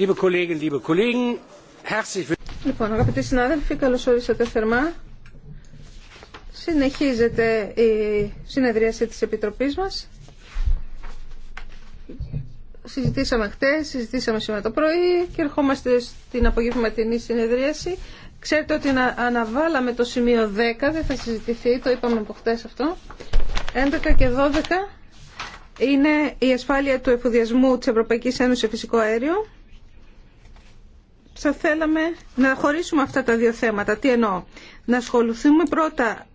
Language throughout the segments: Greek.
Λοιπόν, αγαπητοί συνάδελφοι, καλώς ορίσατε θερμά. Συνεχίζεται η συνεδρίαση της Επιτροπής μας. Συζητήσαμε χτες, συζητήσαμε σήμερα το πρωί και ερχόμαστε στην απογευματινή συνεδρίαση. Ξέρετε ότι αναβάλαμε το σημείο 10, δεν θα συζητηθεί, το είπαμε από χτες αυτό. 11 και 12 είναι η ασφάλεια του εφοδιασμού της Ευρωπαϊκής Ένωσης σε φυσικό αέριο θα θέλαμε να χωρίσουμε αυτά τα δύο θέματα. Τι εννοώ. Να ασχοληθούμε πρώτα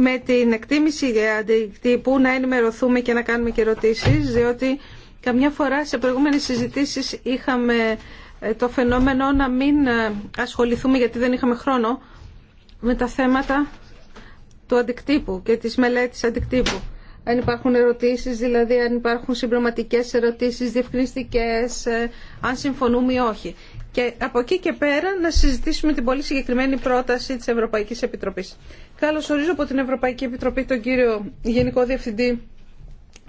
με την εκτίμηση αντικτύπου, να ενημερωθούμε και να κάνουμε και ερωτήσεις, διότι καμιά φορά σε προηγούμενες συζητήσεις είχαμε ε, το φαινόμενο να μην ε, ασχοληθούμε γιατί δεν είχαμε χρόνο με τα θέματα του αντικτύπου και της μελέτης αντικτύπου αν υπάρχουν ερωτήσεις, δηλαδή αν υπάρχουν συμπληρωματικές ερωτήσεις, διευκρινιστικές, ε, αν συμφωνούμε ή όχι. Και από εκεί και πέρα να συζητήσουμε την πολύ συγκεκριμένη πρόταση της Ευρωπαϊκής Επιτροπής. Καλώς ορίζω από την Ευρωπαϊκή Επιτροπή τον κύριο Γενικό Διευθυντή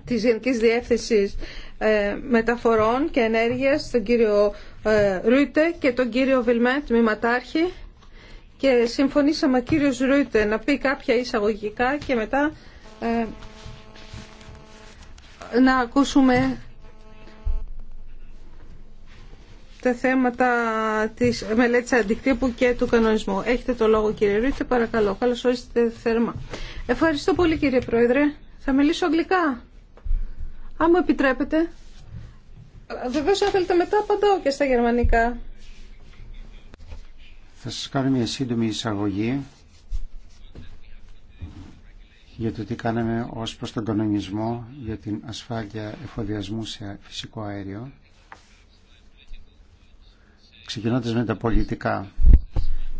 της Γενικής Διεύθυνσης ε, Μεταφορών και Ενέργειας, τον κύριο ε, Ρούιτε και τον κύριο Βιλμέ, τμήματάρχη. Και συμφωνήσαμε κύριο Ρούιτε να πει κάποια εισαγωγικά και μετά να ακούσουμε τα θέματα της μελέτης αντικτύπου και του κανονισμού. Έχετε το λόγο κύριε Ρούτσε, παρακαλώ. Καλώς όριστε θέρμα. Ευχαριστώ πολύ κύριε Πρόεδρε. Θα μιλήσω αγγλικά. Αν μου επιτρέπετε. Βεβαίως αν θέλετε μετά απαντάω και στα γερμανικά. Θα σας κάνω μια σύντομη εισαγωγή για το τι κάναμε ως προς τον κανονισμό για την ασφάλεια εφοδιασμού σε φυσικό αέριο. Ξεκινώντας με τα πολιτικά,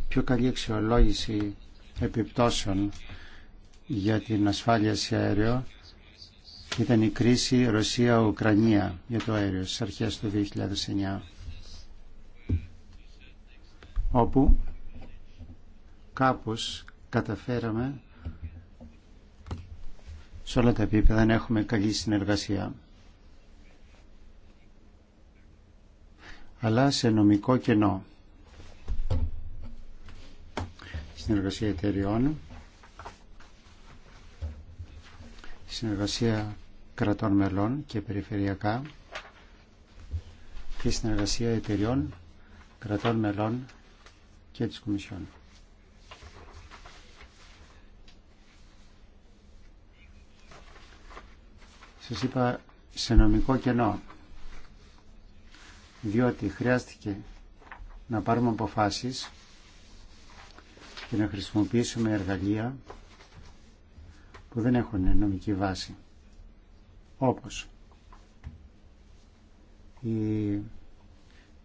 πιο καλή αξιολόγηση επιπτώσεων για την ασφάλεια σε αέριο ήταν η κρίση Ρωσία-Ουκρανία για το αέριο στις αρχές του 2009 όπου κάπως καταφέραμε σε όλα τα επίπεδα να έχουμε καλή συνεργασία. αλλά σε νομικό κενό. Συνεργασία εταιριών, συνεργασία κρατών μελών και περιφερειακά και συνεργασία εταιριών, κρατών μελών και της Κομισιόν. Σας είπα σε νομικό κενό. Διότι χρειάστηκε να πάρουμε αποφάσεις και να χρησιμοποιήσουμε εργαλεία που δεν έχουν νομική βάση. Όπως η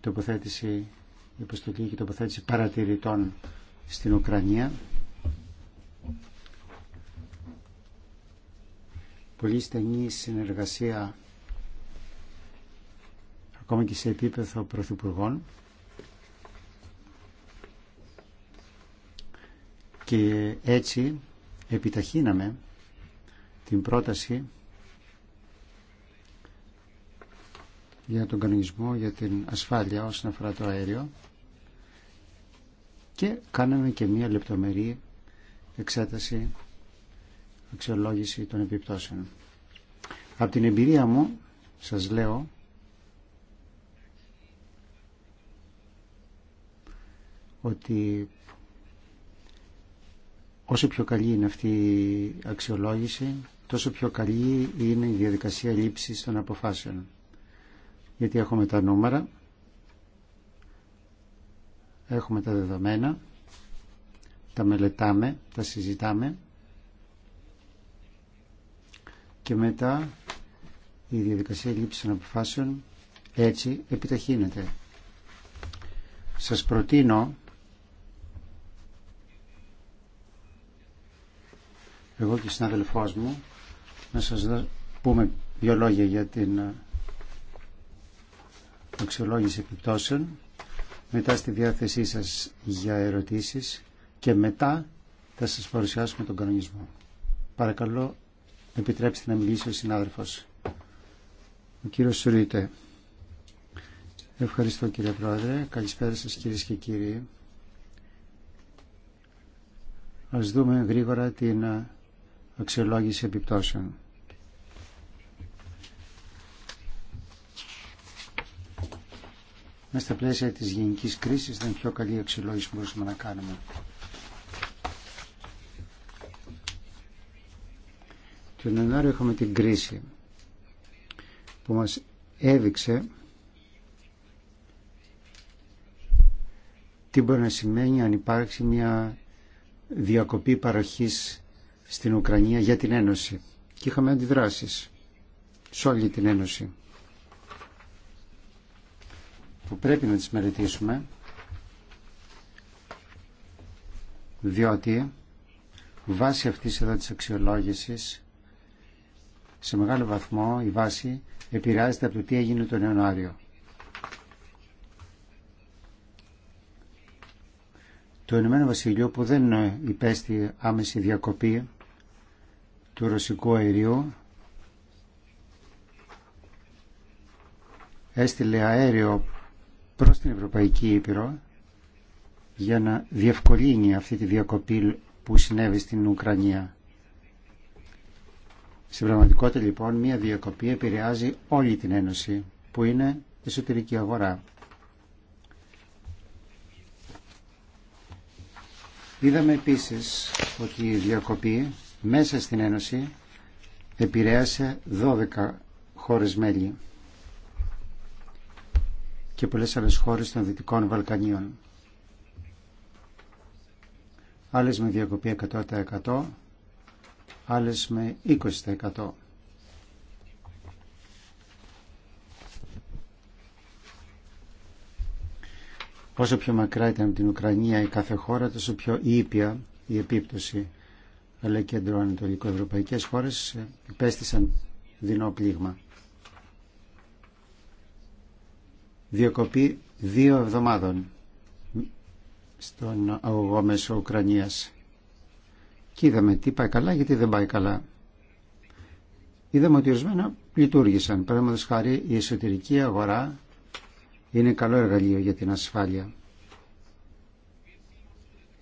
τοποθέτηση, η υποστολή και η τοποθέτηση παρατηρητών στην Ουκρανία πολύ στενή συνεργασία ακόμα και σε επίπεδο πρωθυπουργών και έτσι επιταχύναμε την πρόταση για τον κανονισμό για την ασφάλεια όσον αφορά το αέριο και κάναμε και μία λεπτομερή εξέταση αξιολόγηση των επιπτώσεων. Από την εμπειρία μου σας λέω ότι όσο πιο καλή είναι αυτή η αξιολόγηση, τόσο πιο καλή είναι η διαδικασία λήψης των αποφάσεων. Γιατί έχουμε τα νούμερα, έχουμε τα δεδομένα, τα μελετάμε, τα συζητάμε και μετά η διαδικασία λήψης των αποφάσεων έτσι επιταχύνεται. Σας προτείνω εγώ και συνάδελφός μου να σας πούμε δύο λόγια για την ε, αξιολόγηση επιπτώσεων μετά στη διάθεσή σας για ερωτήσεις και μετά θα σας παρουσιάσουμε τον κανονισμό. Παρακαλώ Επιτρέψτε να μιλήσει ο συνάδελφος. Ο κύριος Σουρίτε. Ευχαριστώ κύριε Πρόεδρε. Καλησπέρα σας κυρίες και κύριοι. Ας δούμε γρήγορα την αξιολόγηση επιπτώσεων. Μέσα στα πλαίσια της γενικής κρίσης δεν πιο καλή αξιολόγηση μπορούσαμε να κάνουμε. Τον Ιανουάριο είχαμε την κρίση που μας έδειξε τι μπορεί να σημαίνει αν υπάρξει μια διακοπή παροχής στην Ουκρανία για την Ένωση. Και είχαμε αντιδράσεις σε όλη την Ένωση που πρέπει να τις μελετήσουμε διότι βάσει αυτής εδώ της αξιολόγησης σε μεγάλο βαθμό η βάση επηρεάζεται από το τι έγινε τον Ιανουάριο. Το Ηνωμένο Βασίλειο που δεν υπέστη άμεση διακοπή του ρωσικού αερίου έστειλε αέριο προς την Ευρωπαϊκή Ήπειρο για να διευκολύνει αυτή τη διακοπή που συνέβη στην Ουκρανία. Στην πραγματικότητα λοιπόν μια διακοπή επηρεάζει όλη την Ένωση που είναι εσωτερική αγορά. Είδαμε επίσης ότι η διακοπή μέσα στην Ένωση επηρέασε 12 χώρες μέλη και πολλές άλλες χώρες των Δυτικών Βαλκανίων. Άλλες με διακοπή 100% άλλες με 20%. Όσο πιο μακρά ήταν από την Ουκρανία η κάθε χώρα, τόσο πιο ήπια η επίπτωση. Αλλά και Ευρωπαϊκέ χώρες υπέστησαν δεινό πλήγμα. Διοκοπή δύο εβδομάδων στον αγωγό Μέσο Ουκρανίας και είδαμε τι πάει καλά γιατί δεν πάει καλά. Είδαμε ότι ορισμένα λειτουργήσαν. Παραδείγματο χάρη η εσωτερική αγορά είναι καλό εργαλείο για την ασφάλεια.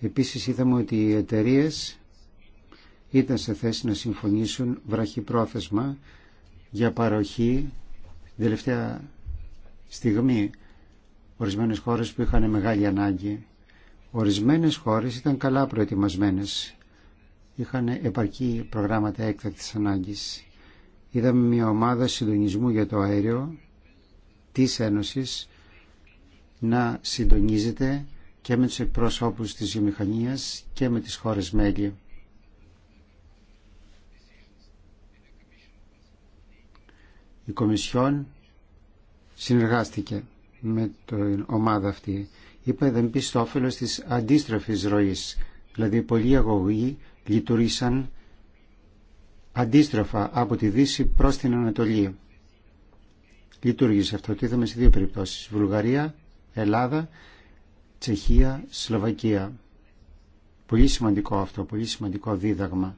Επίσης είδαμε ότι οι εταιρείε ήταν σε θέση να συμφωνήσουν βραχυπρόθεσμα για παροχή την τελευταία στιγμή ορισμένες χώρες που είχαν μεγάλη ανάγκη. Ορισμένες χώρες ήταν καλά προετοιμασμένες είχαν επαρκή προγράμματα έκτακτης ανάγκης. Είδαμε μια ομάδα συντονισμού για το αέριο της Ένωσης να συντονίζεται και με τους εκπρόσωπους της βιομηχανίας και με τις χώρες μέλη. Η Κομισιόν συνεργάστηκε με την ομάδα αυτή. Είπα δεν πει στο όφελος της αντίστροφης ροής. Δηλαδή πολλοί αγωγοί λειτουργήσαν αντίστροφα από τη Δύση προς την Ανατολή. Λειτουργήσε αυτό. Το είδαμε σε δύο περιπτώσεις. Βουλγαρία, Ελλάδα, Τσεχία, Σλοβακία. Πολύ σημαντικό αυτό, πολύ σημαντικό δίδαγμα.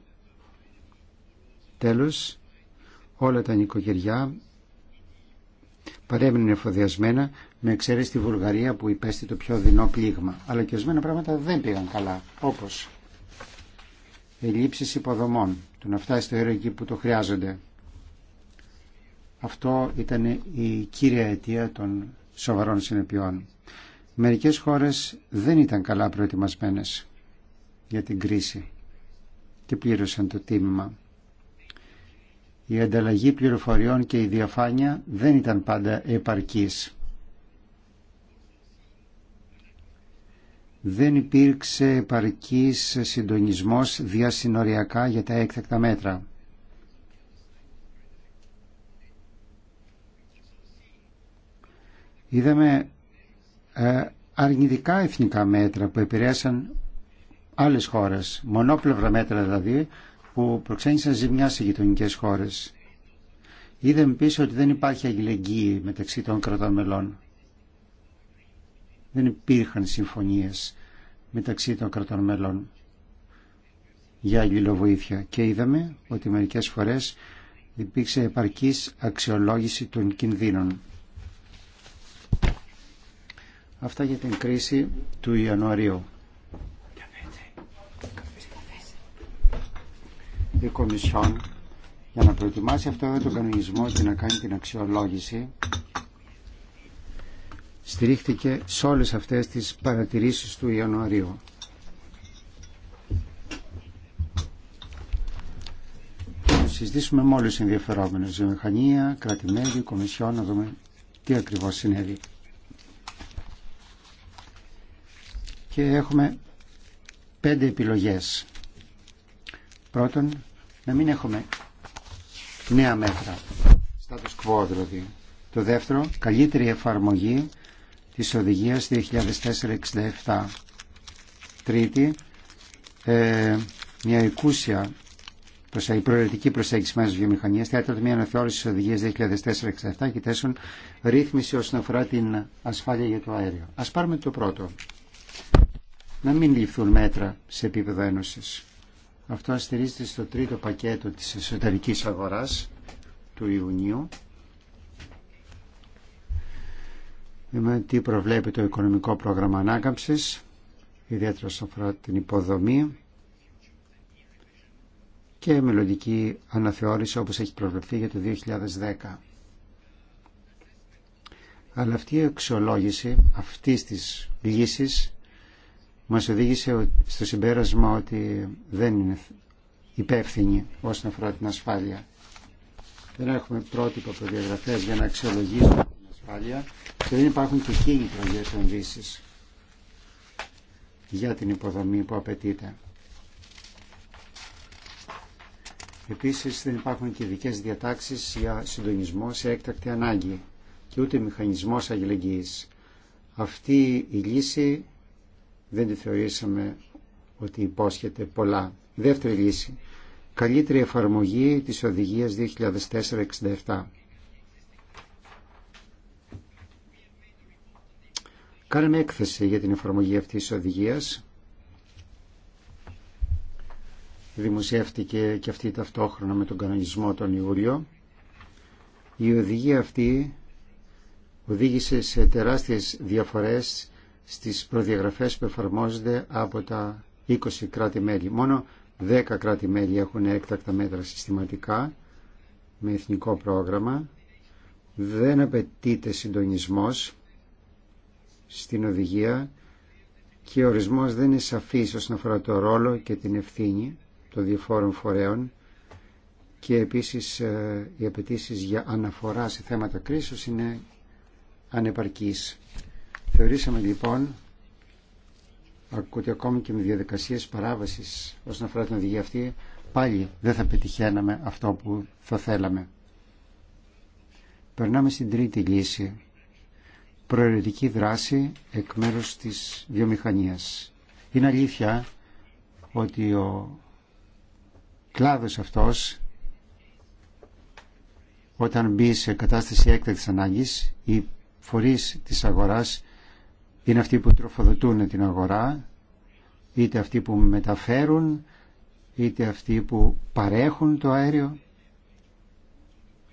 Τέλος, όλα τα νοικοκυριά παρέμεινε εφοδιασμένα με εξαίρεση τη Βουλγαρία που υπέστη το πιο δεινό πλήγμα. Αλλά και ορισμένα πράγματα δεν πήγαν καλά, όπως ελλείψεις υποδομών, το να φτάσει στο έργο εκεί που το χρειάζονται. Αυτό ήταν η κύρια αιτία των σοβαρών συνεπειών. Μερικές χώρες δεν ήταν καλά προετοιμασμένες για την κρίση και πλήρωσαν το τίμημα. Η ανταλλαγή πληροφοριών και η διαφάνεια δεν ήταν πάντα επαρκής. δεν υπήρξε επαρκής συντονισμός διασυνοριακά για τα έκτακτα μέτρα. Είδαμε ε, αρνητικά εθνικά μέτρα που επηρέασαν άλλες χώρες, μονόπλευρα μέτρα δηλαδή, που προξένησαν ζημιά σε γειτονικέ χώρες. Είδαμε πίσω ότι δεν υπάρχει αλληλεγγύη μεταξύ των κρατών μελών δεν υπήρχαν συμφωνίες μεταξύ των κρατών μέλων για αλληλοβοήθεια και είδαμε ότι μερικές φορές υπήρξε επαρκής αξιολόγηση των κινδύνων. Αυτά για την κρίση του Ιανουαρίου. Η Κομισιόν για να προετοιμάσει αυτό τον κανονισμό και να κάνει την αξιολόγηση στηρίχτηκε σε όλε αυτές τις παρατηρήσεις του Ιανουαρίου. συζητήσουμε με όλους τους ενδιαφερόμενους, κρατημέλη, κομισιόν, να δούμε τι ακριβώς συνέβη. Και έχουμε πέντε επιλογές. Πρώτον, να μην έχουμε νέα μέτρα, status quo δηλαδή. Το δεύτερο, καλύτερη εφαρμογή της Οδηγίας 2004-67. Τρίτη, ε, μια οικούσια η προαιρετική προσέγγιση μέσα βιομηχανία. τέταρτο μια αναθεώρηση τη οδηγίας 2004-67 και τέσσερα ρύθμιση όσον αφορά την ασφάλεια για το αέριο. Ας πάρουμε το πρώτο. Να μην ληφθούν μέτρα σε επίπεδο ένωσης. Αυτό αστηρίζεται στο τρίτο πακέτο της εσωτερικής αγοράς του Ιουνίου Δούμε τι προβλέπει το οικονομικό πρόγραμμα ανάκαμψη, ιδιαίτερα όσον αφορά την υποδομή και μελλοντική αναθεώρηση όπως έχει προβλεφθεί για το 2010. Αλλά αυτή η αξιολόγηση αυτή τη λύση μας οδήγησε στο συμπέρασμα ότι δεν είναι υπεύθυνη όσον αφορά την ασφάλεια. Δεν έχουμε πρότυπα προδιαγραφές για να αξιολογήσουμε ασφάλεια και δεν υπάρχουν και κίνητρα για επενδύσει για την υποδομή που απαιτείται. Επίσης δεν υπάρχουν και ειδικέ διατάξεις για συντονισμό σε έκτακτη ανάγκη και ούτε μηχανισμός αγιλεγγύης. Αυτή η λύση δεν τη θεωρήσαμε ότι υπόσχεται πολλά. Δεύτερη λύση. Καλύτερη εφαρμογή της οδηγίας 2004-67. Κάναμε έκθεση για την εφαρμογή αυτής της οδηγίας. Δημοσιεύτηκε και αυτή ταυτόχρονα με τον κανονισμό τον Ιούλιο. Η οδηγία αυτή οδήγησε σε τεράστιες διαφορές στις προδιαγραφές που εφαρμόζονται από τα 20 κράτη-μέλη. Μόνο 10 κράτη-μέλη έχουν έκτακτα μέτρα συστηματικά με εθνικό πρόγραμμα. Δεν απαιτείται συντονισμός στην οδηγία και ο ορισμός δεν είναι σαφής όσον αφορά το ρόλο και την ευθύνη των διαφόρων φορέων και επίσης ε, οι απαιτήσει για αναφορά σε θέματα κρίσεως είναι ανεπαρκείς. Θεωρήσαμε λοιπόν ότι ακόμη και με διαδικασίες παράβασης όσον αφορά την οδηγία αυτή πάλι δεν θα πετυχαίναμε αυτό που θα θέλαμε. Περνάμε στην τρίτη λύση προαιρετική δράση εκ μέρους της βιομηχανίας. Είναι αλήθεια ότι ο κλάδος αυτός όταν μπει σε κατάσταση έκτακτης ανάγκης οι φορείς της αγοράς είναι αυτοί που τροφοδοτούν την αγορά είτε αυτοί που μεταφέρουν είτε αυτοί που παρέχουν το αέριο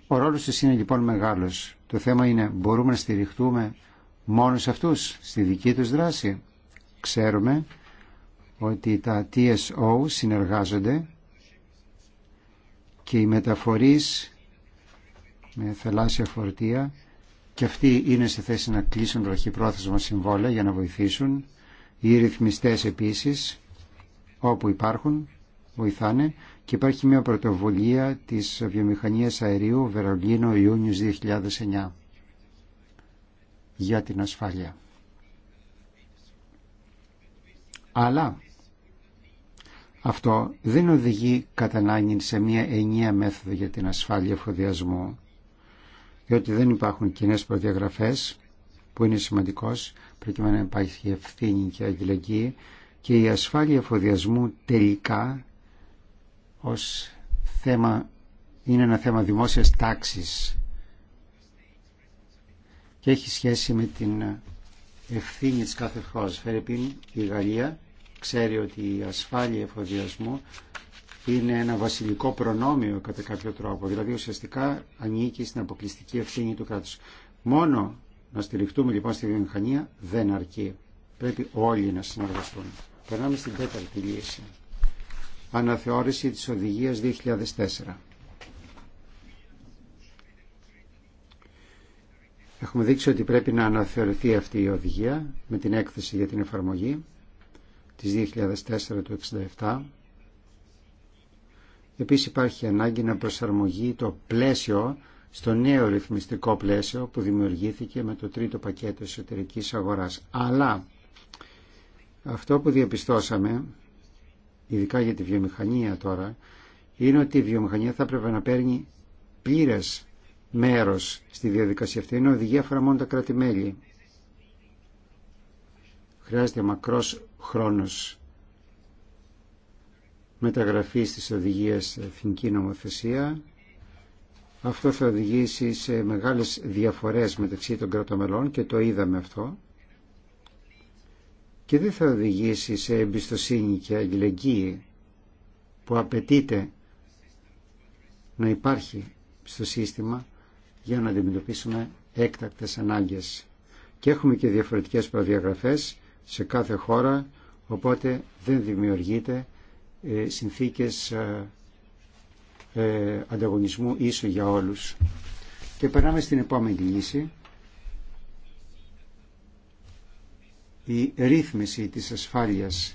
ο ρόλος της είναι λοιπόν μεγάλος το θέμα είναι μπορούμε να στηριχτούμε μόνο σε αυτούς, στη δική τους δράση. Ξέρουμε ότι τα TSO συνεργάζονται και οι μεταφορείς με θελάσσια φορτία και αυτοί είναι σε θέση να κλείσουν βραχυπρόθεσμα συμβόλαια για να βοηθήσουν. Οι ρυθμιστές επίσης όπου υπάρχουν βοηθάνε και υπάρχει μια πρωτοβουλία της βιομηχανίας αερίου Βερολίνο Ιούνιος 2009 για την ασφάλεια. Αλλά αυτό δεν οδηγεί κατά ανάγκη σε μια ενιαία μέθοδο για την ασφάλεια εφοδιασμού, διότι δεν υπάρχουν κοινέ προδιαγραφές που είναι σημαντικός, προκειμένου να υπάρχει ευθύνη και αγγελική και η ασφάλεια εφοδιασμού τελικά ως θέμα, είναι ένα θέμα δημόσιας τάξης έχει σχέση με την ε, ευθύνη της κάθε χώρας. Φερεπίν, η Γαλλία ξέρει ότι η ασφάλεια εφοδιασμού είναι ένα βασιλικό προνόμιο κατά κάποιο τρόπο. Δηλαδή ουσιαστικά ανήκει στην αποκλειστική ευθύνη του κράτους. Μόνο να στηριχτούμε λοιπόν στη βιομηχανία δεν αρκεί. Πρέπει όλοι να συνεργαστούν. Περνάμε στην τέταρτη λύση. Αναθεώρηση της οδηγίας 2004. Έχουμε δείξει ότι πρέπει να αναθεωρηθεί αυτή η οδηγία με την έκθεση για την εφαρμογή της 2004 του 67. Επίσης υπάρχει ανάγκη να προσαρμογεί το πλαίσιο στο νέο ρυθμιστικό πλαίσιο που δημιουργήθηκε με το τρίτο πακέτο εσωτερικής αγοράς. Αλλά αυτό που διαπιστώσαμε, ειδικά για τη βιομηχανία τώρα, είναι ότι η βιομηχανία θα έπρεπε να παίρνει πλήρες μέρος στη διαδικασία αυτή. Είναι οδηγία αφορά μόνο τα κράτη-μέλη. Χρειάζεται μακρός χρόνος μεταγραφής της οδηγίας στην εθνική νομοθεσία. Αυτό θα οδηγήσει σε μεγάλες διαφορές μεταξύ των κρατομελών και το είδαμε αυτό. Και δεν θα οδηγήσει σε εμπιστοσύνη και αλληλεγγύη που απαιτείται να υπάρχει στο σύστημα για να αντιμετωπίσουμε έκτακτες ανάγκες. Και έχουμε και διαφορετικές προδιαγραφές σε κάθε χώρα, οπότε δεν δημιουργείται ε, συνθήκες ε, ε, ανταγωνισμού ίσο για όλους. Και περνάμε στην επόμενη λύση. Η ρύθμιση της ασφάλειας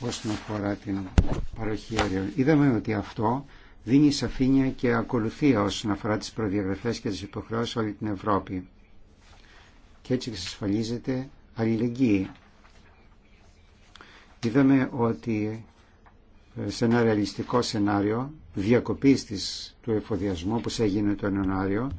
όσον αφορά την παροχή αερίων. Είδαμε ότι αυτό δίνει σαφήνεια και ακολουθία όσον αφορά τις προδιαγραφές και τις υποχρεώσεις όλη την Ευρώπη. Και έτσι εξασφαλίζεται αλληλεγγύη. Είδαμε ότι ε, σε ένα ρεαλιστικό σενάριο διακοπής της, του εφοδιασμού που έγινε το Ιανουάριο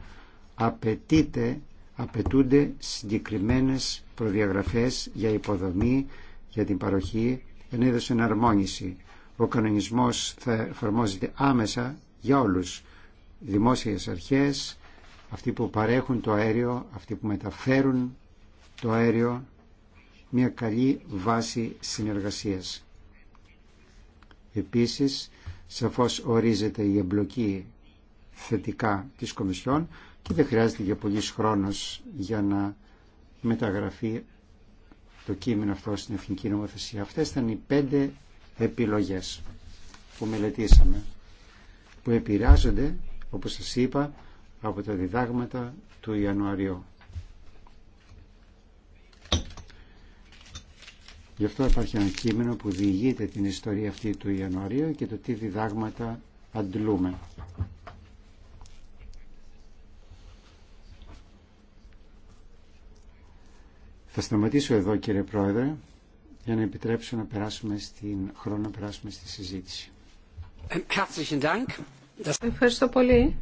απαιτείται, απαιτούνται συγκεκριμένες προδιαγραφές για υποδομή, για την παροχή, ενέδωσε εναρμόνιση ο κανονισμός θα εφαρμόζεται άμεσα για όλους. Δημόσιες αρχές, αυτοί που παρέχουν το αέριο, αυτοί που μεταφέρουν το αέριο, μια καλή βάση συνεργασίας. Επίσης, σαφώς ορίζεται η εμπλοκή θετικά της Κομισιόν και δεν χρειάζεται για πολλή χρόνος για να μεταγραφεί το κείμενο αυτό στην Εθνική Νομοθεσία. Αυτές ήταν οι πέντε επιλογές που μελετήσαμε που επηρεάζονται, όπως σας είπα, από τα διδάγματα του Ιανουαριού. Γι' αυτό υπάρχει ένα κείμενο που διηγείται την ιστορία αυτή του Ιανουαρίου και το τι διδάγματα αντλούμε. Θα σταματήσω εδώ κύριε Πρόεδρε για να επιτρέψω να περάσουμε στην χρόνο να περάσουμε στη συζήτηση. Ευχαριστώ πολύ.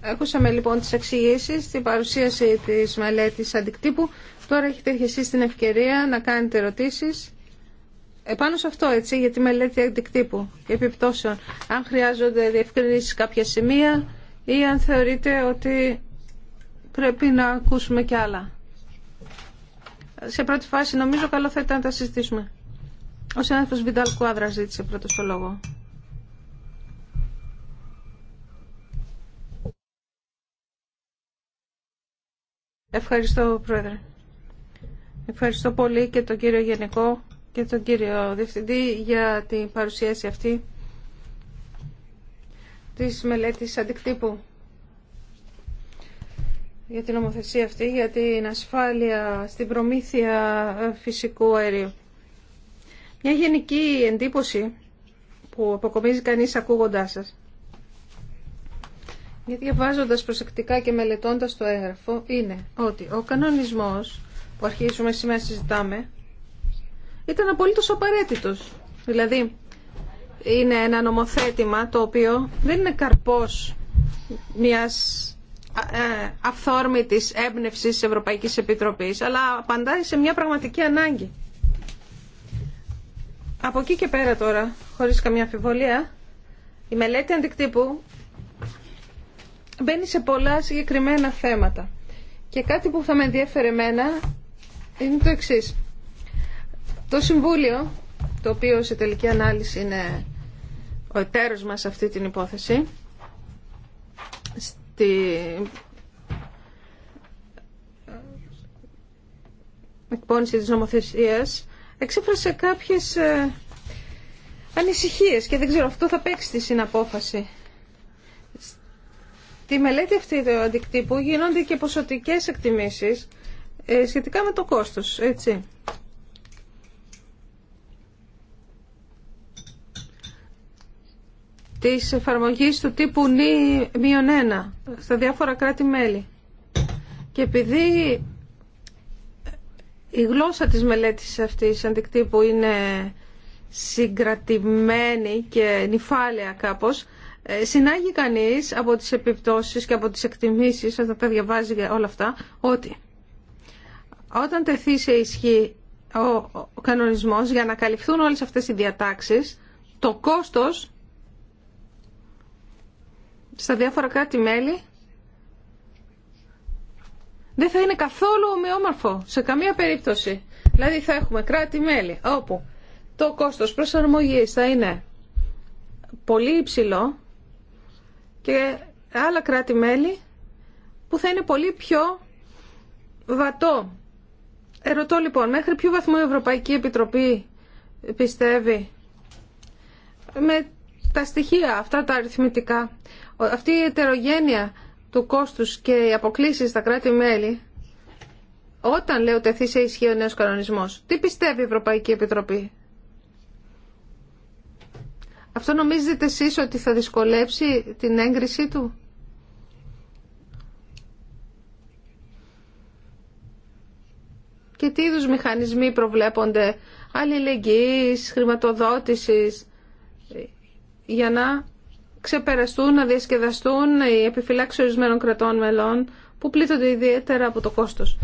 Ακούσαμε λοιπόν τις εξηγήσεις, την παρουσίαση της μελέτης αντικτύπου. Τώρα έχετε και εσείς την ευκαιρία να κάνετε ερωτήσεις επάνω σε αυτό, έτσι, για τη μελέτη αντικτύπου και επιπτώσεων. Αν χρειάζονται διευκρινήσεις κάποια σημεία ή αν θεωρείτε ότι πρέπει να ακούσουμε κι άλλα σε πρώτη φάση νομίζω καλό θα ήταν να τα συζητήσουμε. Ο συνάδελφο Βιντάλ Κουάδρα ζήτησε πρώτο το λόγο. Ευχαριστώ, Πρόεδρε. Ευχαριστώ πολύ και τον κύριο Γενικό και τον κύριο Διευθυντή για την παρουσίαση αυτή της μελέτης αντικτύπου για την νομοθεσία αυτή, για την ασφάλεια στην προμήθεια φυσικού αερίου. Μια γενική εντύπωση που αποκομίζει κανείς ακούγοντάς σας. Γιατί διαβάζοντα προσεκτικά και μελετώντας το έγγραφο είναι ότι ο κανονισμός που αρχίζουμε σήμερα συζητάμε ήταν απολύτως απαραίτητος. Δηλαδή είναι ένα νομοθέτημα το οποίο δεν είναι καρπός μιας ε, αυθόρμητης έμπνευσης της Ευρωπαϊκής Επιτροπής, αλλά απαντάει σε μια πραγματική ανάγκη. Από εκεί και πέρα τώρα, χωρίς καμία αμφιβολία, η μελέτη αντικτύπου μπαίνει σε πολλά συγκεκριμένα θέματα. Και κάτι που θα με ενδιαφέρει εμένα είναι το εξής. Το Συμβούλιο, το οποίο σε τελική ανάλυση είναι ο εταίρος μας σε αυτή την υπόθεση, η εκπόνηση της νομοθεσίας εξέφρασε κάποιες ε, ανησυχίες και δεν ξέρω αυτό θα παίξει στη συναπόφαση. Τη μελέτη αυτή του αντικτύπου γίνονται και ποσοτικές εκτιμήσεις ε, σχετικά με το κόστος, έτσι. της εφαρμογής του τύπου νη μείον ένα στα διάφορα κράτη-μέλη. Και επειδή η γλώσσα της μελέτης αυτής αντικτύπου είναι συγκρατημένη και νυφάλαια κάπως, ε, συνάγει κανείς από τις επιπτώσεις και από τις εκτιμήσεις, όταν τα διαβάζει όλα αυτά, ότι όταν τεθεί σε ισχύ ο κανονισμός για να καλυφθούν όλες αυτές οι διατάξεις, το κόστος στα διάφορα κράτη-μέλη δεν θα είναι καθόλου ομοιόμορφο σε καμία περίπτωση. Δηλαδή θα έχουμε κράτη-μέλη όπου το κόστος προσαρμογής θα είναι πολύ υψηλό και άλλα κράτη-μέλη που θα είναι πολύ πιο βατό. Ερωτώ λοιπόν, μέχρι ποιο βαθμό η Ευρωπαϊκή Επιτροπή πιστεύει με τα στοιχεία αυτά τα αριθμητικά αυτή η ετερογένεια του κόστους και οι αποκλήσει στα κράτη-μέλη, όταν λέω τεθεί σε ισχύ ο νέο κανονισμό, τι πιστεύει η Ευρωπαϊκή Επιτροπή. Αυτό νομίζετε εσείς ότι θα δυσκολέψει την έγκρισή του. Και τι είδους μηχανισμοί προβλέπονται αλληλεγγύης, χρηματοδότησης, για να ξεπεραστούν, να διασκεδαστούν οι επιφυλάξει ορισμένων κρατών μελών που πλήττονται ιδιαίτερα από το κόστος.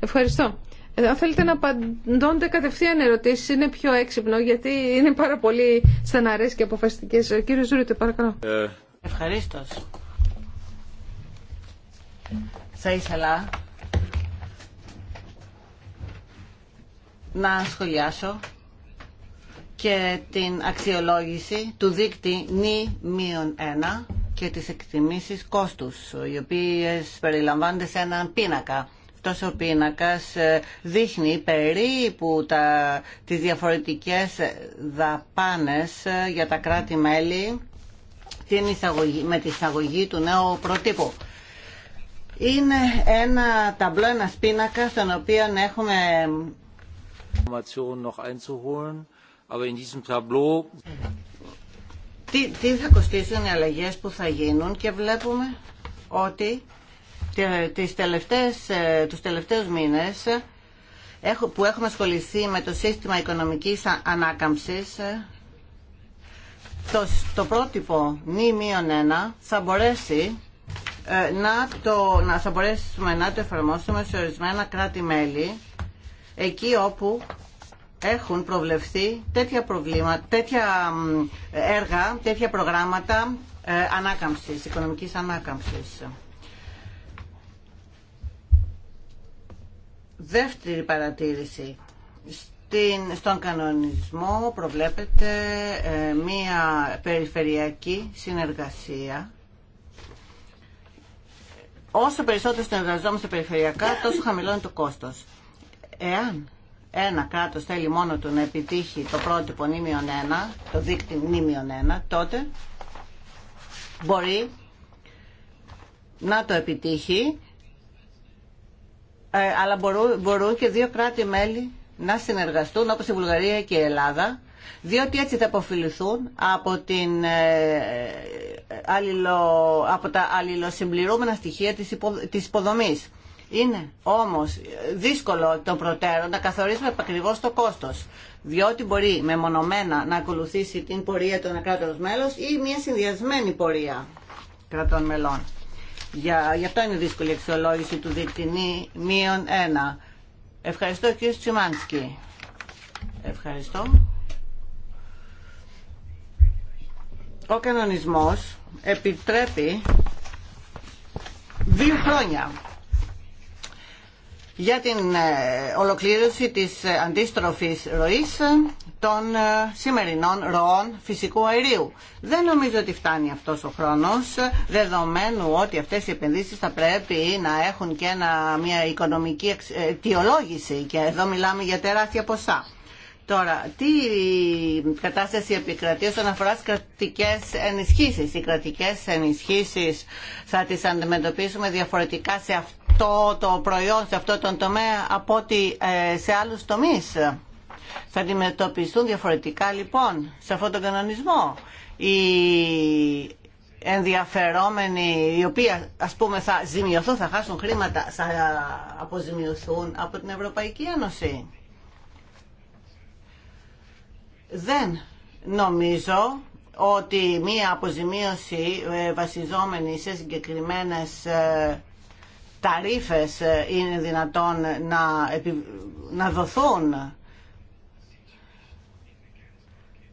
Ευχαριστώ. Ε, αν θέλετε να απαντώνετε κατευθείαν ερωτήσει, είναι πιο έξυπνο, γιατί είναι πάρα πολύ στεναρέ και αποφασιστικές. Κύριε κύριος παρακαλώ. Ε, Ευχαρίστω. Θα ήθελα να σχολιάσω και την αξιολόγηση του δικτυ νη 1 και τις εκτιμήσεις κόστους, οι οποίες περιλαμβάνονται σε έναν πίνακα. Αυτός ο πίνακας ε, δείχνει περίπου τα, τις διαφορετικές δαπάνες ε, για τα κράτη-μέλη με τη εισαγωγή του νέου προτύπου. Είναι ένα ταμπλό, ένα πίνακα, στον οποίο έχουμε in τι, θα κοστίσουν οι αλλαγές που θα γίνουν και βλέπουμε ότι τις τελευταίες, ε, τους τελευταίους μήνες ε, που έχουμε ασχοληθεί με το σύστημα οικονομικής ανάκαμψης ε, το, το πρότυπο νη μείον ένα θα μπορέσει να το, να, θα μπορέσουμε να το εφαρμόσουμε σε ορισμένα κράτη-μέλη εκεί όπου έχουν προβλεφθεί τέτοια, προβλήμα, τέτοια έργα, τέτοια προγράμματα ε, ανάκαμψης, οικονομικής ανάκαμψης. Δεύτερη παρατήρηση. Στην, στον κανονισμό προβλέπεται ε, μία περιφερειακή συνεργασία. Όσο περισσότερο συνεργαζόμαστε περιφερειακά, τόσο χαμηλώνει το κόστος. Εάν ένα κράτο θέλει μόνο του να επιτύχει το πρότυπο νήμιον 1, το δίκτυο νήμιον 1, τότε μπορεί να το επιτύχει, ε, αλλά μπορούν, και δύο κράτη-μέλη να συνεργαστούν, όπως η Βουλγαρία και η Ελλάδα, διότι έτσι θα αποφυληθούν από, την, ε, ε, από τα αλληλοσυμπληρούμενα στοιχεία της, υποδομής. Είναι όμως δύσκολο τον προτέρων να καθορίσουμε ακριβώ το κόστος, διότι μπορεί μεμονωμένα να ακολουθήσει την πορεία των κράτων μέλο ή μια συνδυασμένη πορεία κρατών μελών. Για, γι' αυτό είναι δύσκολη η αξιολόγηση του δικτυνή μείον ένα. Ευχαριστώ κύριε Τσιμάνσκι. Ευχαριστώ. Ο κανονισμός επιτρέπει δύο χρόνια για την ε, ολοκλήρωση της ε, αντίστροφης ροής ε, των σημερινών ροών φυσικού αερίου. Δεν νομίζω ότι φτάνει αυτός ο χρόνος, δεδομένου ότι αυτές οι επενδύσεις θα πρέπει να έχουν και μια οικονομική αιτιολόγηση και εδώ μιλάμε για τεράστια ποσά. Τώρα, τι κατάσταση επικρατεί όσον αφορά τι κρατικέ ενισχύσει. Οι κρατικέ ενισχύσει θα τι αντιμετωπίσουμε διαφορετικά σε αυτό το προϊόν, σε αυτό τον τομέα, από ότι ε, σε άλλου τομεί. Θα αντιμετωπιστούν διαφορετικά λοιπόν σε αυτόν τον κανονισμό. Οι ενδιαφερόμενοι, οι οποίοι ας πούμε θα ζημιωθούν, θα χάσουν χρήματα, θα αποζημιωθούν από την Ευρωπαϊκή Ένωση. Δεν νομίζω ότι μία αποζημίωση ε, βασιζόμενη σε συγκεκριμένες ε, ταρίφες ε, είναι δυνατόν να, να δοθούν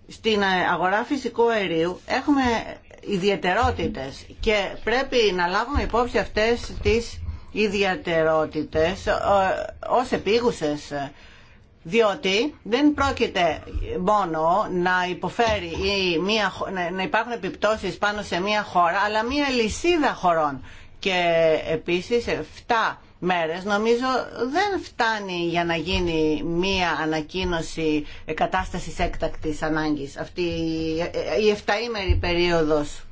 στην αγορά φυσικού αερίου έχουμε ιδιαιτερότητες και πρέπει να λάβουμε υπόψη αυτές τις ιδιαιτερότητες ως επίγουσες διότι δεν πρόκειται μόνο να υποφέρει ή μια, να υπάρχουν επιπτώσεις πάνω σε μια χώρα, αλλά μια λυσίδα χωρών. Και επίσης 7 μέρες νομίζω δεν φτάνει για να γίνει μία ανακοίνωση κατάστασης έκτακτης ανάγκης αυτή η 7 περίοδος.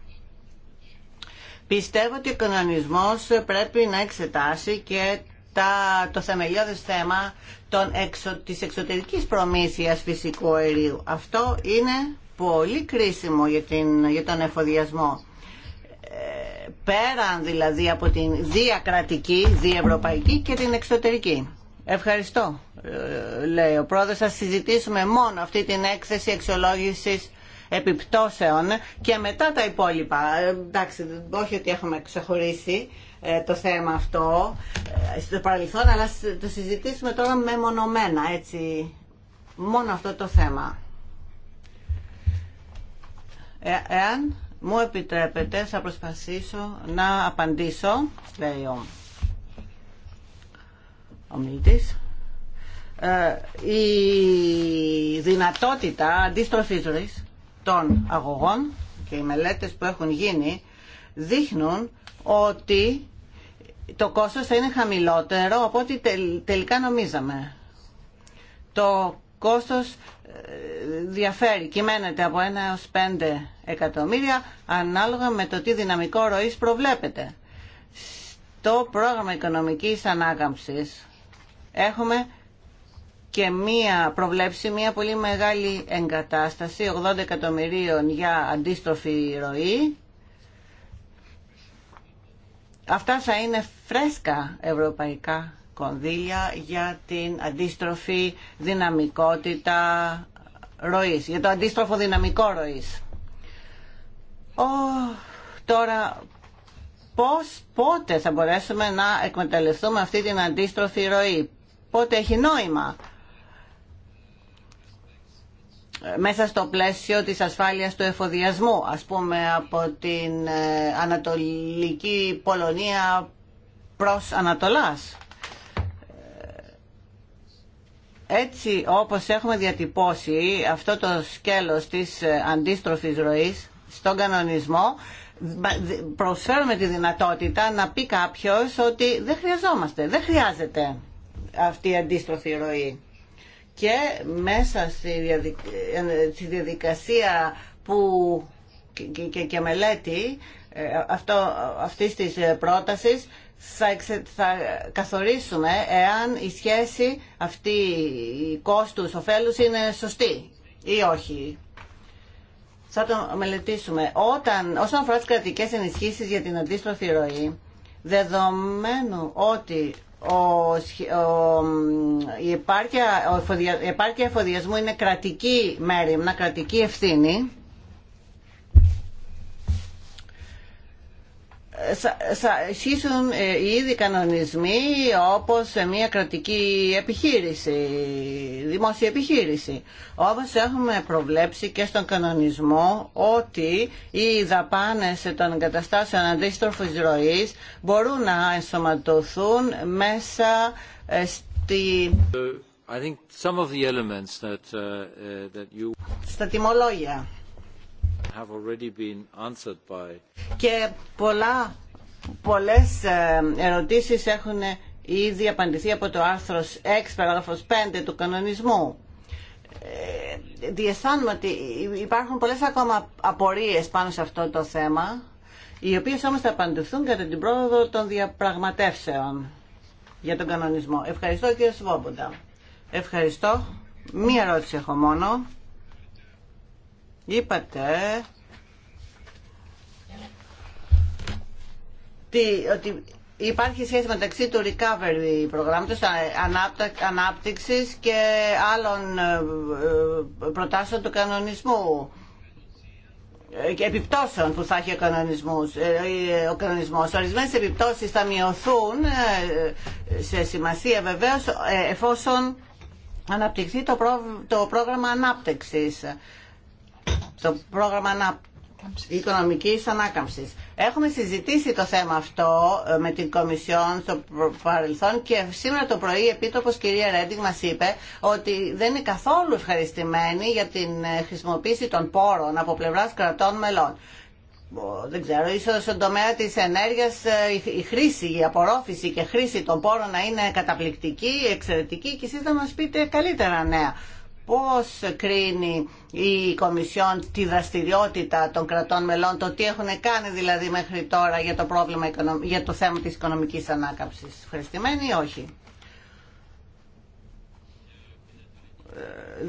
Πιστεύω ότι ο κανονισμός πρέπει να εξετάσει και τα, το θεμελιώδε θέμα των εξω, της εξωτερικής προμήθειας φυσικού αερίου. Αυτό είναι πολύ κρίσιμο για, την, τον εφοδιασμό. Ε, πέραν δηλαδή από την διακρατική, διευρωπαϊκή και την εξωτερική. Ευχαριστώ, ε, λέει ο πρόεδρος. Θα συζητήσουμε μόνο αυτή την έκθεση αξιολόγηση επιπτώσεων και μετά τα υπόλοιπα. Ε, εντάξει, όχι ότι έχουμε ξεχωρίσει ε, το θέμα αυτό ε, στο παρελθόν, αλλά το συζητήσουμε τώρα μεμονωμένα, έτσι, μόνο αυτό το θέμα. Ε, εάν μου επιτρέπετε, θα προσπαθήσω να απαντήσω, λέει ο η δυνατότητα αντίστροφης ροής των αγωγών και οι μελέτες που έχουν γίνει δείχνουν ότι το κόστος θα είναι χαμηλότερο από ό,τι τελικά νομίζαμε. Το κόστος ε, διαφέρει, κυμαίνεται από 1 έως 5 εκατομμύρια ανάλογα με το τι δυναμικό ροής προβλέπεται. Στο πρόγραμμα οικονομικής ανάκαμψης έχουμε και μία προβλέψη, μία πολύ μεγάλη εγκατάσταση 80 εκατομμυρίων για αντίστροφη ροή. Αυτά θα είναι φρέσκα ευρωπαϊκά κονδύλια για την αντίστροφη δυναμικότητα ροής, για το αντίστροφο δυναμικό ροής. Ο, τώρα πώς, πότε θα μπορέσουμε να εκμεταλλευτούμε αυτή την αντίστροφη ροή, πότε έχει νόημα μέσα στο πλαίσιο της ασφάλειας του εφοδιασμού, ας πούμε από την ε, Ανατολική Πολωνία προς Ανατολάς. Ε, έτσι όπως έχουμε διατυπώσει αυτό το σκέλος της ε, αντίστροφης ροής στον κανονισμό, προσφέρουμε τη δυνατότητα να πει κάποιος ότι δεν χρειαζόμαστε, δεν χρειάζεται αυτή η αντίστροφη ροή και μέσα στη διαδικασία που και, μελέτη ε, αυτό, αυτής της ε, πρότασης θα, καθορίσουμε εάν η σχέση αυτή η κόστους ωφέλους είναι σωστή ή όχι. Θα το μελετήσουμε. Όταν, όσον αφορά τις κρατικές ενισχύσεις για την αντίστροφη ροή, δεδομένου ότι η επάρκεια εφοδιασμού είναι κρατική μέρη, μια κρατική ευθύνη θα ισχύσουν ε, οι ήδη κανονισμοί όπως σε μια κρατική επιχείρηση, δημόσια επιχείρηση. Όμως έχουμε προβλέψει και στον κανονισμό ότι οι δαπάνες των εγκαταστάσεων αντίστροφης ροής μπορούν να ενσωματωθούν μέσα στη... I the στα τιμολόγια. Και πολλά, πολλές ε, ερωτήσεις έχουν ήδη απαντηθεί από το άρθρο 6, παράγραφος 5 του κανονισμού. Ε, διαισθάνομαι ότι υπάρχουν πολλές ακόμα απορίες πάνω σε αυτό το θέμα, οι οποίες όμως θα απαντηθούν κατά την πρόοδο των διαπραγματεύσεων για τον κανονισμό. Ευχαριστώ κύριε Σβόμποντα. Ευχαριστώ. Μία ερώτηση έχω μόνο. Είπατε ότι υπάρχει σχέση μεταξύ του recovery προγράμματος ανάπτυξης και άλλων ε, ε, προτάσεων του κανονισμού ε, και επιπτώσεων που θα έχει ο κανονισμός. Ο κανονισμός. Ορισμένες επιπτώσεις θα μειωθούν σε σημασία βεβαίως εφόσον αναπτυχθεί το, πρόγραμμα ανάπτυξης στο πρόγραμμα οικονομική οικονομικής ανάκαμψης. Έχουμε συζητήσει το θέμα αυτό ε, με την Κομισιόν στο παρελθόν και σήμερα το πρωί η Επίτροπο κυρία Ρέντινγκ μα είπε ότι δεν είναι καθόλου ευχαριστημένη για την ε, χρησιμοποίηση των πόρων από πλευρά κρατών μελών. Δεν ξέρω, ίσω στον τομέα της ενέργεια ε, η χρήση, η απορρόφηση και χρήση των πόρων να είναι καταπληκτική, εξαιρετική και εσεί να μα πείτε καλύτερα νέα πώς κρίνει η Κομισιόν τη δραστηριότητα των κρατών μελών, το τι έχουν κάνει δηλαδή μέχρι τώρα για το, πρόβλημα, για το θέμα της οικονομικής ανάκαμψης. Ευχαριστημένοι ή όχι. Ε,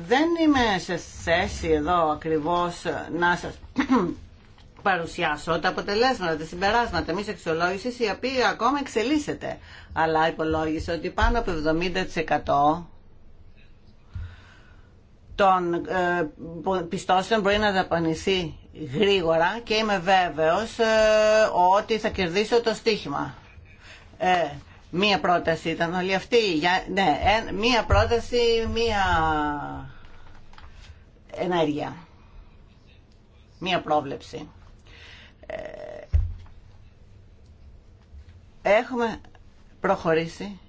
δεν είμαι σε θέση εδώ ακριβώς να σας παρουσιάσω τα αποτελέσματα, τα συμπεράσματα μη αξιολόγηση η οποία ακόμα εξελίσσεται. Αλλά υπολόγισε ότι πάνω από 70% των ε, πιστώσεων μπορεί να δαπανηθεί γρήγορα και είμαι βέβαιος ε, ότι θα κερδίσω το στοίχημα. Ε, μία πρόταση ήταν όλη αυτή. ναι, μία πρόταση, μία ενέργεια. Μία πρόβλεψη. έχουμε προχωρήσει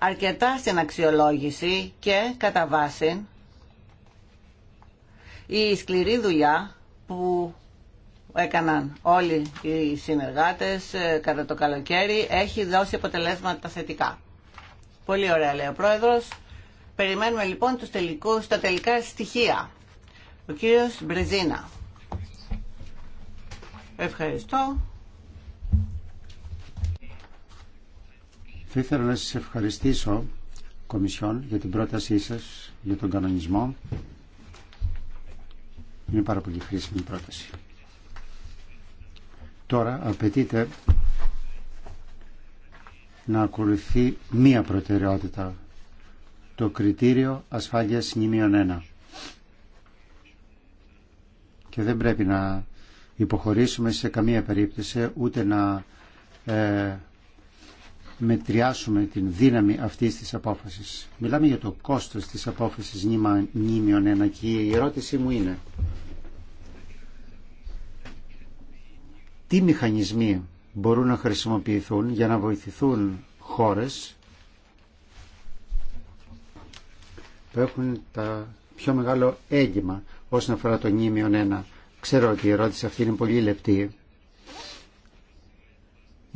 αρκετά στην αξιολόγηση και κατά βάση η σκληρή δουλειά που έκαναν όλοι οι συνεργάτες ε, κατά το καλοκαίρι έχει δώσει αποτελέσματα θετικά. Πολύ ωραία λέει ο Πρόεδρος. Περιμένουμε λοιπόν τους τελικούς, τα τελικά στοιχεία. Ο κύριος Μπρεζίνα. Ευχαριστώ. Θα ήθελα να σας ευχαριστήσω, Κομισιόν, για την πρότασή σας, για τον κανονισμό. Είναι πάρα πολύ χρήσιμη πρόταση. Τώρα απαιτείται να ακολουθεί μία προτεραιότητα, το κριτήριο ασφάλειας νημείων 1. Και δεν πρέπει να υποχωρήσουμε σε καμία περίπτωση ούτε να ε, μετριάσουμε την δύναμη αυτής της απόφασης. Μιλάμε για το κόστος της απόφασης νήμιον 1 και η ερώτηση μου είναι τι μηχανισμοί μπορούν να χρησιμοποιηθούν για να βοηθηθούν χώρες που έχουν τα πιο μεγάλο έγκυμα όσον αφορά το νήμιον 1. Ξέρω ότι η ερώτηση αυτή είναι πολύ λεπτή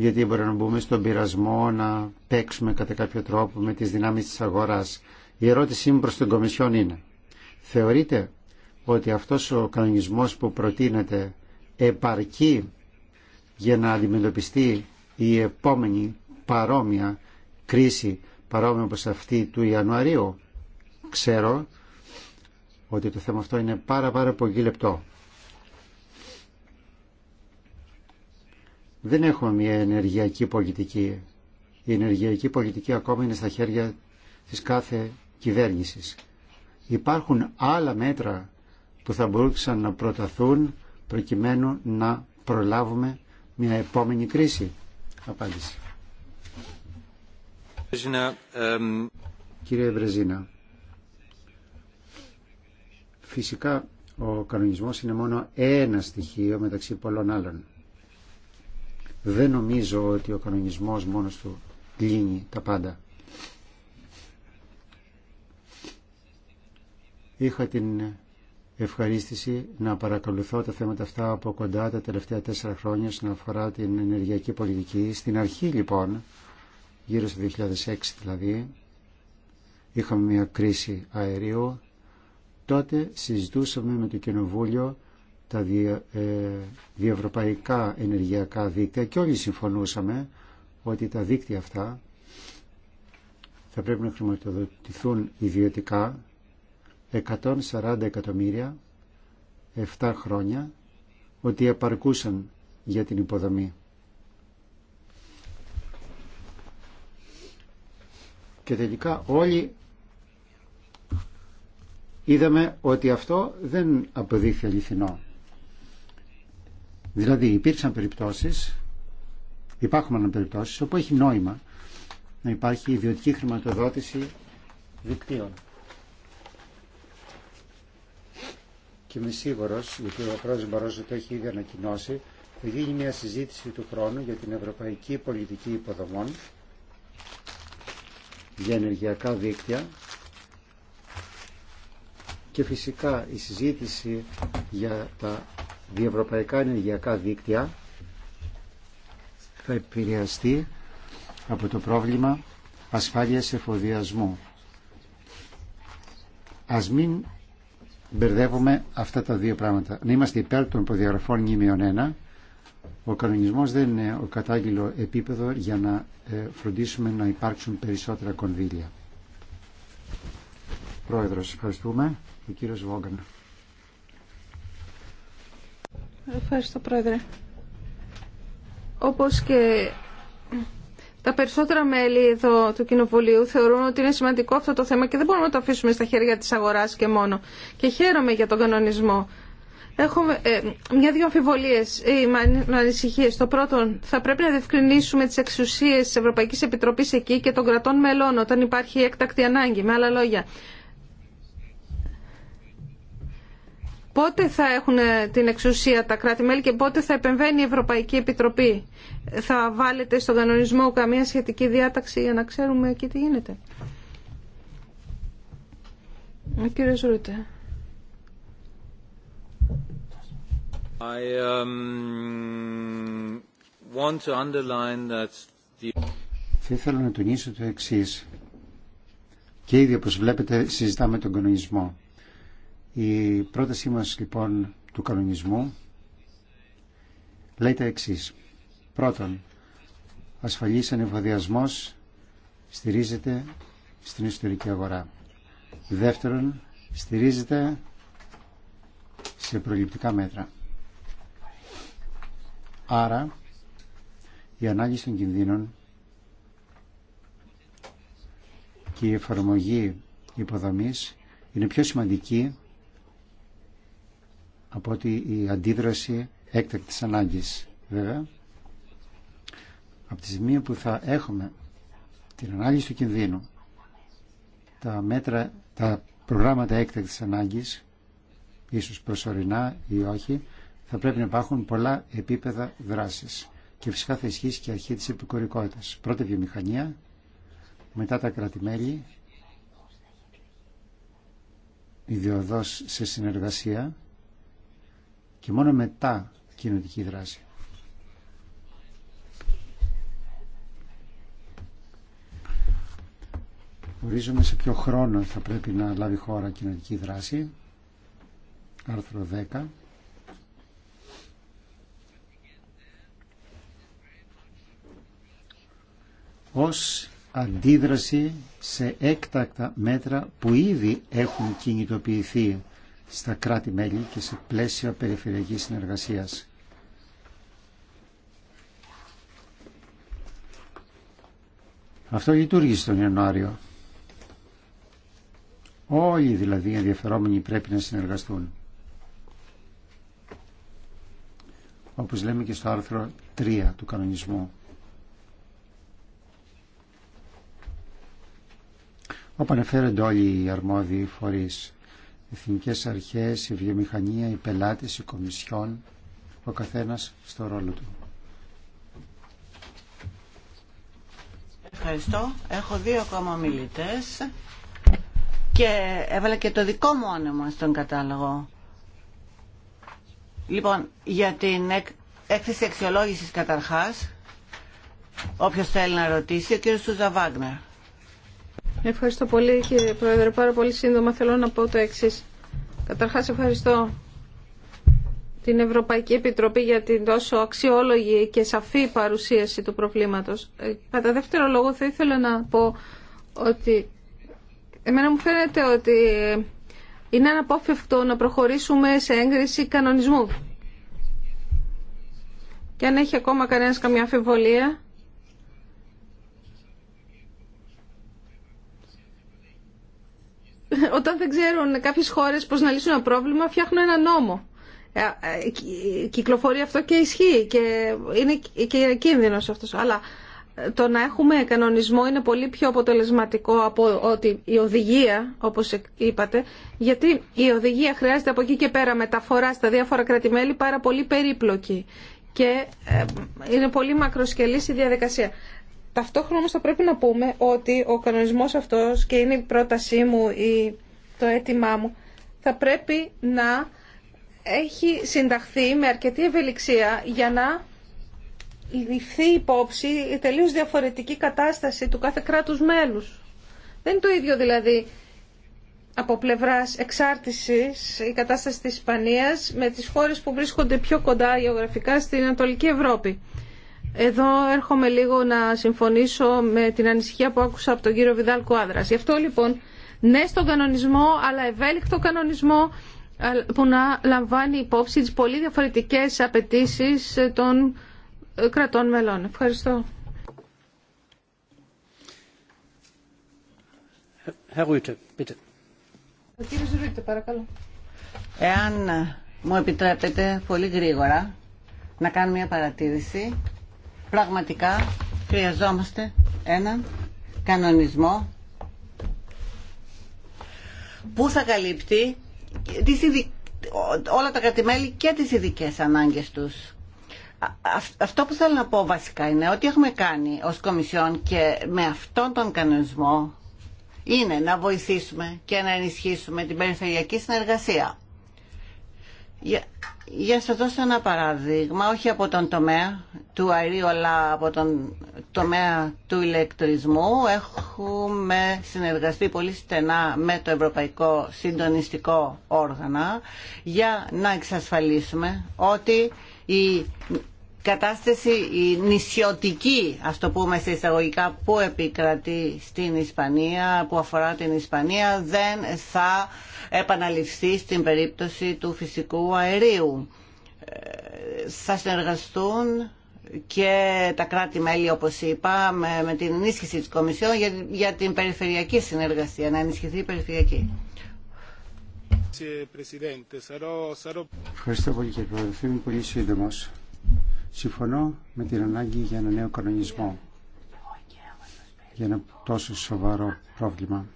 γιατί μπορεί να μπούμε στον πειρασμό να παίξουμε κατά κάποιο τρόπο με τις δυνάμεις της αγοράς. Η ερώτησή μου προς την Κομισιόν είναι, θεωρείτε ότι αυτός ο κανονισμός που προτείνεται επαρκεί για να αντιμετωπιστεί η επόμενη παρόμοια κρίση, παρόμοια όπως αυτή του Ιανουαρίου. Ξέρω ότι το θέμα αυτό είναι πάρα πάρα πολύ λεπτό. δεν έχουμε μια ενεργειακή πολιτική. Η ενεργειακή πολιτική ακόμα είναι στα χέρια της κάθε κυβέρνησης. Υπάρχουν άλλα μέτρα που θα μπορούσαν να προταθούν προκειμένου να προλάβουμε μια επόμενη κρίση. Απάντηση. Κύριε Βρεζίνα, φυσικά ο κανονισμός είναι μόνο ένα στοιχείο μεταξύ πολλών άλλων. Δεν νομίζω ότι ο κανονισμός μόνος του λύνει τα πάντα. Είχα την ευχαρίστηση να παρακολουθώ τα θέματα αυτά από κοντά τα τελευταία τέσσερα χρόνια στον αφορά την ενεργειακή πολιτική. Στην αρχή λοιπόν, γύρω στο 2006 δηλαδή, είχαμε μια κρίση αερίου. Τότε συζητούσαμε με το Κοινοβούλιο τα ε, διευρωπαϊκά ενεργειακά δίκτυα και όλοι συμφωνούσαμε ότι τα δίκτυα αυτά θα πρέπει να χρηματοδοτηθούν ιδιωτικά 140 εκατομμύρια 7 χρόνια ότι επαρκούσαν για την υποδομή. Και τελικά όλοι είδαμε ότι αυτό δεν αποδείχθη αληθινό. Δηλαδή υπήρξαν περιπτώσεις, υπάρχουν περιπτώσεις όπου έχει νόημα να υπάρχει ιδιωτική χρηματοδότηση δικτύων. Και είμαι σίγουρο, γιατί ο πρόεδρος Μπαρόζο το έχει ήδη ανακοινώσει, θα γίνει μια συζήτηση του χρόνου για την ευρωπαϊκή πολιτική υποδομών για ενεργειακά δίκτυα και φυσικά η συζήτηση για τα διευρωπαϊκά ενεργειακά δίκτυα θα επηρεαστεί από το πρόβλημα ασφάλειας εφοδιασμού. Ας μην μπερδεύουμε αυτά τα δύο πράγματα. Να είμαστε υπέρ των υποδιαγραφών νήμιον 1. Ο κανονισμός δεν είναι ο κατάλληλο επίπεδο για να ε, φροντίσουμε να υπάρξουν περισσότερα κονδύλια. Πρόεδρος, ευχαριστούμε. Ο κύριος Βόγκανα. Ευχαριστώ, Πρόεδρε. Όπως και τα περισσότερα μέλη εδώ του Κοινοβουλίου θεωρούν ότι είναι σημαντικό αυτό το θέμα και δεν μπορούμε να το αφήσουμε στα χέρια της αγοράς και μόνο. Και χαίρομαι για τον κανονισμό. Έχω ε, μια-δυο αμφιβολίες ή ανησυχίε. ανησυχίες. Το πρώτο, θα πρέπει να διευκρινίσουμε τις εξουσίες της Ευρωπαϊκής Επιτροπής εκεί και των κρατών μελών όταν υπάρχει έκτακτη ανάγκη. Με άλλα λόγια, πότε θα έχουν ε, την εξουσία τα κράτη-μέλη και πότε θα επεμβαίνει η Ευρωπαϊκή Επιτροπή. Θα βάλετε στον κανονισμό καμία σχετική διάταξη για να ξέρουμε εκεί τι γίνεται. Ο I, um, want to underline that the... Θα ήθελα να τονίσω το εξής. Και ήδη όπως βλέπετε συζητάμε τον κανονισμό. Η πρότασή μας λοιπόν του κανονισμού λέει τα εξής. Πρώτον, ασφαλής ανεφοδιασμός στηρίζεται στην ιστορική αγορά. Δεύτερον, στηρίζεται σε προληπτικά μέτρα. Άρα, η ανάλυση των κινδύνων και η εφαρμογή υποδομής είναι πιο σημαντική από ότι η αντίδραση έκτακτης ανάγκης βέβαια από τη στιγμή που θα έχουμε την ανάλυση του κινδύνου τα μέτρα τα προγράμματα έκτακτης ανάγκης ίσως προσωρινά ή όχι θα πρέπει να υπάρχουν πολλά επίπεδα δράση και φυσικά θα ισχύσει και αρχή της επικορικότητας Πρώτη βιομηχανία μετά τα κρατημέλη ιδιωδώς σε συνεργασία και μόνο μετά κοινωτική δράση. Ορίζουμε σε ποιο χρόνο θα πρέπει να λάβει χώρα κοινωνική δράση. Άρθρο 10. ως αντίδραση σε έκτακτα μέτρα που ήδη έχουν κινητοποιηθεί στα κράτη-μέλη και σε πλαίσια περιφερειακής συνεργασίας. Αυτό λειτουργήσε τον Ιανουάριο. Όλοι δηλαδή οι ενδιαφερόμενοι πρέπει να συνεργαστούν. Όπως λέμε και στο άρθρο 3 του κανονισμού. Όπου αναφέρονται όλοι οι αρμόδιοι φορείς εθνικές αρχές, η βιομηχανία, οι πελάτες, οι κομισιόν, ο καθένας στο ρόλο του. Ευχαριστώ. Έχω δύο ακόμα μιλητές και έβαλα και το δικό μου όνομα στον κατάλογο. Λοιπόν, για την έκθεση αξιολόγησης καταρχάς, όποιος θέλει να ρωτήσει, ο κύριος Σούζα Βάγνερ. Ευχαριστώ πολύ κύριε Πρόεδρε. Πάρα πολύ σύντομα θέλω να πω το εξή. Καταρχάς ευχαριστώ την Ευρωπαϊκή Επιτροπή για την τόσο αξιόλογη και σαφή παρουσίαση του προβλήματος. Ε, κατά δεύτερο λόγο θα ήθελα να πω ότι εμένα μου φαίνεται ότι είναι αναπόφευκτο να προχωρήσουμε σε έγκριση κανονισμού. Και αν έχει ακόμα κανένας καμιά αφιβολία, όταν δεν ξέρουν κάποιες χώρες πώς να λύσουν ένα πρόβλημα, φτιάχνουν ένα νόμο. Ε, ε, κυκλοφορεί αυτό και ισχύει και είναι και κίνδυνος αυτός. Αλλά ε, το να έχουμε κανονισμό είναι πολύ πιο αποτελεσματικό από ότι η οδηγία, όπως είπατε, γιατί η οδηγία χρειάζεται από εκεί και πέρα μεταφορά στα διάφορα κρατημέλη πάρα πολύ περίπλοκη και είναι πολύ μακροσκελής η διαδικασία. Ταυτόχρονα όμως θα πρέπει να πούμε ότι ο κανονισμός αυτός και είναι η πρότασή μου ή το αίτημά μου θα πρέπει να έχει συνταχθεί με αρκετή ευελιξία για να ληφθεί υπόψη η τελείως διαφορετική κατάσταση του κάθε κράτους μέλους. Δεν είναι το ίδιο δηλαδή από πλευράς εξάρτησης η κατάσταση της Ισπανίας με τις χώρες που βρίσκονται πιο κοντά γεωγραφικά στην Ανατολική Ευρώπη. Εδώ έρχομαι λίγο να συμφωνήσω με την ανησυχία που άκουσα από τον κύριο Βιδάλ Κουάδρας. Γι' αυτό λοιπόν ναι στον κανονισμό, αλλά ευέλικτο κανονισμό που να λαμβάνει υπόψη τις πολύ διαφορετικές απαιτήσει των ε, κρατών μελών. Ευχαριστώ. Εάν ε, μου επιτρέπετε πολύ γρήγορα να κάνω μια παρατήρηση Πραγματικά χρειαζόμαστε έναν κανονισμό που θα καλύπτει τις όλα τα κρατημέλη και τις ειδικέ ανάγκες τους. Αυτό που θέλω να πω βασικά είναι ότι έχουμε κάνει ως Κομισιόν και με αυτόν τον κανονισμό είναι να βοηθήσουμε και να ενισχύσουμε την περιφερειακή συνεργασία. Για, για σας δώσω ένα παράδειγμα, όχι από τον τομέα του αερίου, αλλά από τον τομέα του ηλεκτρισμού. Έχουμε συνεργαστεί πολύ στενά με το Ευρωπαϊκό Συντονιστικό Όργανα για να εξασφαλίσουμε ότι η κατάσταση η νησιωτική, ας το πούμε σε εισαγωγικά, που επικρατεί στην Ισπανία, που αφορά την Ισπανία, δεν θα επαναληφθεί στην περίπτωση του φυσικού αερίου. Ε, θα συνεργαστούν και τα κράτη-μέλη, όπως είπα, με, την ενίσχυση της Κομισιόν για, την περιφερειακή συνεργασία, να ενισχυθεί η περιφερειακή. Ευχαριστώ πολύ κύριε Πρόεδρε. Είμαι πολύ σύντομος. Συμφωνώ με την ανάγκη για ένα νέο κανονισμό για ένα τόσο σοβαρό πρόβλημα.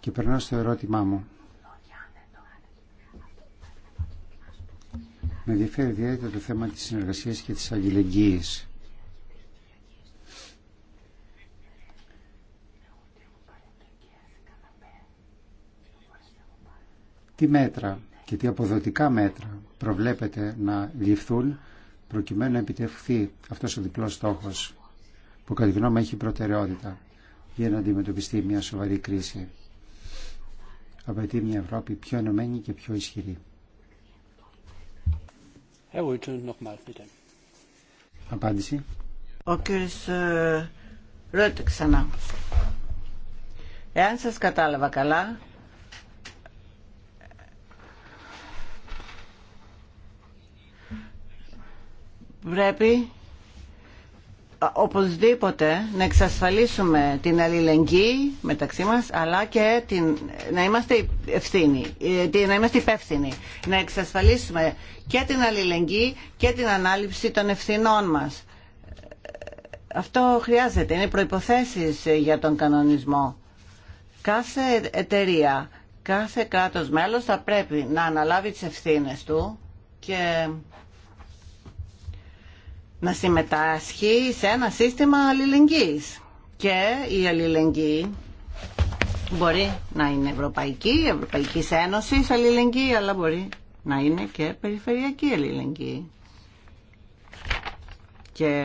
Και περνάω στο ερώτημά μου. Με ενδιαφέρει ιδιαίτερα το θέμα της συνεργασίας και της αλληλεγγύης. Τι μέτρα και τι αποδοτικά μέτρα προβλέπεται να ληφθούν προκειμένου να επιτευχθεί αυτός ο διπλός στόχος που κατά τη γνώμη έχει προτεραιότητα για να αντιμετωπιστεί μια σοβαρή κρίση. Απαιτεί μια Ευρώπη πιο ενωμένη και πιο ισχυρή. Απάντηση. Ο κύριος ε, ξανά. Εάν σας κατάλαβα καλά, πρέπει οπωσδήποτε να εξασφαλίσουμε την αλληλεγγύη μεταξύ μας αλλά και την, να είμαστε ε, να είμαστε υπεύθυνοι να εξασφαλίσουμε και την αλληλεγγύη και την ανάληψη των ευθυνών μας αυτό χρειάζεται, είναι προϋποθέσεις για τον κανονισμό κάθε εταιρεία κάθε κράτος μέλος θα πρέπει να αναλάβει τις ευθύνες του και να συμμετάσχει σε ένα σύστημα αλληλεγγύης. Και η αλληλεγγύη μπορεί να είναι ευρωπαϊκή, ευρωπαϊκή ένωση αλληλεγγύη, αλλά μπορεί να είναι και περιφερειακή αλληλεγγύη. Και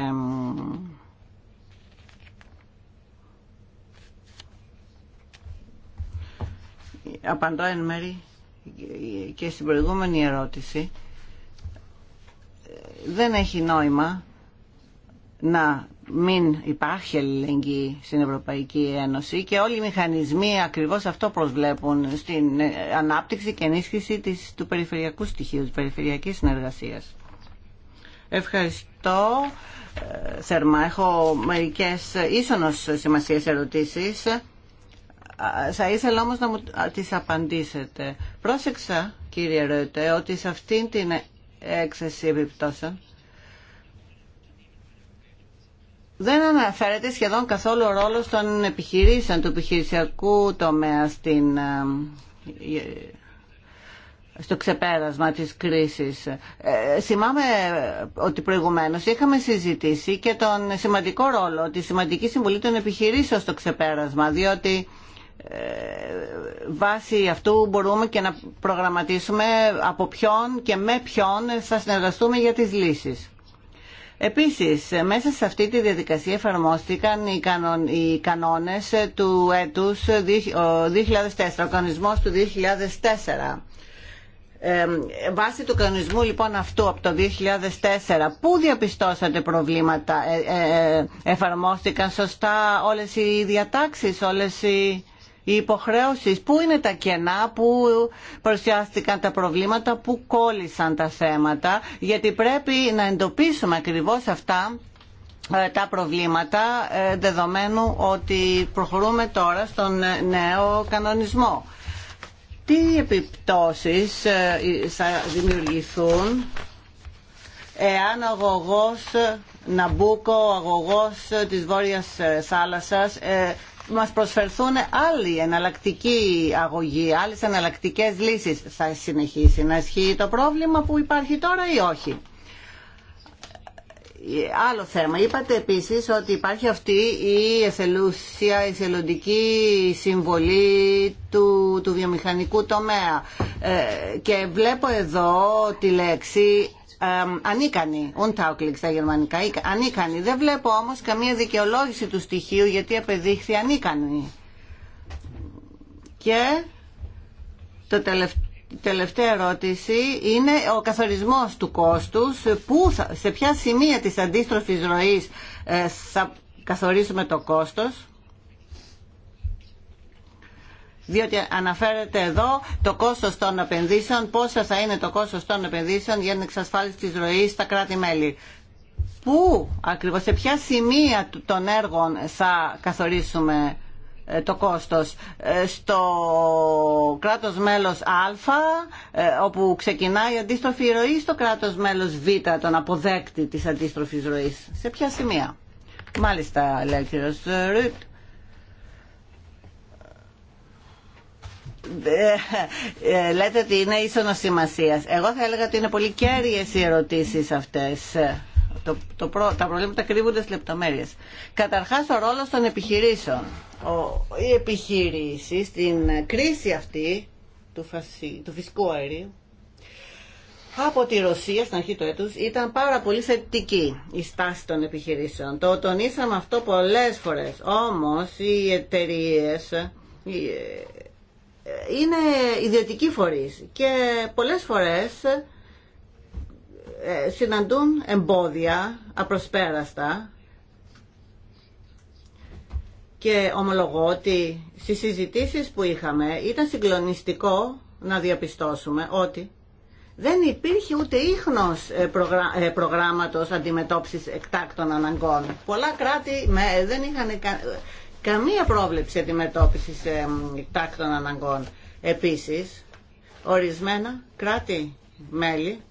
απαντώ εν μέρη και στην προηγούμενη ερώτηση δεν έχει νόημα να μην υπάρχει αλληλεγγύη στην Ευρωπαϊκή Ένωση και όλοι οι μηχανισμοί ακριβώς αυτό προσβλέπουν στην ανάπτυξη και ενίσχυση της, του περιφερειακού στοιχείου, της περιφερειακής συνεργασίας. Ευχαριστώ ε, θερμά. Έχω μερικές ίσονος σημασίες ερωτήσεις. Θα ήθελα όμως να μου τις απαντήσετε. Πρόσεξα, κύριε Ρέτε, ότι σε αυτήν την έκθεση επιπτώσεων δεν αναφέρεται σχεδόν καθόλου ο ρόλος των επιχειρήσεων, του επιχειρησιακού τομέα στην, ε, ε, στο ξεπέρασμα της κρίσης. Ε, ότι προηγουμένως είχαμε συζητήσει και τον σημαντικό ρόλο, τη σημαντική συμβολή των επιχειρήσεων στο ξεπέρασμα, διότι βάσει αυτού μπορούμε και να προγραμματίσουμε από ποιον και με ποιον θα συνεργαστούμε για τις λύσεις. Επίσης, μέσα σε αυτή τη διαδικασία εφαρμόστηκαν οι κανόνες του έτους 2004, ο κανονισμός του 2004. βάσει του κανονισμού λοιπόν αυτού από το 2004 που διαπιστώσατε προβλήματα ε, ε, ε, εφαρμόστηκαν σωστά όλες οι διατάξεις όλες οι οι υποχρέωσεις, πού είναι τα κενά, πού παρουσιάστηκαν τα προβλήματα, πού κόλλησαν τα θέματα, γιατί πρέπει να εντοπίσουμε ακριβώς αυτά ε, τα προβλήματα ε, δεδομένου ότι προχωρούμε τώρα στον ε, νέο κανονισμό. Τι επιπτώσεις θα δημιουργηθούν εάν ο αγωγός Ναμπούκο, ο αγωγός της Βόρειας Θάλασσας μας προσφερθούν άλλη εναλλακτική αγωγή, άλλες εναλλακτικές λύσεις. Θα συνεχίσει να ισχύει το πρόβλημα που υπάρχει τώρα ή όχι. Άλλο θέμα. Είπατε επίσης ότι υπάρχει αυτή η εθελούσια, η εθελοντική συμβολή του, του βιομηχανικού τομέα. Ε, και βλέπω εδώ τη λέξη ανίκανη, untauglich στα γερμανικά, ανίκανη. Δεν βλέπω όμως καμία δικαιολόγηση του στοιχείου γιατί απεδείχθη ανίκανη. Και το τελευταίο τελευταία ερώτηση είναι ο καθορισμός του κόστους που σε ποια σημεία της αντίστροφης ροής ε, θα καθορίσουμε το κόστος διότι αναφέρεται εδώ το κόστος των επενδύσεων, πόσα θα είναι το κόστος των επενδύσεων για την εξασφάλιση της ροής στα κράτη-μέλη. Πού ακριβώς, σε ποια σημεία των έργων θα καθορίσουμε ε, το κόστος ε, στο κράτος μέλος Α ε, όπου ξεκινάει η αντίστροφη ροή στο κράτος μέλος Β τον αποδέκτη της αντίστροφης ροής σε ποια σημεία μάλιστα λέει ο Ρουτ Ε, ε, λέτε ότι είναι ίσονος σημασία. Εγώ θα έλεγα ότι είναι πολύ κέρυες οι ερωτήσεις αυτές. Το, τα προβλήματα κρύβονται στις λεπτομέρειες. Καταρχάς ο ρόλος των επιχειρήσεων. Ο, οι επιχειρήσει στην κρίση αυτή του, του φυσικού αερίου από τη Ρωσία στην αρχή του έτου, ήταν πάρα πολύ θετική η στάση των επιχειρήσεων. Το τονίσαμε αυτό πολλές φορές. Όμως οι εταιρείε είναι ιδιωτικοί φορείς και πολλές φορές ε, συναντούν εμπόδια απροσπέραστα και ομολογώ ότι στις συζητήσεις που είχαμε ήταν συγκλονιστικό να διαπιστώσουμε ότι δεν υπήρχε ούτε ίχνος ε, ε, προγράμματος αντιμετώπισης εκτάκτων αναγκών. Πολλά κράτη δεν είχαν καμία πρόβλεψη αντιμετώπισης τάκτων αναγκών. Επίσης, ορισμένα κράτη-μέλη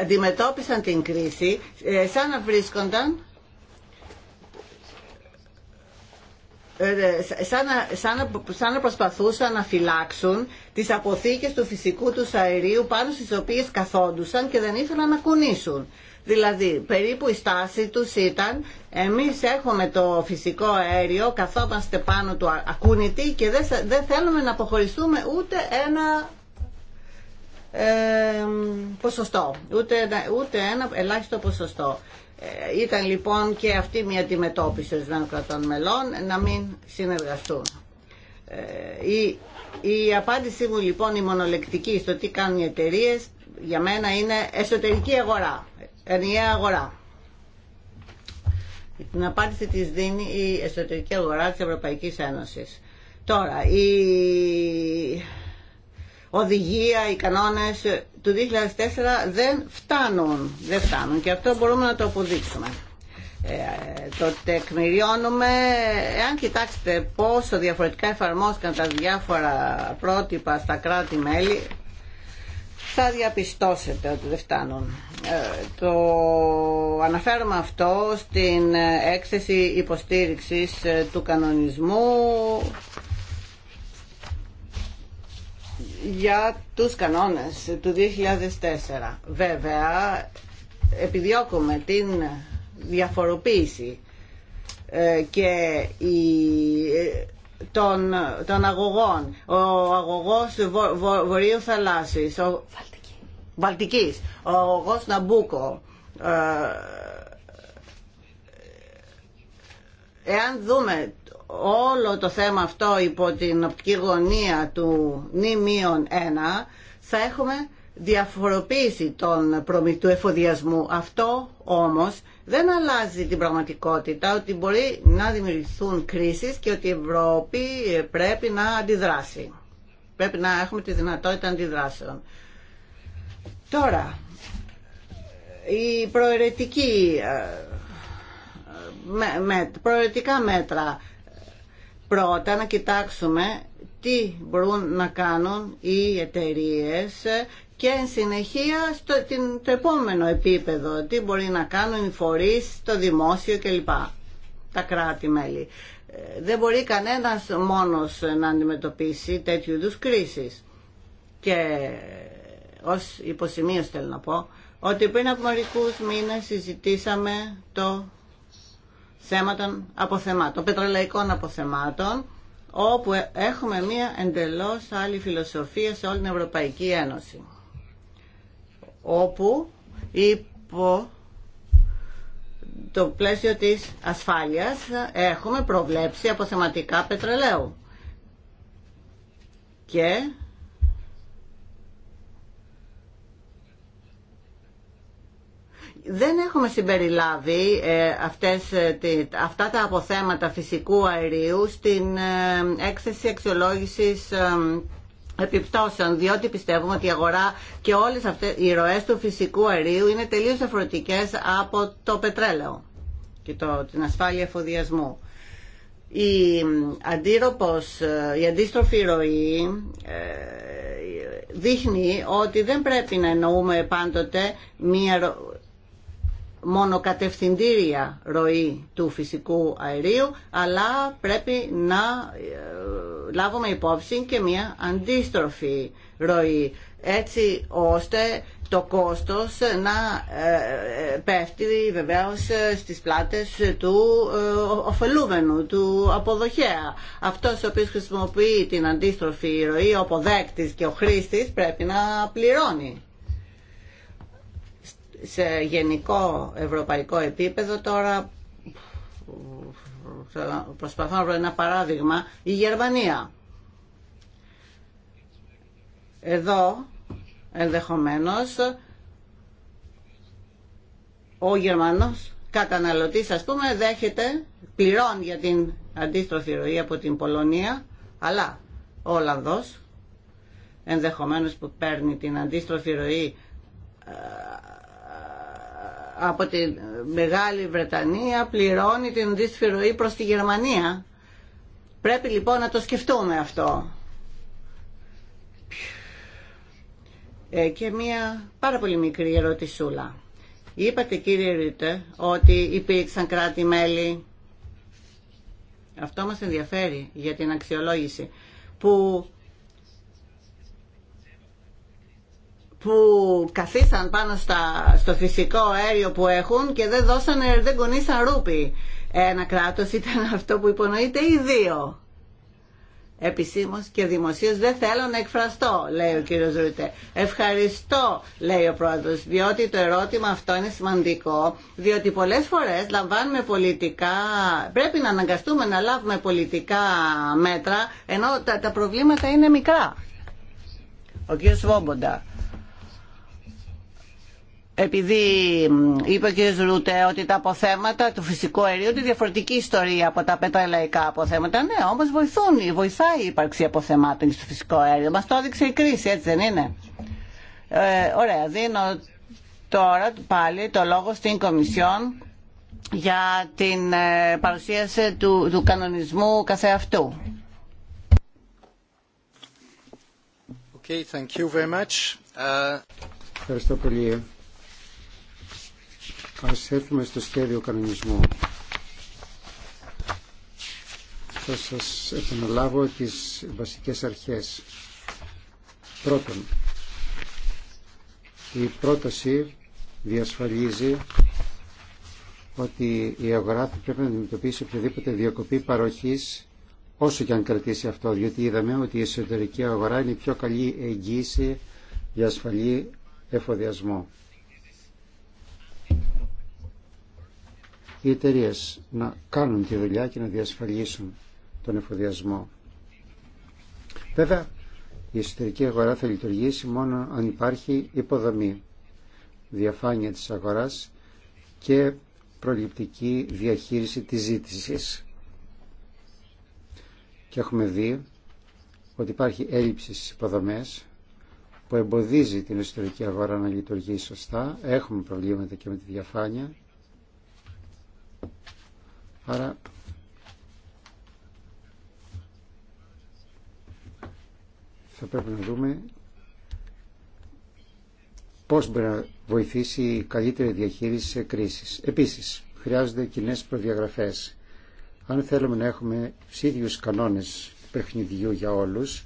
αντιμετώπισαν την κρίση ε, σαν να βρίσκονταν ε, σαν να, προσπαθούσαν να φυλάξουν τις αποθήκες του φυσικού του αερίου πάνω στις οποίες καθόντουσαν και δεν ήθελαν να κουνήσουν. Δηλαδή, περίπου η στάση τους ήταν εμείς έχουμε το φυσικό αέριο, καθόμαστε πάνω του ακούνητη και δεν, δεν θέλουμε να αποχωριστούμε ούτε ένα ε, ποσοστό, ούτε, ούτε ένα ελάχιστο ποσοστό. Ε, ήταν λοιπόν και αυτή μια αντιμετώπιση ορισμένων κρατών μελών να μην συνεργαστούν. Ε, η, η απάντησή μου λοιπόν η μονολεκτική στο τι κάνουν οι εταιρείε για μένα είναι εσωτερική αγορά ενιαία αγορά. Την απάντηση της δίνει η εσωτερική αγορά της Ευρωπαϊκής Ένωσης. Τώρα, η οδηγία, οι κανόνες του 2004 δεν φτάνουν. Δεν φτάνουν και αυτό μπορούμε να το αποδείξουμε. Ε, το τεκμηριώνουμε, εάν κοιτάξετε πόσο διαφορετικά εφαρμόστηκαν τα διάφορα πρότυπα στα κράτη-μέλη, θα διαπιστώσετε ότι δεν φτάνουν. Ε, το αναφέρουμε αυτό στην έκθεση υποστήριξης ε, του κανονισμού για τους κανόνες του 2004. Βέβαια, επιδιώκουμε την διαφοροποίηση ε, και η των, των αγωγών. Ο αγωγός Βορείου Θαλάσσης, ο Βαλτική. Βαλτικής, ο αγωγός Ναμπούκο. Ε, εάν δούμε όλο το θέμα αυτό υπό την οπτική γωνία του νημείων 1, θα έχουμε διαφοροποίηση των, του εφοδιασμού. Αυτό όμως δεν αλλάζει την πραγματικότητα ότι μπορεί να δημιουργηθούν κρίσεις και ότι η Ευρώπη πρέπει να αντιδράσει. Πρέπει να έχουμε τη δυνατότητα αντιδράσεων. Τώρα, η ε, με, προαιρετικά μέτρα πρώτα να κοιτάξουμε τι μπορούν να κάνουν οι εταιρείες και εν συνεχεία στο, την, το επόμενο επίπεδο, τι μπορεί να κάνουν οι φορείς, το δημόσιο κλπ. Τα κράτη-μέλη. Ε, δεν μπορεί κανένας μόνος να αντιμετωπίσει τέτοιου είδου κρίσεις. Και ως υποσημείωση θέλω να πω ότι πριν από μερικού μήνες συζητήσαμε το θέμα των αποθεμάτων, πετρελαϊκών αποθεμάτων όπου έχουμε μία εντελώς άλλη φιλοσοφία σε όλη την Ευρωπαϊκή Ένωση όπου υπό το πλαίσιο της ασφάλειας έχουμε προβλέψει αποθεματικά πετρελαίου. Και δεν έχουμε συμπεριλάβει ε, αυτές, ε, αυτά τα αποθέματα φυσικού αερίου στην ε, έκθεση αξιολόγησης επιπτώσεων, διότι πιστεύουμε ότι η αγορά και όλες αυτές οι ροές του φυσικού αερίου είναι τελείως διαφορετικές από το πετρέλαιο και το, την ασφάλεια εφοδιασμού. Η, αντίρροπος, ε, η αντίστροφη ροή ε, δείχνει ότι δεν πρέπει να εννοούμε πάντοτε μία μονοκατευθυντήρια ροή του φυσικού αερίου, αλλά πρέπει να ε, λάβουμε υπόψη και μια αντίστροφη ροή, έτσι ώστε το κόστος να ε, ε, πέφτει βεβαίως στις πλάτες του ωφελούμενου, του αποδοχέα. Αυτός ο οποίος χρησιμοποιεί την αντίστροφη ροή, ο αποδέκτης και ο χρήστης πρέπει να πληρώνει σε γενικό ευρωπαϊκό επίπεδο τώρα προσπαθώ να βρω ένα παράδειγμα η Γερμανία εδώ ενδεχομένως ο Γερμανός καταναλωτής ας πούμε δέχεται πληρών για την αντίστροφη ροή από την Πολωνία αλλά ο Ολλανδός ενδεχομένως που παίρνει την αντίστροφη ροή από τη Μεγάλη Βρετανία πληρώνει την αντίστοιχη προς τη Γερμανία. Πρέπει λοιπόν να το σκεφτούμε αυτό. Ε, και μία πάρα πολύ μικρή ερωτησούλα. Είπατε κύριε Ρίτε ότι υπήρξαν κράτη-μέλη. Αυτό μας ενδιαφέρει για την αξιολόγηση. Που που καθίσαν πάνω στα, στο φυσικό αέριο που έχουν και δεν δώσανε, δεν κονίσαν ρούπι. Ένα κράτος ήταν αυτό που υπονοείται ή δύο. Επισήμως και δημοσίως δεν θέλω να εκφραστώ, λέει ο κύριος Ρούτε. Ευχαριστώ, λέει ο πρόεδρος, διότι το ερώτημα αυτό είναι σημαντικό, διότι πολλές φορές λαμβάνουμε πολιτικά, πρέπει να αναγκαστούμε να λάβουμε πολιτικά μέτρα, ενώ τα, τα προβλήματα είναι μικρά. Ο κύριος Βόμποντα επειδή είπε ο κ. Ρούτε ότι τα αποθέματα του φυσικού αερίου είναι διαφορετική ιστορία από τα πετρελαϊκά αποθέματα. Ναι, όμω βοηθούν, βοηθάει η ύπαρξη αποθεμάτων στο φυσικό αέριο. Μα το έδειξε η κρίση, έτσι δεν είναι. Ε, ωραία, δίνω τώρα πάλι το λόγο στην Κομισιόν για την ε, παρουσίαση του, του κανονισμού καθεαυτού. Okay, thank you very much. Uh, Ας έρθουμε στο σχέδιο κανονισμού. Θα σας επαναλάβω τις βασικές αρχές. Πρώτον, η πρόταση διασφαλίζει ότι η αγορά θα πρέπει να αντιμετωπίσει οποιαδήποτε διακοπή παροχής όσο και αν κρατήσει αυτό, διότι είδαμε ότι η εσωτερική αγορά είναι η πιο καλή εγγύηση για ασφαλή εφοδιασμό. οι εταιρείε να κάνουν τη δουλειά και να διασφαλίσουν τον εφοδιασμό. Βέβαια, η εσωτερική αγορά θα λειτουργήσει μόνο αν υπάρχει υποδομή, διαφάνεια της αγοράς και προληπτική διαχείριση της ζήτησης. Και έχουμε δει ότι υπάρχει έλλειψη στις υποδομές που εμποδίζει την εσωτερική αγορά να λειτουργεί σωστά. Έχουμε προβλήματα και με τη διαφάνεια Άρα θα πρέπει να δούμε πώς μπορεί να βοηθήσει η καλύτερη διαχείριση κρίσης. Επίσης, χρειάζονται κοινέ προδιαγραφές. Αν θέλουμε να έχουμε τους ίδιους κανόνες παιχνιδιού για όλους,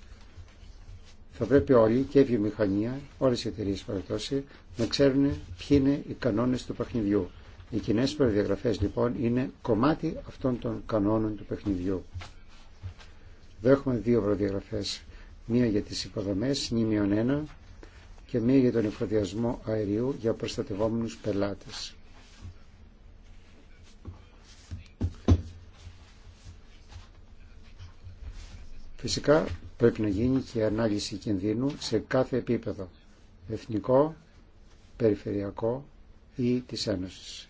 θα πρέπει όλοι και η βιομηχανία, όλες οι εταιρείες παρατώσει, να ξέρουν ποιοι είναι οι κανόνες του παιχνιδιού. Οι κοινέ προδιαγραφέ λοιπόν είναι κομμάτι αυτών των κανόνων του παιχνιδιού. Εδώ έχουμε δύο προδιαγραφέ: Μία για τις υποδομέ νήμιον 1, και μία για τον εφοδιασμό αερίου για προστατευόμενους πελάτες. Φυσικά πρέπει να γίνει και ανάλυση κινδύνου σε κάθε επίπεδο, εθνικό, περιφερειακό ή της Ένωσης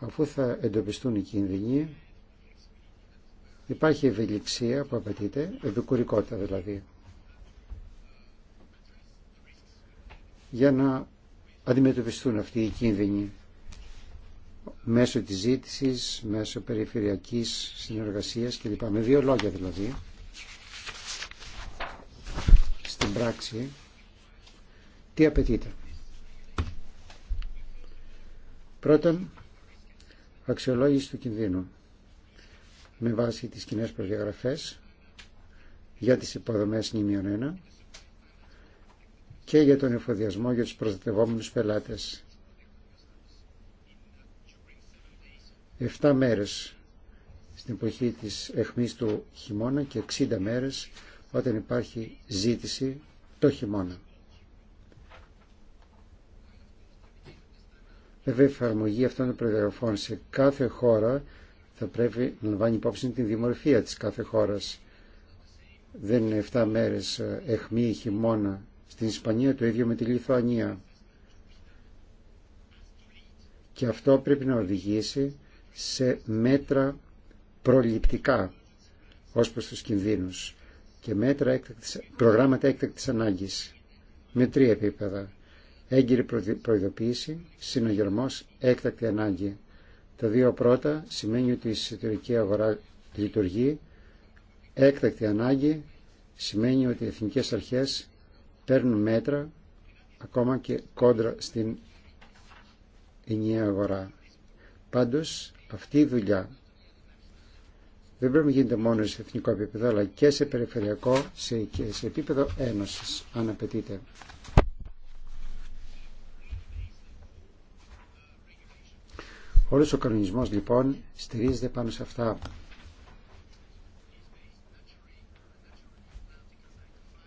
αφού θα εντοπιστούν οι κίνδυνοι υπάρχει ευελιξία που απαιτείται, επικουρικότητα δηλαδή για να αντιμετωπιστούν αυτοί οι κίνδυνοι μέσω της ζήτησης, μέσω περιφερειακής συνεργασίας κλπ. Με δύο λόγια δηλαδή στην πράξη τι απαιτείται. Πρώτον, αξιολόγηση του κινδύνου με βάση τις κοινέ προδιαγραφές για τις υποδομές νημιών 1 και για τον εφοδιασμό για τους προστατευόμενους πελάτες. Εφτά μέρες στην εποχή της εχμής του χειμώνα και 60 μέρες όταν υπάρχει ζήτηση το χειμώνα. Βέβαια, η εφαρμογή αυτών των προδιαγραφών σε κάθε χώρα θα πρέπει να λαμβάνει υπόψη την δημορφία της κάθε χώρας. Δεν είναι 7 μέρες εχμή ή χειμώνα. Στην Ισπανία το ίδιο με τη Λιθουανία. Και αυτό πρέπει να οδηγήσει σε μέτρα προληπτικά ως προς τους κινδύνους και μέτρα έκτακτης, προγράμματα έκτακτης ανάγκης με τρία επίπεδα έγκυρη προειδοποίηση, συνογερμός, έκτακτη ανάγκη. Τα δύο πρώτα σημαίνει ότι η εσωτερική αγορά λειτουργεί, έκτακτη ανάγκη σημαίνει ότι οι εθνικές αρχές παίρνουν μέτρα ακόμα και κόντρα στην ενιαία αγορά. Πάντως αυτή η δουλειά δεν πρέπει να γίνεται μόνο σε εθνικό επίπεδο αλλά και σε περιφερειακό σε, και σε επίπεδο ένωσης αν απαιτείται. Όλος ο κανονισμός λοιπόν στηρίζεται πάνω σε αυτά.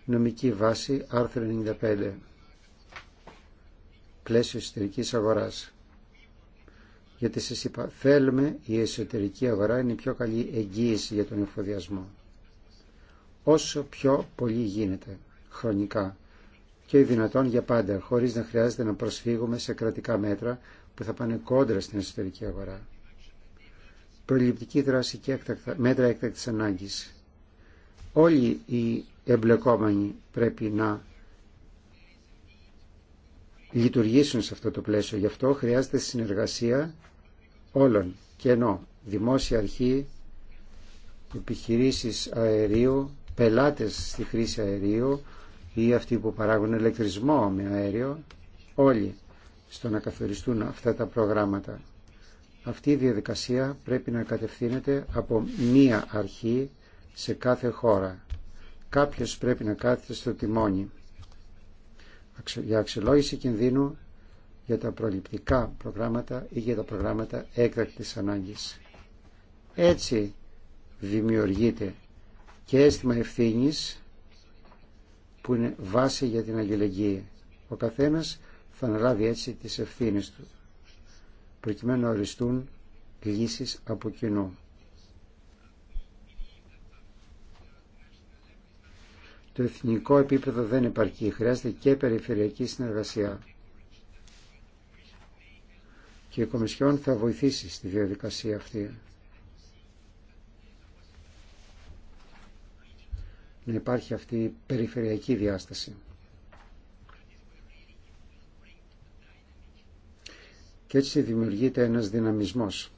Νομική βάση άρθρο 95 Πλαίσιο εσωτερικής αγοράς γιατί σας είπα θέλουμε η εσωτερική αγορά είναι η πιο καλή εγγύηση για τον εφοδιασμό όσο πιο πολύ γίνεται χρονικά και δυνατόν για πάντα χωρίς να χρειάζεται να προσφύγουμε σε κρατικά μέτρα που θα πάνε κόντρα στην εσωτερική αγορά. Προληπτική δράση και μέτρα έκτακτης ανάγκης. Όλοι οι εμπλεκόμενοι πρέπει να λειτουργήσουν σε αυτό το πλαίσιο. Γι' αυτό χρειάζεται συνεργασία όλων και ενώ δημόσια αρχή, επιχειρήσεις αερίου, πελάτες στη χρήση αερίου ή αυτοί που παράγουν ηλεκτρισμό με αέριο, όλοι στο να καθοριστούν αυτά τα προγράμματα. Αυτή η διαδικασία πρέπει να κατευθύνεται από μία αρχή σε κάθε χώρα. Κάποιος πρέπει να κάθεται στο τιμόνι για αξιολόγηση κινδύνου για τα προληπτικά προγράμματα ή για τα προγράμματα έκτακτης ανάγκης. Έτσι δημιουργείται και αίσθημα ευθύνης που είναι βάση για την αγγελεγγύη. Ο καθένας θα αναλάβει έτσι τις ευθύνες του προκειμένου να οριστούν λύσεις από κοινού. Το εθνικό επίπεδο δεν επαρκεί, χρειάζεται και περιφερειακή συνεργασία. Και η Κομισιόν θα βοηθήσει στη διαδικασία αυτή. Να υπάρχει αυτή η περιφερειακή διάσταση. και έτσι δημιουργείται ένας δυναμισμός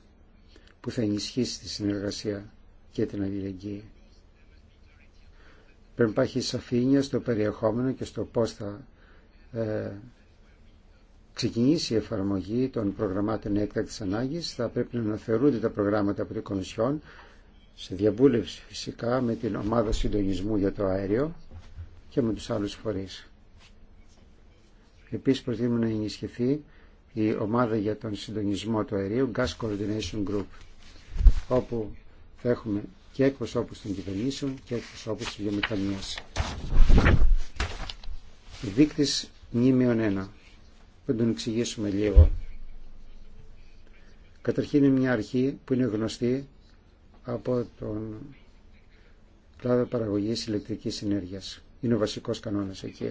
που θα ενισχύσει τη συνεργασία και την αλληλεγγύη. Πρέπει να υπάρχει σαφήνεια στο περιεχόμενο και στο πώς θα ε, ξεκινήσει η εφαρμογή των προγραμμάτων έκτακτης ανάγκης. Θα πρέπει να αναφερούνται τα προγράμματα από την Κομισιόν σε διαβούλευση φυσικά με την ομάδα συντονισμού για το αέριο και με τους άλλους φορείς. Επίσης προτείνουμε να ενισχυθεί η ομάδα για τον συντονισμό του αερίου Gas Coordination Group όπου θα έχουμε και εκπροσώπους των κυβερνήσεων και εκπροσώπους της βιομηχανίας. Δείκτης νήμιον 1. Θα τον εξηγήσουμε λίγο. Καταρχήν είναι μια αρχή που είναι γνωστή από τον κλάδο παραγωγής ηλεκτρικής ενέργειας. Είναι ο βασικός κανόνας εκεί.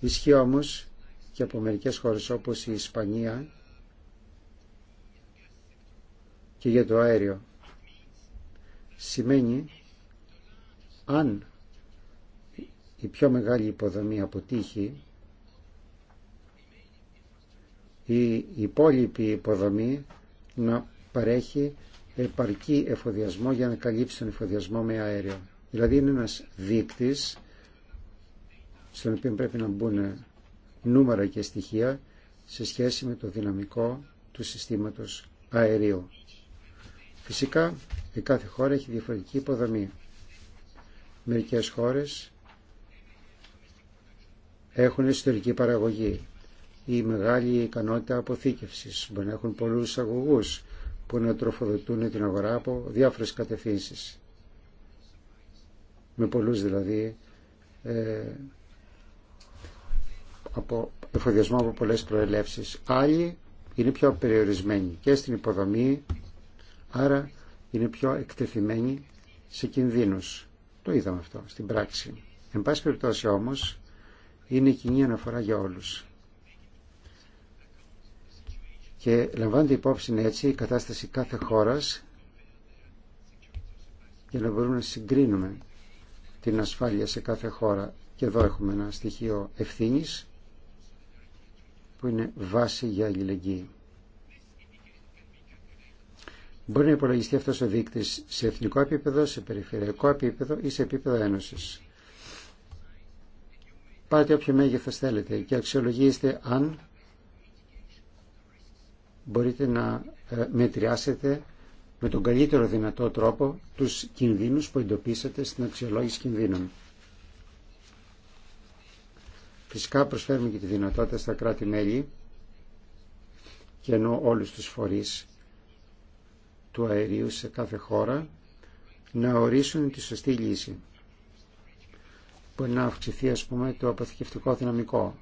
Ισχύει όμως και από μερικές χώρες όπως η Ισπανία και για το αέριο. Σημαίνει αν η πιο μεγάλη υποδομή αποτύχει η υπόλοιπη υποδομή να παρέχει επαρκή εφοδιασμό για να καλύψει τον εφοδιασμό με αέριο. Δηλαδή είναι ένας δείκτης στον οποίο πρέπει να μπουν νούμερα και στοιχεία σε σχέση με το δυναμικό του συστήματος αερίου. Φυσικά, η κάθε χώρα έχει διαφορετική υποδομή. Μερικές χώρες έχουν ιστορική παραγωγή ή μεγάλη ικανότητα αποθήκευσης. Μπορεί να έχουν πολλούς αγωγούς που να τροφοδοτούν την αγορά από διάφορες κατευθύνσεις. Με πολλούς δηλαδή ε, από εφοδιασμό από πολλές προελεύσεις. Άλλοι είναι πιο περιορισμένοι και στην υποδομή, άρα είναι πιο εκτεθειμένοι σε κινδύνους. Το είδαμε αυτό στην πράξη. Εν πάση περιπτώσει όμως, είναι κοινή αναφορά για όλους. Και λαμβάνεται υπόψη έτσι η κατάσταση κάθε χώρας για να μπορούμε να συγκρίνουμε την ασφάλεια σε κάθε χώρα. Και εδώ έχουμε ένα στοιχείο ευθύνης που είναι βάση για αλληλεγγύη. Μπορεί να υπολογιστεί αυτός ο δείκτης σε εθνικό επίπεδο, σε περιφερειακό επίπεδο ή σε επίπεδο ένωσης. πάτε όποιο μέγεθος θέλετε και αξιολογήστε αν μπορείτε να ε, μετριάσετε με τον καλύτερο δυνατό τρόπο τους κινδύνους που εντοπίσατε στην αξιολόγηση κινδύνων. Φυσικά προσφέρουμε και τη δυνατότητα στα κράτη-μέλη και ενώ όλους τους φορείς του αερίου σε κάθε χώρα να ορίσουν τη σωστή λύση. Μπορεί να αυξηθεί ας πούμε το αποθηκευτικό δυναμικό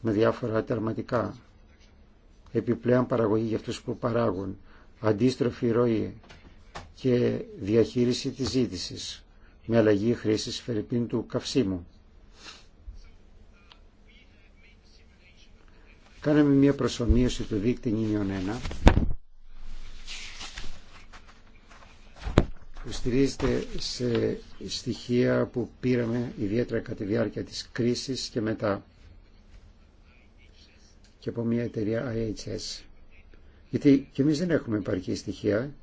με διάφορα τερματικά επιπλέον παραγωγή για αυτούς που παράγουν αντίστροφη ροή και διαχείριση της ζήτησης με αλλαγή χρήσης φερρυπίν του καυσίμου Κάναμε μια προσωμείωση του Δίκτυν Νιον 1 που στηρίζεται σε στοιχεία που πήραμε ιδιαίτερα κατά τη διάρκεια της κρίσης και μετά και από μια εταιρεία IHS. Γιατί και εμείς δεν έχουμε επαρκή στοιχεία.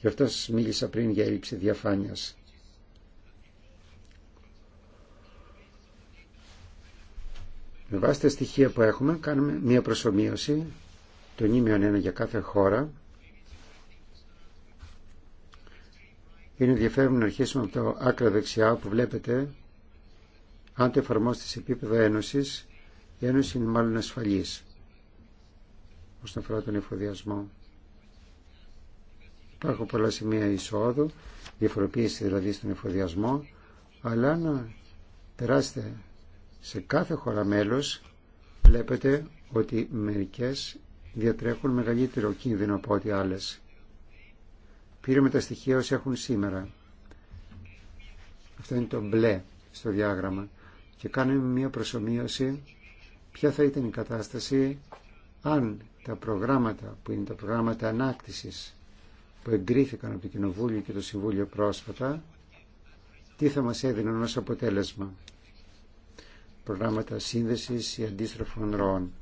Γι' αυτό σας μίλησα πριν για έλλειψη διαφάνειας. Με βάση τα στοιχεία που έχουμε κάνουμε μία προσωμείωση των ήμιων ένα για κάθε χώρα. Είναι ενδιαφέρον να αρχίσουμε από το άκρα δεξιά που βλέπετε αν το εφαρμόσετε σε επίπεδο ένωσης η ένωση είναι μάλλον ασφαλής όσον αφορά τον εφοδιασμό. Υπάρχουν πολλά σημεία εισόδου, διαφοροποίηση δηλαδή στον εφοδιασμό, αλλά να περάσετε σε κάθε χώρα μέλος βλέπετε ότι μερικές διατρέχουν μεγαλύτερο κίνδυνο από ό,τι άλλες. Πήραμε τα στοιχεία όσοι έχουν σήμερα. Αυτό είναι το μπλε στο διάγραμμα. Και κάνουμε μία προσωμείωση ποια θα ήταν η κατάσταση αν τα προγράμματα που είναι τα προγράμματα ανάκτησης που εγκρίθηκαν από το Κοινοβούλιο και το Συμβούλιο πρόσφατα τι θα μας έδιναν ως αποτέλεσμα προγράμματα σύνδεσης ή αντίστροφων ροών.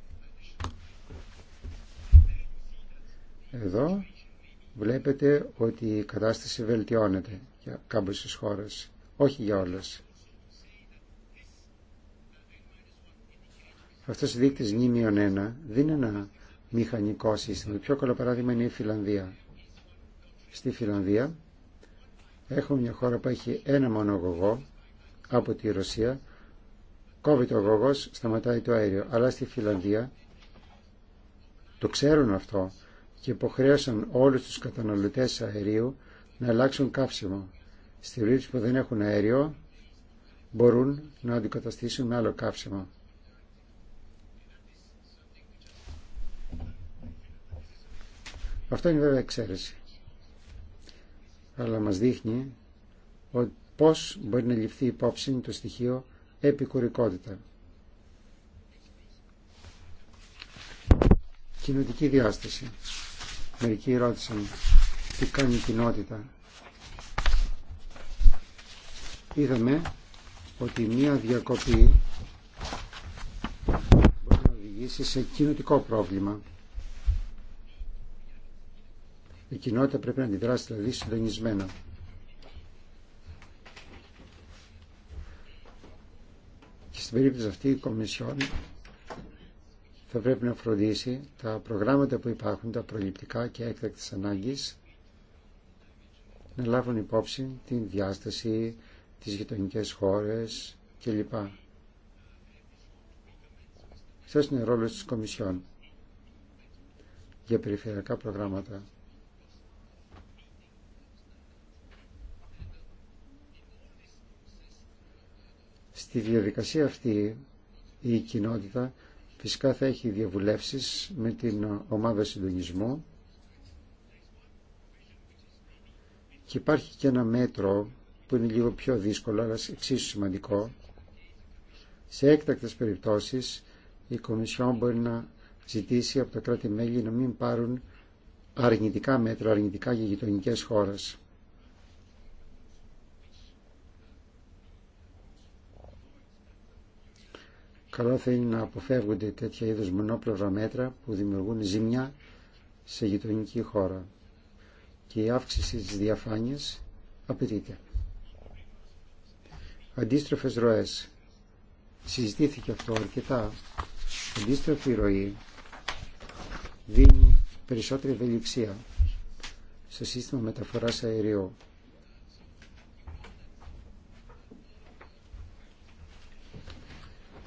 Εδώ βλέπετε ότι η κατάσταση βελτιώνεται για κάποιες χώρες, όχι για όλες. Αυτός ο δείκτης νήμιον 1 δεν είναι ένα μηχανικό σύστημα. Το πιο καλό παράδειγμα είναι η Φιλανδία. Στη Φιλανδία έχουμε μια χώρα που έχει ένα μόνο από τη Ρωσία κόβει το γόγος, σταματάει το αέριο. Αλλά στη Φιλανδία το ξέρουν αυτό και υποχρέωσαν όλους τους καταναλωτές αερίου να αλλάξουν καύσιμο. Στη ρήψη που δεν έχουν αέριο μπορούν να αντικαταστήσουν με άλλο καύσιμο. Αυτό είναι βέβαια εξαίρεση. Αλλά μας δείχνει ότι πώς μπορεί να ληφθεί υπόψη το στοιχείο επικουρικότητα. Κοινωτική διάσταση. Μερικοί ρώτησαν τι κάνει η κοινότητα. Είδαμε ότι μία διακοπή μπορεί να οδηγήσει σε κοινωτικό πρόβλημα. Η κοινότητα πρέπει να αντιδράσει δηλαδή συντονισμένα. στην περίπτωση αυτή η Κομισιόν θα πρέπει να φροντίσει τα προγράμματα που υπάρχουν, τα προληπτικά και έκτακτης ανάγκης, να λάβουν υπόψη την διάσταση της γειτονικέ χώρες κλπ. Αυτός είναι ο ρόλος της Κομισιόν για περιφερειακά προγράμματα. Στη διαδικασία αυτή η κοινότητα φυσικά θα έχει διαβουλεύσεις με την ομάδα συντονισμού και υπάρχει και ένα μέτρο που είναι λίγο πιο δύσκολο αλλά εξίσου σημαντικό. Σε έκτακτες περιπτώσεις η Κομισιόν μπορεί να ζητήσει από τα κράτη-μέλη να μην πάρουν αρνητικά μέτρα, αρνητικά για γειτονικέ χώρες. Καλό θα είναι να αποφεύγονται τέτοια είδους μονόπλευρα μέτρα που δημιουργούν ζημιά σε γειτονική χώρα και η αύξηση της διαφάνειας απαιτείται. Αντίστροφες ροές. Συζητήθηκε αυτό αρκετά. Αντίστροφη ροή δίνει περισσότερη ευελιξία στο σύστημα μεταφοράς αερίου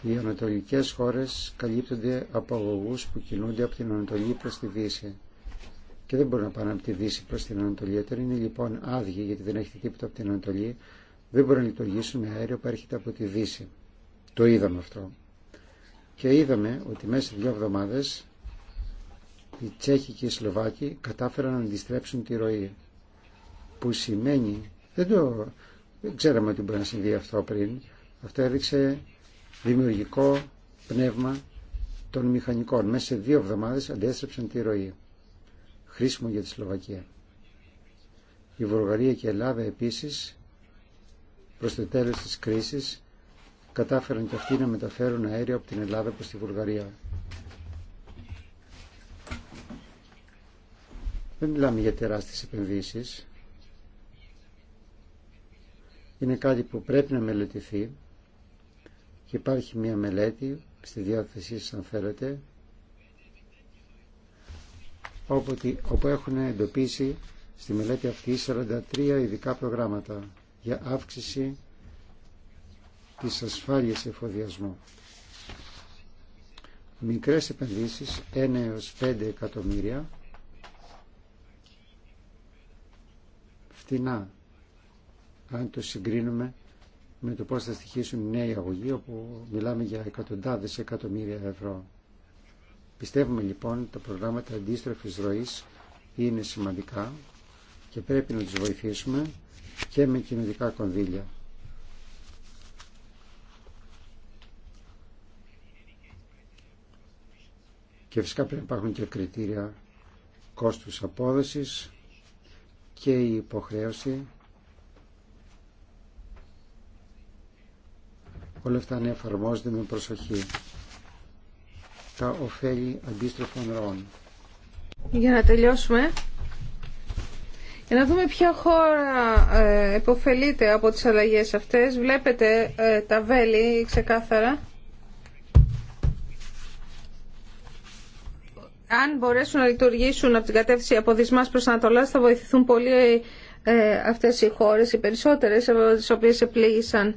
Οι ανατολικές χώρες καλύπτονται από αγωγούς που κινούνται από την Ανατολή προς τη Δύση και δεν μπορούν να πάνε από τη Δύση προς την Ανατολή. Όταν είναι λοιπόν άδειοι γιατί δεν έχετε τίποτα από την Ανατολή, δεν μπορούν να λειτουργήσουν με αέριο που έρχεται από τη Δύση. Το είδαμε αυτό. Και είδαμε ότι μέσα σε δύο εβδομάδες οι Τσέχοι και οι Σλοβάκοι κατάφεραν να αντιστρέψουν τη ροή. Που σημαίνει, δεν το δεν ξέραμε ότι μπορεί να συμβεί αυτό πριν, αυτό έδειξε δημιουργικό πνεύμα των μηχανικών. Μέσα σε δύο εβδομάδες αντέστρεψαν τη ροή. Χρήσιμο για τη Σλοβακία. Η Βουλγαρία και η Ελλάδα επίσης προς το τέλος της κρίσης κατάφεραν και αυτοί να μεταφέρουν αέριο από την Ελλάδα προς τη Βουλγαρία. Δεν μιλάμε για τεράστιες επενδύσεις. Είναι κάτι που πρέπει να μελετηθεί και υπάρχει μια μελέτη στη διάθεσή σας αν θέλετε όπου έχουν εντοπίσει στη μελέτη αυτή 43 ειδικά προγράμματα για αύξηση της ασφάλειας εφοδιασμού. Μικρές επενδύσεις 1 έως 5 εκατομμύρια φτηνά αν το συγκρίνουμε με το πώς θα στοιχήσουν νέοι αγωγοί, όπου μιλάμε για εκατοντάδες εκατομμύρια ευρώ. Πιστεύουμε λοιπόν τα προγράμματα αντίστροφη ροή είναι σημαντικά και πρέπει να τους βοηθήσουμε και με κοινωνικά κονδύλια. Και φυσικά πρέπει να υπάρχουν και κριτήρια κόστους απόδοσης και η υποχρέωση όλα αυτά να εφαρμόζονται με προσοχή. Τα ωφέλη αντίστροφων ροών. Για να τελειώσουμε, για να δούμε ποια χώρα ε, από τις αλλαγές αυτές. Βλέπετε ε, τα βέλη ξεκάθαρα. Αν μπορέσουν να λειτουργήσουν από την κατεύθυνση από δυσμάς προς Ανατολάς θα βοηθηθούν πολύ ε, αυτές οι χώρες, οι περισσότερες, από τις οποίες επλήγησαν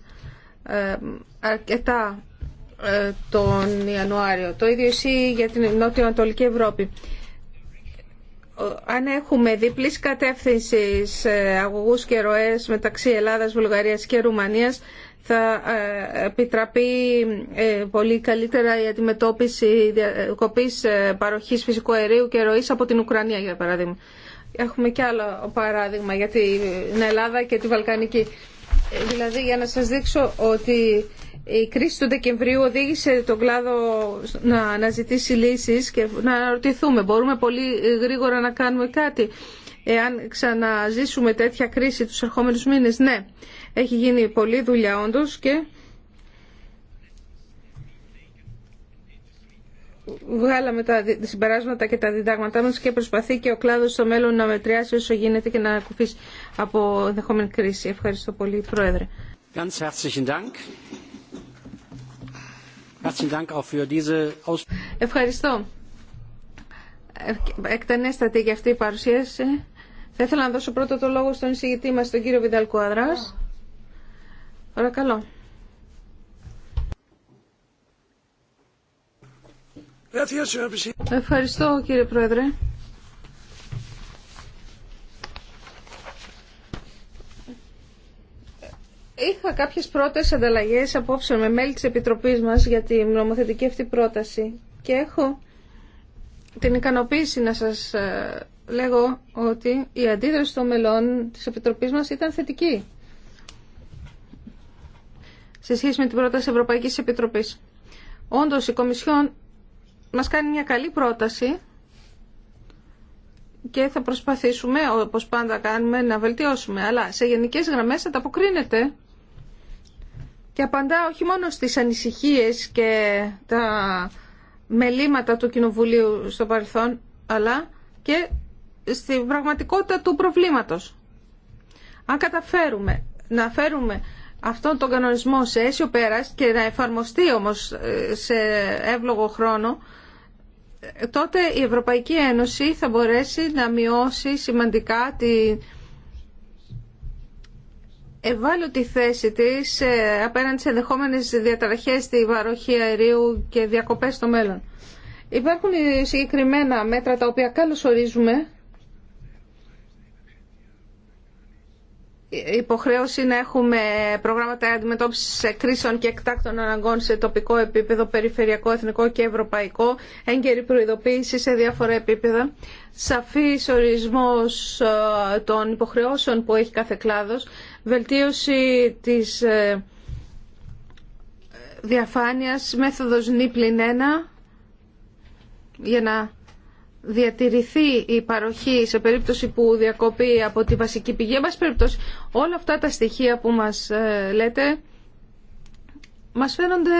ε, αρκετά ε, τον Ιανουάριο. Το ίδιο ισχύει για την Νότιο-Ανατολική Ευρώπη. Αν έχουμε διπλής κατεύθυνσης ε, αγωγούς και ροές μεταξύ Ελλάδας, Βουλγαρίας και Ρουμανίας, θα επιτραπεί πολύ καλύτερα η αντιμετώπιση κοπής παροχής φυσικού αερίου και ροής από την Ουκρανία, για παράδειγμα. Έχουμε και άλλο παράδειγμα για την Ελλάδα και τη Βαλκανική. Ε, δηλαδή για να σας δείξω ότι η κρίση του Δεκεμβρίου οδήγησε τον κλάδο να αναζητήσει λύσεις και να αναρωτηθούμε. Μπορούμε πολύ γρήγορα να κάνουμε κάτι. Εάν ξαναζήσουμε τέτοια κρίση τους ερχόμενους μήνες, ναι. Έχει γίνει πολλή δουλειά όντως και βγάλαμε τα συμπεράσματα και τα διδάγματά μας και προσπαθεί και ο κλάδος στο μέλλον να μετριάσει όσο γίνεται και να ακουφίσει από ενδεχόμενη κρίση. Ευχαριστώ πολύ, Πρόεδρε. Ευχαριστώ. Εκτενέστατη για αυτή η παρουσίαση. Θα ήθελα να δώσω πρώτο το λόγο στον εισηγητή μας, τον κύριο Βινταλ Κουαδράς. Παρακαλώ. Ευχαριστώ κύριε Πρόεδρε. Είχα κάποιες πρώτες ανταλλαγές απόψε με μέλη τη Επιτροπής μα για την νομοθετική αυτή πρόταση και έχω την ικανοποίηση να σας ε, λέγω ότι η αντίδραση των μελών τη Επιτροπής μας ήταν θετική σε σχέση με την πρόταση Ευρωπαϊκής Επιτροπής. Όντως η Κομισιόν μας κάνει μια καλή πρόταση και θα προσπαθήσουμε, όπως πάντα κάνουμε, να βελτιώσουμε. Αλλά σε γενικές γραμμές ανταποκρίνεται και απαντά όχι μόνο στις ανησυχίες και τα μελήματα του Κοινοβουλίου στο παρελθόν, αλλά και στην πραγματικότητα του προβλήματος. Αν καταφέρουμε να φέρουμε αυτόν τον κανονισμό σε αίσιο πέρας και να εφαρμοστεί όμως ε, σε εύλογο χρόνο, ε, τότε η Ευρωπαϊκή Ένωση θα μπορέσει να μειώσει σημαντικά τη ευάλωτη θέση της ε, απέναντι σε ενδεχόμενες διαταραχές στη βαροχή αερίου και διακοπές στο μέλλον. Υπάρχουν συγκεκριμένα μέτρα τα οποία ορίζουμε υποχρέωση να έχουμε προγράμματα αντιμετώπισης κρίσεων και εκτάκτων αναγκών σε τοπικό επίπεδο, περιφερειακό, εθνικό και ευρωπαϊκό, έγκαιρη προειδοποίηση σε διάφορα επίπεδα, σαφής ορισμός ε, των υποχρεώσεων που έχει κάθε κλάδος, βελτίωση της ε, διαφάνειας, μέθοδος νη 1, για να διατηρηθεί η παροχή σε περίπτωση που διακοπεί από τη βασική πηγή. Εν πάση περιπτώσει, όλα αυτά τα στοιχεία που μας ε, λέτε μας φαίνονται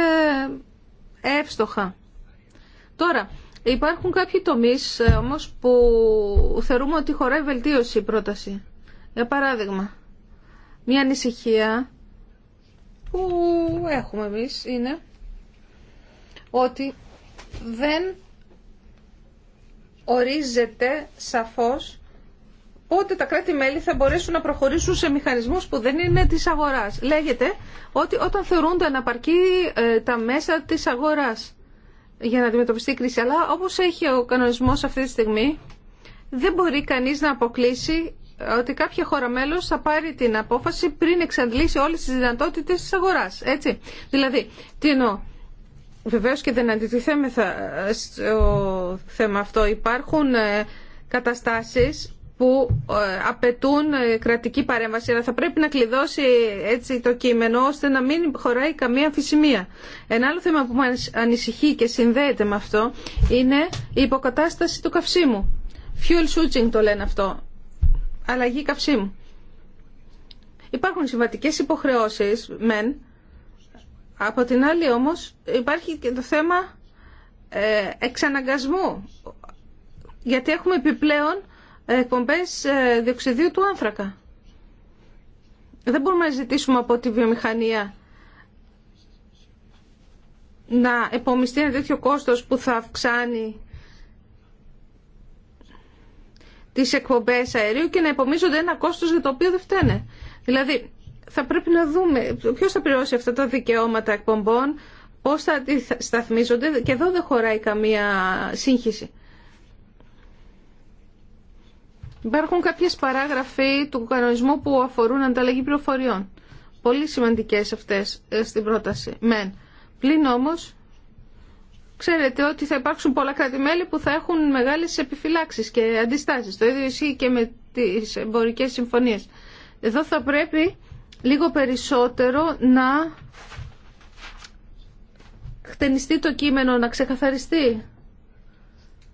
εύστοχα. Τώρα, υπάρχουν κάποιοι τομείς ε, όμως που θεωρούμε ότι χωράει βελτίωση η πρόταση. Για παράδειγμα, μια ανησυχία που έχουμε εμείς είναι ότι δεν ορίζεται σαφώς πότε τα κράτη-μέλη θα μπορέσουν να προχωρήσουν σε μηχανισμούς που δεν είναι της αγοράς. Λέγεται ότι όταν θεωρούνται αναπαρκή ε, τα μέσα της αγοράς για να αντιμετωπιστεί η κρίση. Αλλά όπως έχει ο κανονισμός αυτή τη στιγμή, δεν μπορεί κανείς να αποκλείσει ε, ότι κάποια χώρα μέλος θα πάρει την απόφαση πριν εξαντλήσει όλες τις δυνατότητες της αγοράς. Έτσι. Δηλαδή, τι εννοώ. Βεβαίω και δεν αντιτιθέμεθα στο θέμα αυτό. Υπάρχουν ε, καταστάσεις που ε, απαιτούν ε, κρατική παρέμβαση, αλλά θα πρέπει να κλειδώσει έτσι το κείμενο ώστε να μην χωράει καμία αμφισημία. Ένα άλλο θέμα που με ανησυχεί και συνδέεται με αυτό είναι η υποκατάσταση του καυσίμου. Fuel shooting το λένε αυτό. Αλλαγή καυσίμου. Υπάρχουν συμβατικές υποχρεώσεις, μεν, από την άλλη όμως υπάρχει και το θέμα ε, εξαναγκασμού γιατί έχουμε επιπλέον εκπομπές ε, διοξιδίου του άνθρακα. Δεν μπορούμε να ζητήσουμε από τη βιομηχανία να επομιστεί ένα τέτοιο κόστος που θα αυξάνει τις εκπομπές αερίου και να επομίζονται ένα κόστος για το οποίο δεν φταίνε. Δηλαδή, θα πρέπει να δούμε ποιο θα πληρώσει αυτά τα δικαιώματα εκπομπών, πώ θα σταθμίζονται και εδώ δεν χωράει καμία σύγχυση. Υπάρχουν κάποιες παράγραφοι του κανονισμού που αφορούν ανταλλαγή πληροφοριών. Πολύ σημαντικές αυτές ε, στην πρόταση. Μεν. Πλην όμως, ξέρετε ότι θα υπάρξουν πολλά κράτη-μέλη που θα έχουν μεγάλες επιφυλάξεις και αντιστάσεις. Το ίδιο ισχύει και με τις εμπορικές συμφωνίες. Εδώ θα πρέπει λίγο περισσότερο να χτενιστεί το κείμενο, να ξεκαθαριστεί.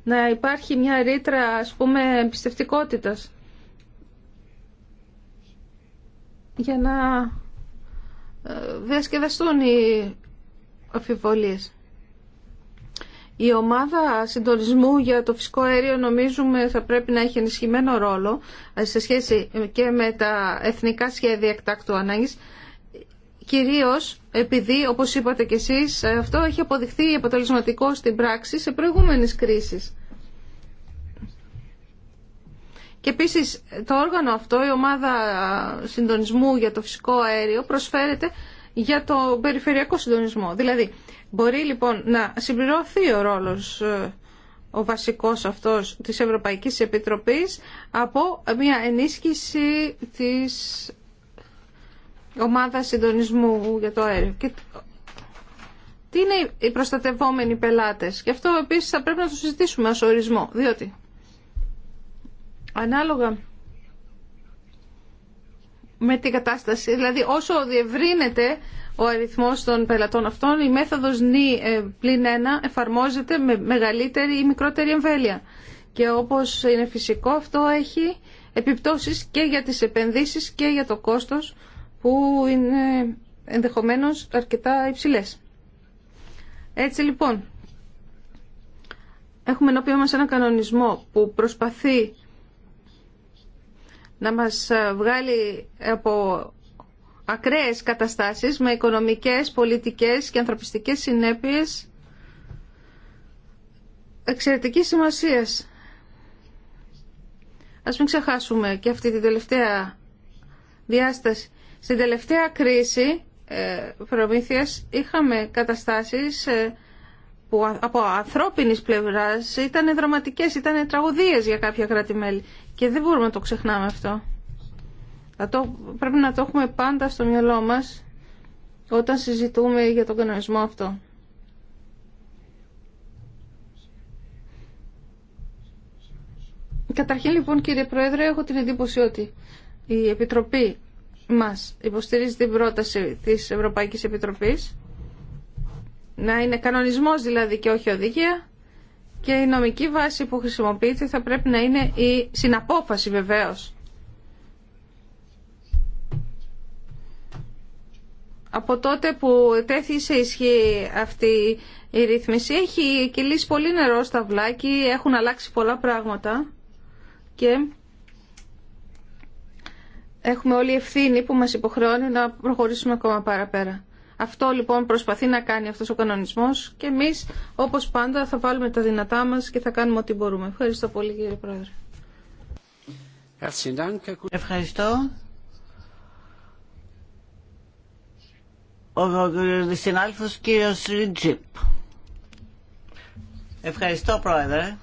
Να υπάρχει μια ρήτρα, ας πούμε, εμπιστευτικότητας. Για να ε, διασκεδαστούν οι αφιβολίες. Η ομάδα συντονισμού για το φυσικό αέριο νομίζουμε θα πρέπει να έχει ενισχυμένο ρόλο ε, σε σχέση και με τα εθνικά σχέδια εκτάκτου ανάγκης κυρίως επειδή, όπως είπατε κι εσείς, ε, αυτό έχει αποδειχθεί αποτελεσματικό στην πράξη σε προηγούμενες κρίσεις. Και επίση το όργανο αυτό, η ομάδα συντονισμού για το φυσικό αέριο, προσφέρεται για το περιφερειακό συντονισμό. Δηλαδή, μπορεί λοιπόν να συμπληρωθεί ο ρόλος ε, ο βασικός αυτός της Ευρωπαϊκής Επιτροπής από μια ενίσχυση της ομάδας συντονισμού για το αέριο. τι είναι οι προστατευόμενοι πελάτες. Και αυτό επίσης θα πρέπει να το συζητήσουμε ως ορισμό, διότι ανάλογα με την κατάσταση. Δηλαδή όσο διευρύνεται ο αριθμό των πελατών αυτών, η μέθοδος νη ε, πλην 1 εφαρμόζεται με μεγαλύτερη ή μικρότερη εμβέλεια. Και όπως είναι φυσικό αυτό έχει επιπτώσεις και για τις επενδύσεις και για το κόστος που είναι ενδεχομένως αρκετά υψηλές. Έτσι λοιπόν, έχουμε ενώπιό μας ένα κανονισμό που προσπαθεί να μας ε, βγάλει από ακραίες καταστάσεις με οικονομικές, πολιτικές και ανθρωπιστικές συνέπειες εξαιρετική σημασίας. Ας μην ξεχάσουμε και αυτή την τελευταία διάσταση. Στην τελευταία κρίση ε, προμήθειας είχαμε καταστάσεις ε, που από ανθρώπινης πλευράς ήταν δραματικές, ήταν τραγωδίες για κάποια κράτη-μέλη. Και δεν μπορούμε να το ξεχνάμε αυτό. Θα πρέπει να το έχουμε πάντα στο μυαλό μας όταν συζητούμε για τον κανονισμό αυτό. Καταρχήν λοιπόν κύριε Πρόεδρε έχω την εντύπωση ότι η Επιτροπή μας υποστηρίζει την πρόταση της Ευρωπαϊκής Επιτροπής να είναι κανονισμός δηλαδή και όχι οδηγία και η νομική βάση που χρησιμοποιείται θα πρέπει να είναι η συναπόφαση βεβαίως. Από τότε που τέθη ισχύ αυτή η ρύθμιση έχει κυλήσει πολύ νερό στα βλάκι, έχουν αλλάξει πολλά πράγματα και έχουμε όλη ευθύνη που μας υποχρεώνει να προχωρήσουμε ακόμα παραπέρα. Αυτό λοιπόν προσπαθεί να κάνει αυτός ο κανονισμός και εμείς όπως πάντα θα βάλουμε τα δυνατά μας και θα κάνουμε ό,τι μπορούμε. Ευχαριστώ πολύ κύριε Πρόεδρε. Ευχαριστώ. Ο συνάδελφος κύριος Ριτζιπ. Ευχαριστώ Πρόεδρε.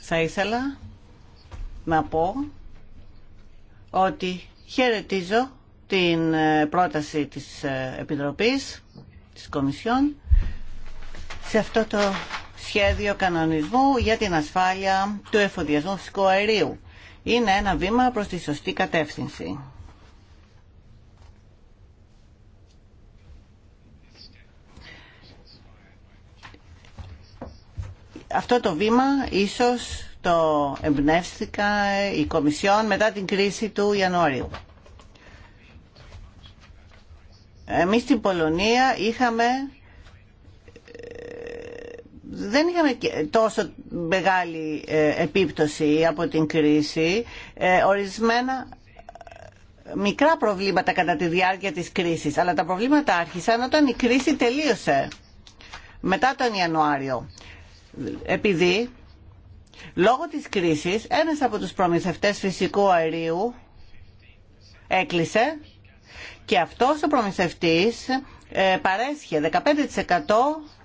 Θα ήθελα να πω ότι χαιρετίζω την ε, πρόταση της ε, Επιτροπής, της Κομισιόν, σε αυτό το σχέδιο κανονισμού για την ασφάλεια του εφοδιασμού φυσικού αερίου. Είναι ένα βήμα προς τη σωστή κατεύθυνση. Αυτό το βήμα ίσως το εμπνεύστηκα η Κομισιόν μετά την κρίση του Ιανουαρίου. Εμείς στην Πολωνία είχαμε ε, δεν είχαμε τόσο μεγάλη ε, επίπτωση από την κρίση. Ε, ορισμένα μικρά προβλήματα κατά τη διάρκεια της κρίσης, αλλά τα προβλήματα άρχισαν όταν η κρίση τελείωσε, μετά τον Ιανουάριο. Επειδή Λόγω της κρίσης, ένας από τους προμηθευτές φυσικού αερίου έκλεισε και αυτός ο προμηθευτής ε, παρέσχε 15%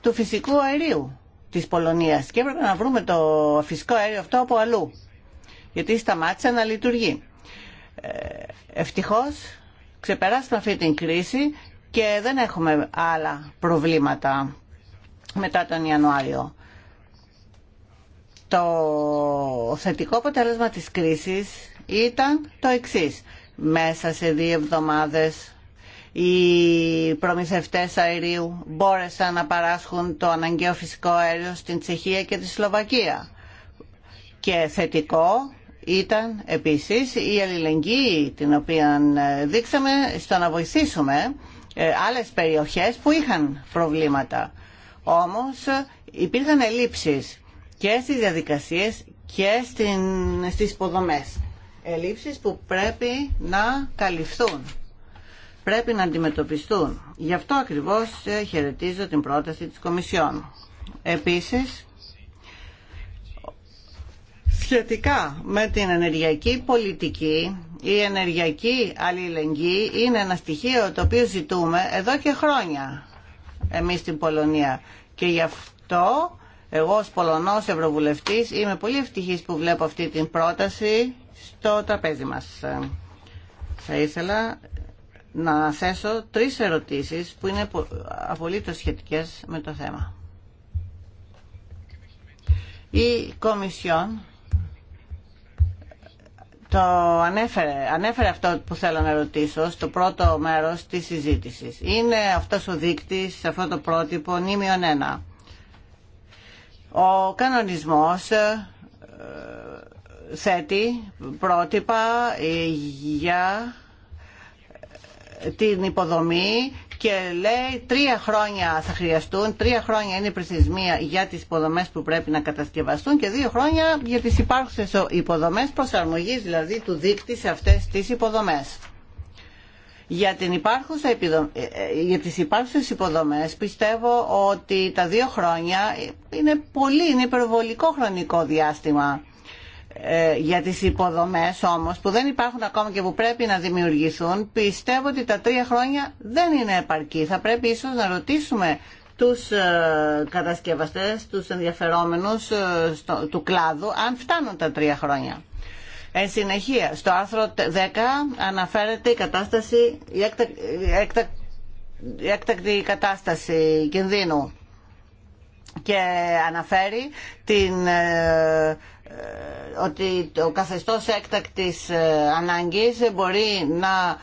του φυσικού αερίου της Πολωνίας και έπρεπε να βρούμε το φυσικό αέριο αυτό από αλλού γιατί σταμάτησε να λειτουργεί. Ε, ευτυχώς ξεπεράσαμε αυτή την κρίση και δεν έχουμε άλλα προβλήματα μετά τον Ιανουάριο. Το θετικό αποτέλεσμα της κρίσης ήταν το εξής. Μέσα σε δύο εβδομάδες οι προμηθευτές αερίου μπόρεσαν να παράσχουν το αναγκαίο φυσικό αέριο στην Τσεχία και τη Σλοβακία. Και θετικό ήταν επίσης η αλληλεγγύη την οποία δείξαμε στο να βοηθήσουμε ε, άλλες περιοχές που είχαν προβλήματα. Όμως υπήρχαν ελλείψεις και στις διαδικασίες και στην, στις υποδομές. Ελλείψεις που πρέπει να καλυφθούν, πρέπει να αντιμετωπιστούν. Γι' αυτό ακριβώς ε, χαιρετίζω την πρόταση της Κομισιόν. Επίσης, σχετικά με την ενεργειακή πολιτική, η ενεργειακή αλληλεγγύη είναι ένα στοιχείο το οποίο ζητούμε εδώ και χρόνια εμείς στην Πολωνία. Και γι' αυτό εγώ ως Πολωνός Ευρωβουλευτής είμαι πολύ ευτυχής που βλέπω αυτή την πρόταση στο τραπέζι μας. Θα ήθελα να θέσω τρεις ερωτήσεις που είναι απολύτως σχετικές με το θέμα. Η Κομισιόν το ανέφερε, ανέφερε αυτό που θέλω να ρωτήσω στο πρώτο μέρος της συζήτησης. Είναι αυτός ο δείκτης, αυτό το πρότυπο, νήμιον ένα. Ο κανονισμός ε, θέτει πρότυπα ε, για την υποδομή και λέει τρία χρόνια θα χρειαστούν, τρία χρόνια είναι η πληθυσμία για τις υποδομές που πρέπει να κατασκευαστούν και δύο χρόνια για τις υπάρχουσες υποδομές προσαρμογής δηλαδή του δείκτη σε αυτές τις υποδομές. Για, την υπάρχουσα, ε, ε, για τις υπάρχουσες υποδομές πιστεύω ότι τα δύο χρόνια είναι πολύ, είναι υπερβολικό χρονικό διάστημα ε, για τις υποδομές όμως που δεν υπάρχουν ακόμα και που πρέπει να δημιουργηθούν πιστεύω ότι τα τρία χρόνια δεν είναι επαρκή. Θα πρέπει ίσως να ρωτήσουμε τους κατασκευαστές, τους ενδιαφερόμενους του κλάδου αν φτάνουν τα τρία χρόνια. Εν συνεχεία, στο άρθρο 10 αναφέρεται η κατάσταση, έκτακτη κατάσταση κινδύνου και αναφέρει την, ε, ε, ότι ο καθεστώς έκτακτης ε, ανάγκης μπορεί να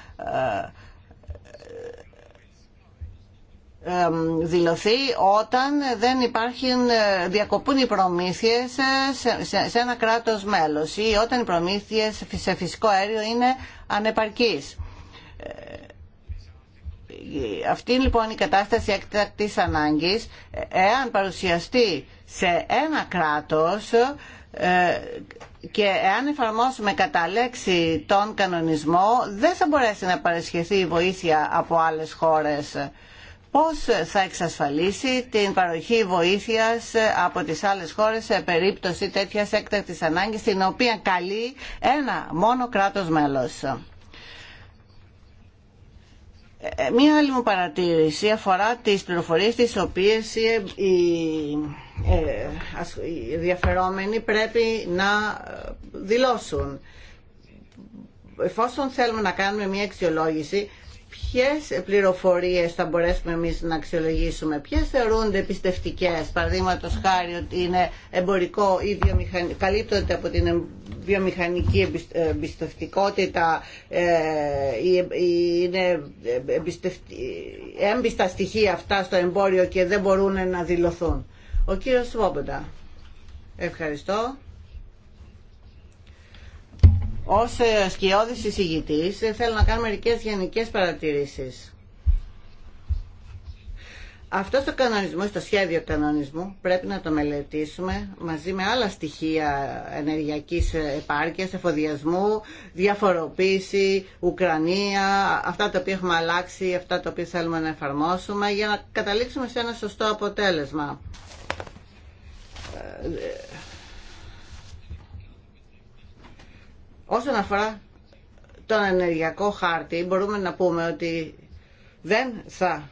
δηλωθεί όταν δεν υπάρχουν, ε, διακοπούν οι προμήθειες ε, σε, ένα κράτος μέλος ή όταν οι προμήθειες σε φυσικό αέριο είναι ανεπαρκείς. Ε, αυτή λοιπόν η κατάσταση έκτακτης ανάγκης, εάν παρουσιαστεί σε ένα κράτος και εάν εφαρμόσουμε κατά λέξη τον κανονισμό, δεν θα μπορέσει να παρεσχεθεί η βοήθεια από άλλες χώρες πώς θα εξασφαλίσει την παροχή βοήθειας από τις άλλες χώρες σε περίπτωση τέτοιας έκτακτης ανάγκης την οποία καλεί ένα μόνο κράτος μέλος. Ε, μία άλλη μου παρατήρηση αφορά τις πληροφορίες τις οποίες οι ε, διαφερόμενοι πρέπει να δηλώσουν. Εφόσον θέλουμε να κάνουμε μία αξιολόγηση ποιες πληροφορίες θα μπορέσουμε εμείς να αξιολογήσουμε, ποιες θεωρούνται πιστευτικές, παραδείγματο χάρη ότι είναι εμπορικό ή βιομηχανικό, καλύπτονται από την βιομηχανική εμπιστευτικότητα ή ε, είναι έμπιστα στοιχεία αυτά στο εμπόριο και δεν μπορούν να δηλωθούν. Ο κύριος Σβόμποντα. Ευχαριστώ. Ως ε, σκιώδης εισηγητής θέλω να κάνω μερικές γενικές παρατηρήσεις. Αυτό το κανονισμό, το σχέδιο κανονισμού πρέπει να το μελετήσουμε μαζί με άλλα στοιχεία ενεργειακής επάρκειας, εφοδιασμού, διαφοροποίηση, Ουκρανία, αυτά τα οποία έχουμε αλλάξει, αυτά τα οποία θέλουμε να εφαρμόσουμε για να καταλήξουμε σε ένα σωστό αποτέλεσμα Όσον αφορά τον ενεργειακό χάρτη, μπορούμε να πούμε ότι δεν θα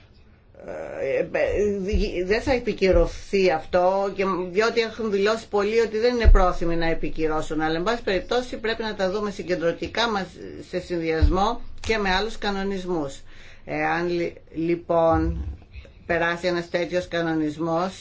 ε, ε, δεν θα επικυρωθεί αυτό και διότι έχουν δηλώσει πολλοί ότι δεν είναι πρόθυμοι να επικυρώσουν αλλά εν πάση περιπτώσει πρέπει να τα δούμε συγκεντρωτικά μας σε συνδυασμό και με άλλους κανονισμούς εάν λοιπόν περάσει ένας τέτοιος κανονισμός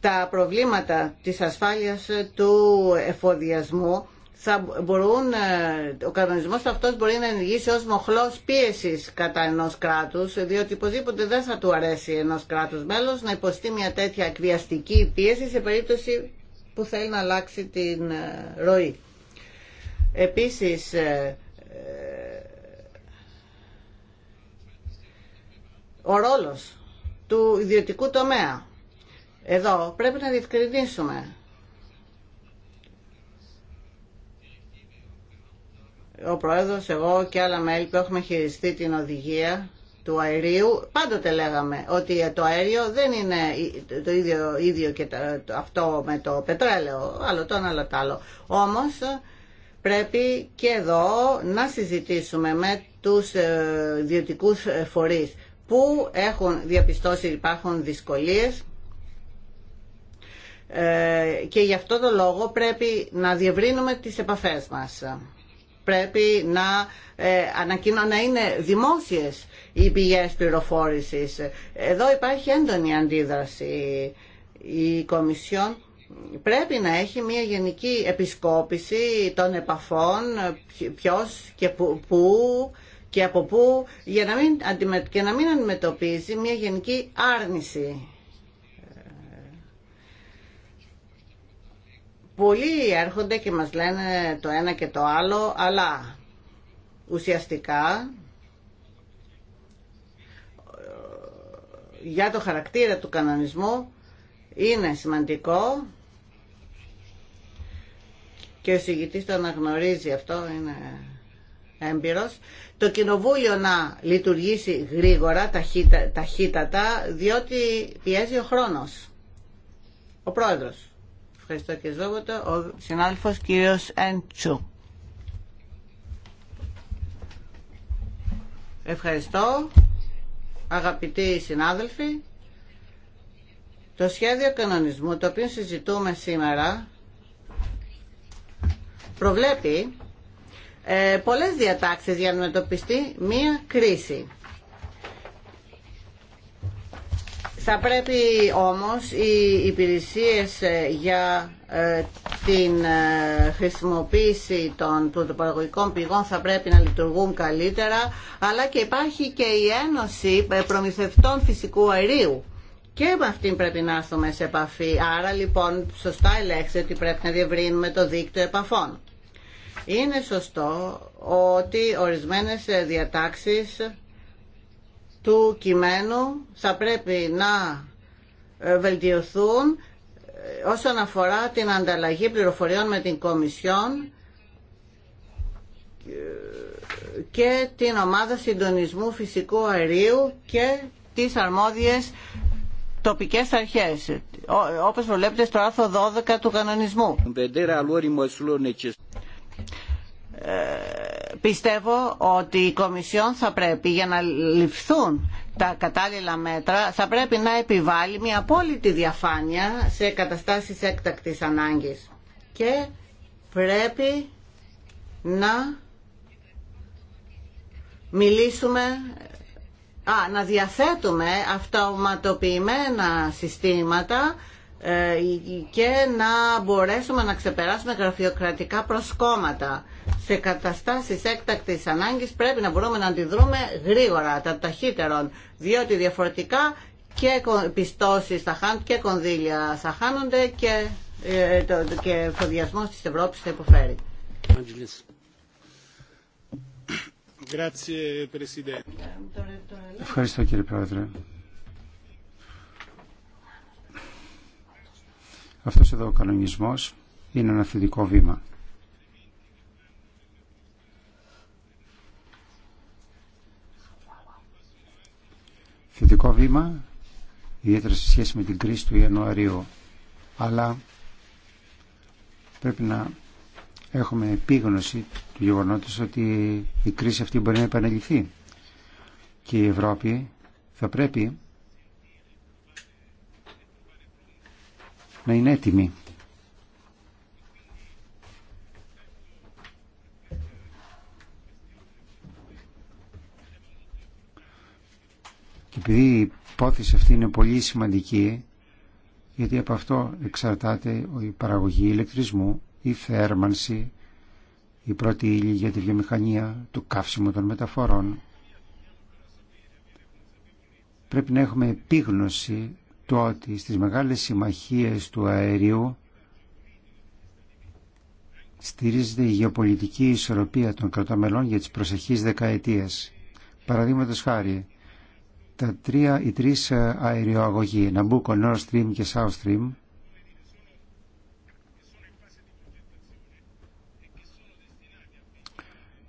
τα προβλήματα της ασφάλειας του εφοδιασμού θα μπορούν, ε, ο κανονισμός αυτός μπορεί να ενεργήσει ως μοχλός πίεσης κατά ενός κράτους, διότι οπωσδήποτε δεν θα του αρέσει ενός κράτους μέλος να υποστεί μια τέτοια εκβιαστική πίεση σε περίπτωση που θέλει να αλλάξει την ε, ροή. Επίσης, ε, ο ρόλος του ιδιωτικού τομέα εδώ πρέπει να διευκρινίσουμε ο Πρόεδρος, εγώ και άλλα μέλη που έχουμε χειριστεί την οδηγία του αερίου, πάντοτε λέγαμε ότι το αέριο δεν είναι το ίδιο, ίδιο και αυτό με το πετρέλαιο, άλλο το άλλο το άλλο. Όμως πρέπει και εδώ να συζητήσουμε με τους ε, ιδιωτικού φορείς που έχουν διαπιστώσει ότι υπάρχουν δυσκολίες ε, και γι' αυτό το λόγο πρέπει να διευρύνουμε τις επαφές μας. Πρέπει να, ε, να είναι δημόσιες οι πηγές πληροφόρησης. Εδώ υπάρχει έντονη αντίδραση. Η Κομισιόν πρέπει να έχει μια γενική επισκόπηση των επαφών, ποιος και που, και από πού, για να μην, και να μην αντιμετωπίζει μια γενική άρνηση πολλοί έρχονται και μας λένε το ένα και το άλλο, αλλά ουσιαστικά ε, για το χαρακτήρα του κανονισμού είναι σημαντικό και ο συγητής το αναγνωρίζει αυτό, είναι έμπειρος, το κοινοβούλιο να λειτουργήσει γρήγορα, ταχύτατα, διότι πιέζει ο χρόνος, ο πρόεδρος. Ευχαριστώ και Ζώγοτο. Ο κύριος Έντσου. Ευχαριστώ. Αγαπητοί συνάδελφοι, το σχέδιο κανονισμού το οποίο συζητούμε σήμερα προβλέπει ε, πολλές διατάξεις για να αντιμετωπιστεί μία κρίση. Θα πρέπει όμως οι υπηρεσίες ε, για ε, την ε, χρησιμοποίηση των πρωτοπαραγωγικών πηγών θα πρέπει να λειτουργούν καλύτερα αλλά και υπάρχει και η Ένωση Προμηθευτών Φυσικού Αερίου και με αυτήν πρέπει να έρθουμε σε επαφή. Άρα λοιπόν σωστά η ότι πρέπει να διευρύνουμε το δίκτυο επαφών. Είναι σωστό ότι ορισμένες διατάξεις του κειμένου θα πρέπει να ε, βελτιωθούν ε, όσον αφορά την ανταλλαγή πληροφοριών με την Κομισιόν ε, και την ομάδα συντονισμού φυσικού αερίου και τις αρμόδιες τοπικές αρχές, όπως προβλέπεται στο άρθρο 12 του κανονισμού. Ε, πιστεύω ότι η Κομισιόν θα πρέπει για να ληφθούν τα κατάλληλα μέτρα θα πρέπει να επιβάλλει μια απόλυτη διαφάνεια σε καταστάσεις έκτακτης ανάγκης και πρέπει να μιλήσουμε α, να διαθέτουμε αυτοματοποιημένα συστήματα ε, και να μπορέσουμε να ξεπεράσουμε γραφειοκρατικά προσκόμματα σε καταστάσεις έκτακτης ανάγκης πρέπει να μπορούμε να αντιδρούμε γρήγορα, τα ταχύτερον, διότι διαφορετικά και πιστώσεις θα χάνουν, και κονδύλια θα χάνονται και, ε, το, και της Ευρώπης θα υποφέρει. Ευχαριστώ κύριε Πρόεδρε. Αυτός εδώ ο κανονισμός είναι ένα θετικό βήμα. θετικό βήμα, ιδιαίτερα σε σχέση με την κρίση του Ιανουαρίου. Αλλά πρέπει να έχουμε επίγνωση του γεγονότος ότι η κρίση αυτή μπορεί να επαναληφθεί και η Ευρώπη θα πρέπει να είναι έτοιμη Επειδή η υπόθεση αυτή είναι πολύ σημαντική, γιατί από αυτό εξαρτάται η παραγωγή ηλεκτρισμού, η θέρμανση, η πρώτη ύλη για τη βιομηχανία, το καύσιμο των μεταφορών. Πρέπει να έχουμε επίγνωση το ότι στις μεγάλες συμμαχίες του αερίου στηρίζεται η γεωπολιτική ισορροπία των κρατομελών για τις προσεχείς δεκαετίες. Παραδείγματο χάρη, τα τρία, οι τρεις ε, αεριοαγωγοί, Ναμπούκο, Nord Stream και South Stream,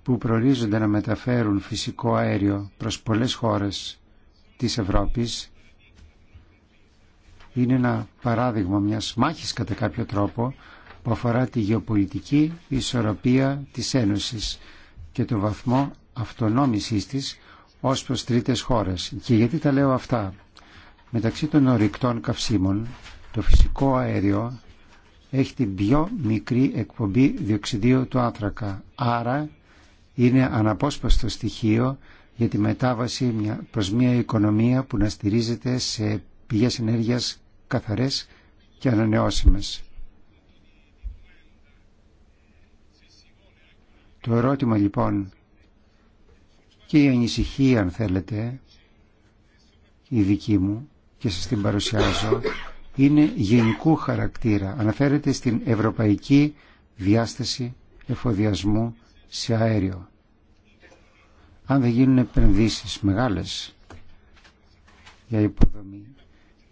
που προορίζονται να μεταφέρουν φυσικό αέριο προς πολλές χώρες της Ευρώπης, είναι ένα παράδειγμα μιας μάχης κατά κάποιο τρόπο που αφορά τη γεωπολιτική ισορροπία της Ένωσης και το βαθμό αυτονόμησής της ως προς τρίτες χώρες. Και γιατί τα λέω αυτά. Μεταξύ των ορυκτών καυσίμων, το φυσικό αέριο έχει την πιο μικρή εκπομπή διοξιδίου του άνθρακα. Άρα είναι αναπόσπαστο στοιχείο για τη μετάβαση προς μια οικονομία που να στηρίζεται σε πηγές ενέργειας καθαρές και ανανεώσιμες. Το ερώτημα λοιπόν και η ανησυχία αν θέλετε η δική μου και σας την παρουσιάζω είναι γενικού χαρακτήρα αναφέρεται στην ευρωπαϊκή διάσταση εφοδιασμού σε αέριο αν δεν γίνουν επενδύσεις μεγάλες για υποδομή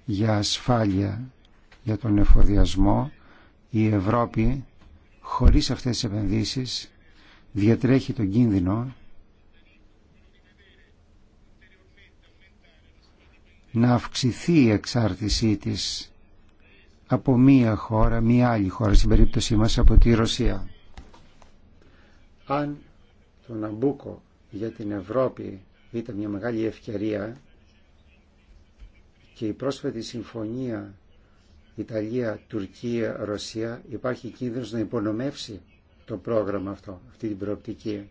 για ασφάλεια για τον εφοδιασμό η Ευρώπη χωρίς αυτές τις επενδύσεις διατρέχει τον κίνδυνο να αυξηθεί η εξάρτησή της από μία χώρα, μία άλλη χώρα, στην περίπτωσή μας από τη Ρωσία. Αν το Ναμπούκο για την Ευρώπη ήταν μια μεγάλη ευκαιρία και η πρόσφατη συμφωνία Ιταλία-Τουρκία-Ρωσία υπάρχει κίνδυνος να υπονομεύσει το πρόγραμμα αυτό, αυτή την προοπτική.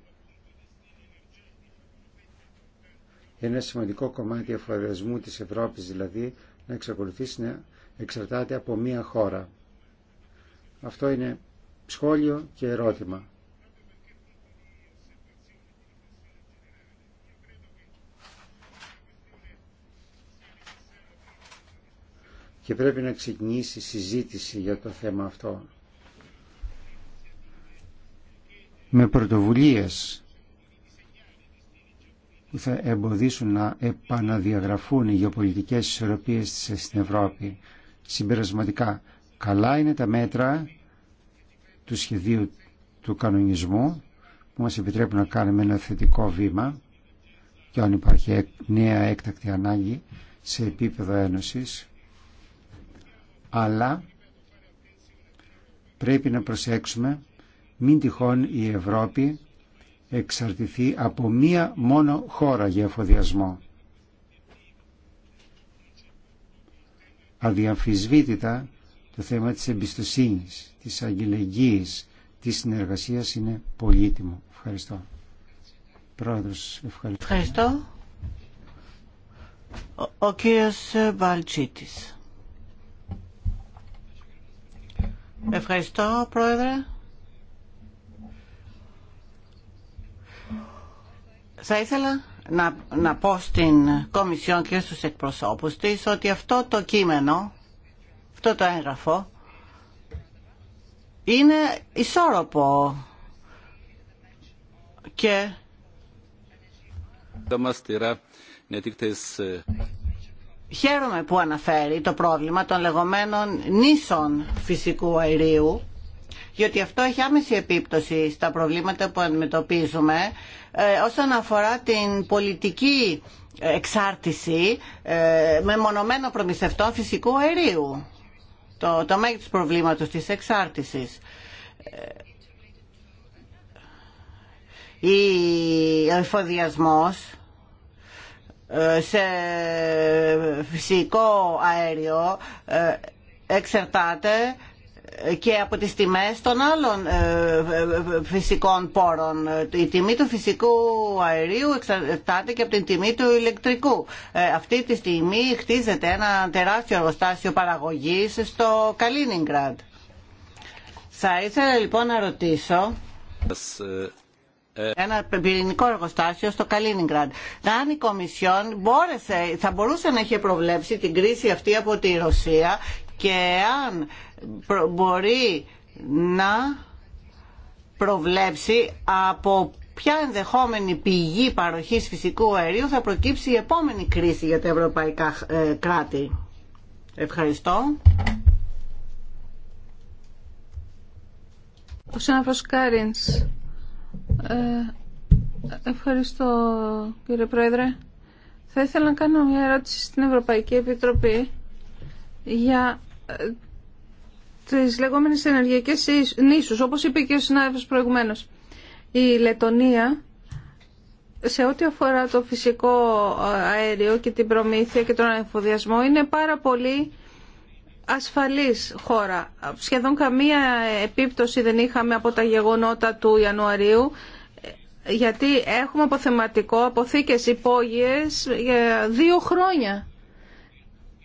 Ένα σημαντικό κομμάτι εφοδιασμού της Ευρώπης δηλαδή να εξακολουθήσει να εξαρτάται από μία χώρα. Αυτό είναι σχόλιο και ερώτημα. Και πρέπει να ξεκινήσει συζήτηση για το θέμα αυτό. Με πρωτοβουλίες που θα εμποδίσουν να επαναδιαγραφούν οι γεωπολιτικές ισορροπίες στην Ευρώπη. Συμπερασματικά, καλά είναι τα μέτρα του σχεδίου του κανονισμού που μας επιτρέπουν να κάνουμε ένα θετικό βήμα και αν υπάρχει νέα έκτακτη ανάγκη σε επίπεδο ένωσης αλλά πρέπει να προσέξουμε μην τυχόν η Ευρώπη εξαρτηθεί από μία μόνο χώρα για εφοδιασμό. Αδιαμφισβήτητα το θέμα της εμπιστοσύνης, της αγγελεγγύης, της συνεργασίας είναι πολύτιμο. Ευχαριστώ. Πρόεδρος, ευχαριστώ. Ευχαριστώ. Ο, ο κύριος Βαλτσίτης. Ευχαριστώ, Πρόεδρε. Θα ήθελα να, να πω στην Κομισιόν και στους εκπροσώπους της ότι αυτό το κείμενο, αυτό το έγγραφο, είναι ισόρροπο και χαίρομαι που αναφέρει το πρόβλημα των λεγόμενων νήσων φυσικού αερίου διότι αυτό έχει άμεση επίπτωση στα προβλήματα που αντιμετωπίζουμε ε, όσον αφορά την πολιτική εξάρτηση με μονομένο προμηθευτό φυσικού αερίου. Το, το μέγεθος προβλήματος της εξάρτησης. Ε, ο εφοδιασμός ε, σε φυσικό αέριο εξαρτάται και από τις τιμές των άλλων ε, ε, ε, φυσικών πόρων. Η τιμή του φυσικού αερίου εξαρτάται και από την τιμή του ηλεκτρικού. Αυτή τη στιγμή χτίζεται ένα τεράστιο εργοστάσιο παραγωγής στο Καλίνιγκραντ. Θα ήθελα λοιπόν να ρωτήσω ένα πυρηνικό εργοστάσιο στο Καλίνιγκραντ. Να αν η Κομισιόν μπόρεσε, θα μπορούσε να είχε προβλέψει την κρίση αυτή από τη Ρωσία και αν μπορεί να προβλέψει από ποια ενδεχόμενη πηγή παροχής φυσικού αερίου θα προκύψει η επόμενη κρίση για τα ευρωπαϊκά ε, κράτη. Ευχαριστώ. Ο Σύναφος Κάρινς. Ε, ευχαριστώ κύριε Πρόεδρε. Θα ήθελα να κάνω μια ερώτηση στην Ευρωπαϊκή Επιτροπή για ε, τις λεγόμενες ενεργειακές νήσους, όπως είπε και ο συνάδελφος προηγουμένως. Η Λετωνία, σε ό,τι αφορά το φυσικό ε, αέριο και την προμήθεια και τον ανεφοδιασμό, είναι πάρα πολύ ασφαλής χώρα. Σχεδόν καμία επίπτωση δεν είχαμε από τα γεγονότα του Ιανουαρίου, ε, γιατί έχουμε αποθεματικό, αποθήκες υπόγειες για δύο χρόνια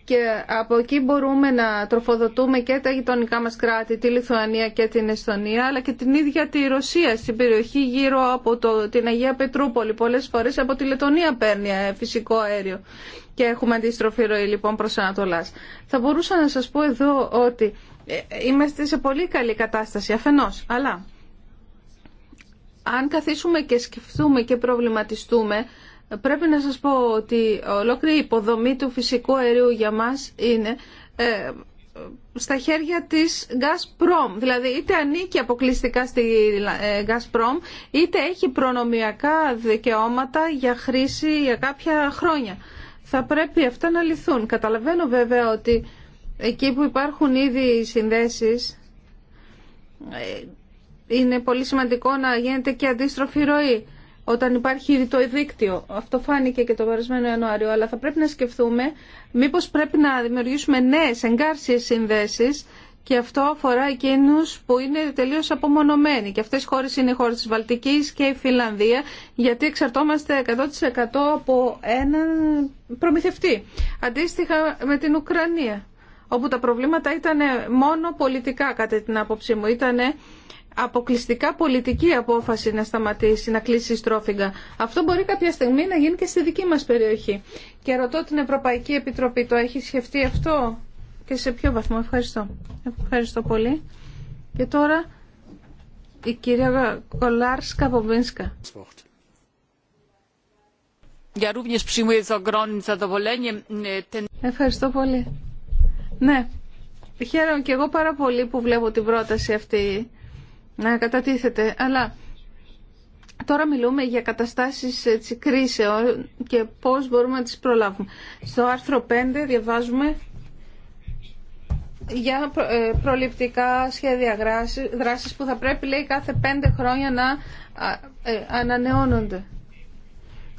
και από εκεί μπορούμε να τροφοδοτούμε και τα γειτονικά μας κράτη, τη Λιθουανία και την Εστονία, αλλά και την ίδια τη Ρωσία στην περιοχή γύρω από το, την Αγία Πετρούπολη. Πολλές φορές από τη Λετωνία παίρνει ε, φυσικό αέριο και έχουμε αντίστροφη ροή λοιπόν προς Ανατολάς. Θα μπορούσα να σας πω εδώ ότι ε, είμαστε σε πολύ καλή κατάσταση αφενός, αλλά αν καθίσουμε και σκεφτούμε και προβληματιστούμε, Πρέπει να σας πω ότι ολόκληρη η υποδομή του φυσικού αερίου για μας είναι ε, στα χέρια της Gazprom. Δηλαδή είτε ανήκει αποκλειστικά στη ε, Gazprom είτε έχει προνομιακά δικαιώματα για χρήση για κάποια χρόνια. Θα πρέπει αυτά να λυθούν. Καταλαβαίνω βέβαια ότι εκεί που υπάρχουν ήδη συνδέσεις ε, είναι πολύ σημαντικό να γίνεται και αντίστροφη ροή όταν υπάρχει το δίκτυο. Αυτό φάνηκε και το περασμένο Ιανουάριο, αλλά θα πρέπει να σκεφτούμε μήπως πρέπει να δημιουργήσουμε νέες εγκάρσιες συνδέσεις και αυτό αφορά εκείνους που είναι τελείως απομονωμένοι. Και αυτές οι χώρες είναι οι χώρες της Βαλτικής και η Φιλανδία, γιατί εξαρτώμαστε 100% από έναν προμηθευτή. Αντίστοιχα με την Ουκρανία, όπου τα προβλήματα ήταν μόνο πολιτικά κατά την άποψή μου. Ήτανε αποκλειστικά πολιτική απόφαση να σταματήσει, να κλείσει η στρόφιγγα. Αυτό μπορεί κάποια στιγμή να γίνει και στη δική μας περιοχή. Και ρωτώ την Ευρωπαϊκή Επιτροπή, το έχει σκεφτεί αυτό και σε ποιο βαθμό. Ευχαριστώ. Ευχαριστώ πολύ. Και τώρα η κυρία Κολάρσκα Βομπίνσκα. E, Ευχαριστώ πολύ. Ναι, χαίρομαι και εγώ πάρα πολύ που βλέπω την πρόταση αυτή να κατατίθεται. Αλλά τώρα μιλούμε για καταστάσεις έτσι, κρίσεων και πώς μπορούμε να τις προλάβουμε. Στο άρθρο 5 διαβάζουμε για ε, προληπτικά σχέδια δράσης που θα πρέπει λέει κάθε πέντε χρόνια να ε, ανανεώνονται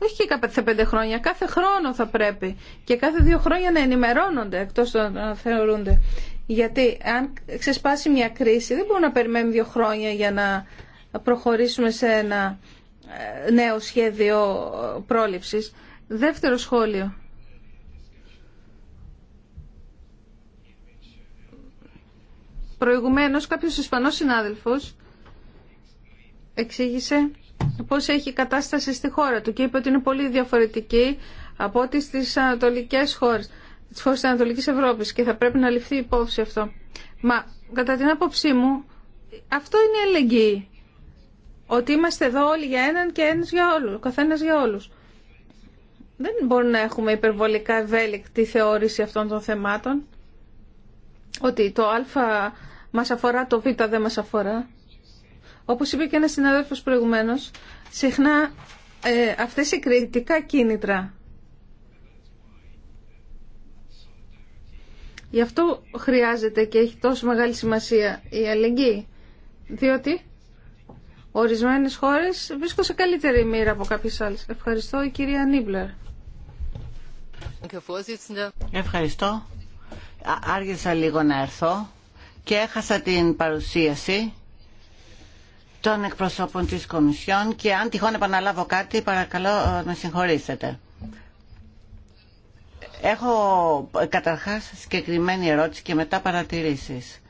όχι και κάθε πέντε χρόνια, κάθε χρόνο θα πρέπει και κάθε δύο χρόνια να ενημερώνονται εκτό των να θεωρούνται. Γιατί αν ξεσπάσει μια κρίση δεν μπορούμε να περιμένουμε δύο χρόνια για να προχωρήσουμε σε ένα ε, νέο σχέδιο ε, πρόληψης. Δεύτερο σχόλιο. Προηγουμένως κάποιος Ισπανός συνάδελφος εξήγησε πώς έχει κατάσταση στη χώρα του και είπε ότι είναι πολύ διαφορετική από ό,τι στις ανατολικές χώρες, τις χώρες της Ανατολικής Ευρώπης και θα πρέπει να ληφθεί υπόψη αυτό. Μα κατά την άποψή μου αυτό είναι αλληλεγγύη. Ότι είμαστε εδώ όλοι για έναν και ένας για όλους, ο καθένας για όλους. Δεν μπορούμε να έχουμε υπερβολικά ευέλικτη θεώρηση αυτών των θεμάτων. Ότι το α μας αφορά, το β δεν μας αφορά. Όπως είπε και ένας συνάδελφος προηγουμένως, συχνά ε, αυτές οι κριτικά κίνητρα. Γι' αυτό χρειάζεται και έχει τόσο μεγάλη σημασία η αλληλεγγύη, διότι ορισμένες χώρες βρίσκονται σε καλύτερη μοίρα από κάποιες άλλες. Ευχαριστώ η κυρία Νίμπλερ. Ευχαριστώ. Άργησα λίγο να έρθω και έχασα την παρουσίαση των εκπροσώπων της Κομισιόν και αν τυχόν επαναλάβω κάτι παρακαλώ να ε, συγχωρήσετε. Έχω ε, καταρχάς συγκεκριμένη ερώτηση και μετά παρατηρήσεις.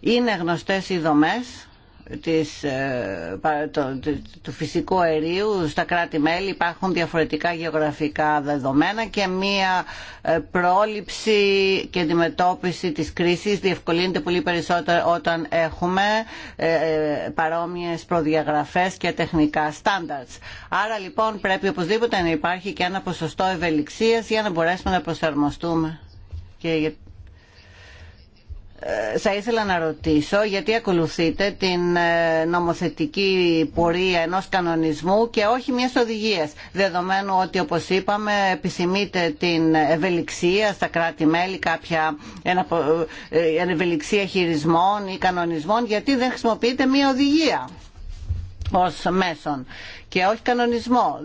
Είναι γνωστές οι δομές της, ε, του φυσικού αερίου στα κράτη-μέλη υπάρχουν διαφορετικά γεωγραφικά δεδομένα και μία ε, πρόληψη και αντιμετώπιση της κρίσης διευκολύνεται πολύ περισσότερο όταν έχουμε ε, παρόμοιες προδιαγραφές και τεχνικά standards. Άρα λοιπόν πρέπει οπωσδήποτε να υπάρχει και ένα ποσοστό ευελιξίας για να μπορέσουμε να προσαρμοστούμε και ε, θα ήθελα να ρωτήσω γιατί ακολουθείτε την ε, νομοθετική πορεία ενός κανονισμού και όχι μιας οδηγίας δεδομένου ότι όπως είπαμε επισημείτε την ευελιξία στα κράτη-μέλη κάποια ε, ευελιξία χειρισμών ή κανονισμών γιατί δεν χρησιμοποιείτε μια οδηγία ως μέσον και όχι κανονισμό.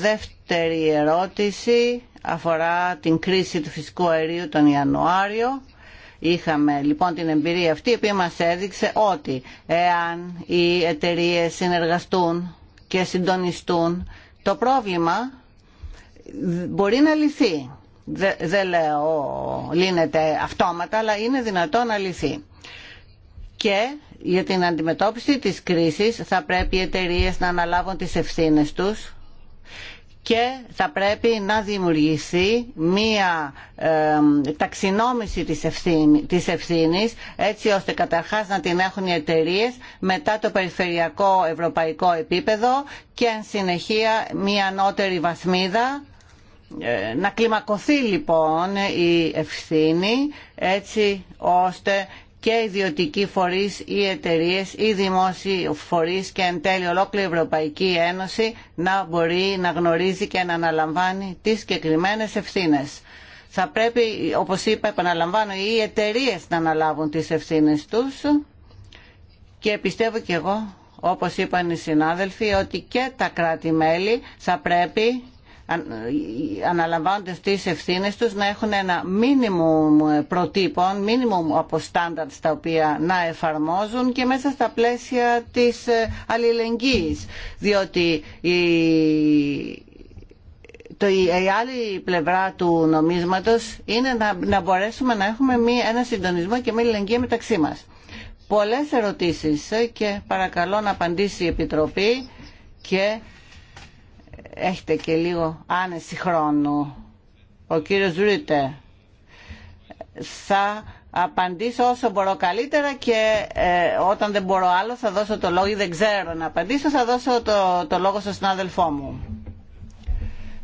Δεύτερη ερώτηση αφορά την κρίση του φυσικού αερίου τον Ιανουάριο Είχαμε λοιπόν την εμπειρία αυτή η οποία μας έδειξε ότι εάν οι εταιρείε συνεργαστούν και συντονιστούν το πρόβλημα μπορεί να λυθεί. Δεν λέω λύνεται αυτόματα αλλά είναι δυνατό να λυθεί. Και για την αντιμετώπιση της κρίσης θα πρέπει οι εταιρείε να αναλάβουν τις ευθύνες τους και θα πρέπει να δημιουργηθεί μία ταξινόμηση της, ευθύνη, της ευθύνης έτσι ώστε καταρχάς να την έχουν οι εταιρείε μετά το περιφερειακό ευρωπαϊκό επίπεδο και εν συνεχεία μία ανώτερη βαθμίδα ε, να κλιμακωθεί λοιπόν η ευθύνη έτσι ώστε και ιδιωτικοί φορείς ή εταιρείες ή δημόσιοι φορείς και εν τέλει ολόκληρη Ευρωπαϊκή Ένωση να μπορεί να γνωρίζει και να αναλαμβάνει τις συγκεκριμένε ευθύνε. Θα πρέπει, όπως είπα, επαναλαμβάνω, οι εταιρείε να αναλάβουν τις ευθύνε τους και πιστεύω και εγώ, όπως είπαν οι συνάδελφοι, ότι και τα κράτη-μέλη θα πρέπει αναλαμβάνονται τις ευθύνες τους να έχουν ένα μίνιμουμ προτύπων, μίνιμουμ από στάνταρτ τα οποία να εφαρμόζουν και μέσα στα πλαίσια της ε, αλληλεγγύης. Διότι η, το, η άλλη πλευρά του νομίσματος είναι να, μπορέσουμε να έχουμε ένα συντονισμό και μία αλληλεγγύη μεταξύ μας. Πολλές ερωτήσεις ε, και παρακαλώ να απαντήσει η Επιτροπή και έχετε και λίγο άνεση χρόνου. Ο κύριος Ρούτε, θα απαντήσω όσο μπορώ καλύτερα και ε, όταν δεν μπορώ άλλο θα δώσω το λόγο ή δεν ξέρω να απαντήσω, θα δώσω το, το λόγο στον συνάδελφό μου.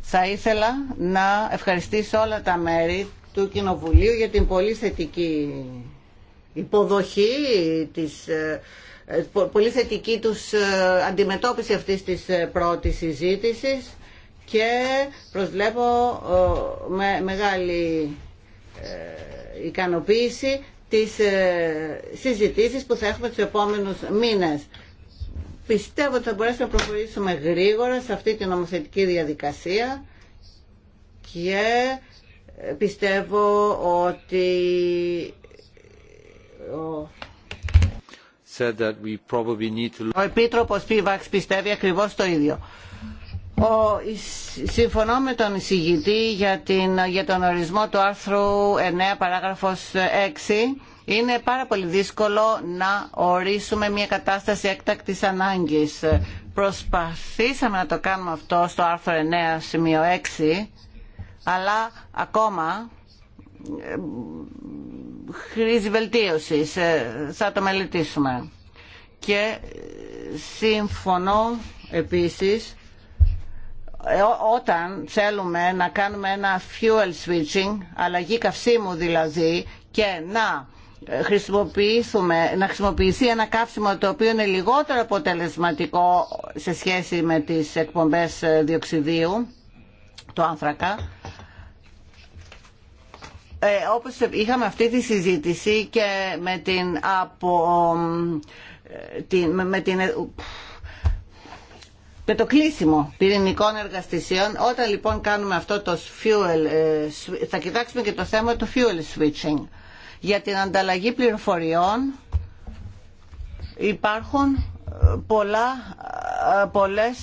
Θα ήθελα να ευχαριστήσω όλα τα μέρη του Κοινοβουλίου για την πολύ θετική υποδοχή της ε, ε, πολύ θετική τους ε, αντιμετώπιση αυτής της ε, πρώτης συζήτησης και προσβλέπω με μεγάλη ικανοποίηση τις συζητήσεις που θα έχουμε τους επόμενους μήνες. Πιστεύω ότι θα μπορέσουμε να προχωρήσουμε γρήγορα σε αυτή την νομοθετική διαδικασία και πιστεύω ότι ο Επίτροπος Πίβαξ πιστεύει ακριβώς το ίδιο. συμφωνώ με τον εισηγητή για, για τον ορισμό του άρθρου 9 παράγραφος 6. Είναι πάρα πολύ δύσκολο να ορίσουμε μια κατάσταση έκτακτης ανάγκης. Προσπαθήσαμε να το κάνουμε αυτό στο άρθρο 9 σημείο 6, αλλά ακόμα χρήση βελτίωσης. Ε, θα το μελετήσουμε. Και ε, σύμφωνο επίσης ε, όταν θέλουμε να κάνουμε ένα fuel switching, αλλαγή καυσίμου δηλαδή, και να χρησιμοποιήσουμε, να χρησιμοποιηθεί ένα καύσιμο το οποίο είναι λιγότερο αποτελεσματικό σε σχέση με τις εκπομπές διοξιδίου, του άνθρακα, ε, όπως είχαμε αυτή τη συζήτηση και με την από ε, με, την, ε, με το κλείσιμο πυρηνικών εργαστησιών όταν λοιπόν κάνουμε αυτό το fuel ε, θα κοιτάξουμε και το θέμα του fuel switching για την ανταλλαγή πληροφοριών υπάρχουν πολλά πολλές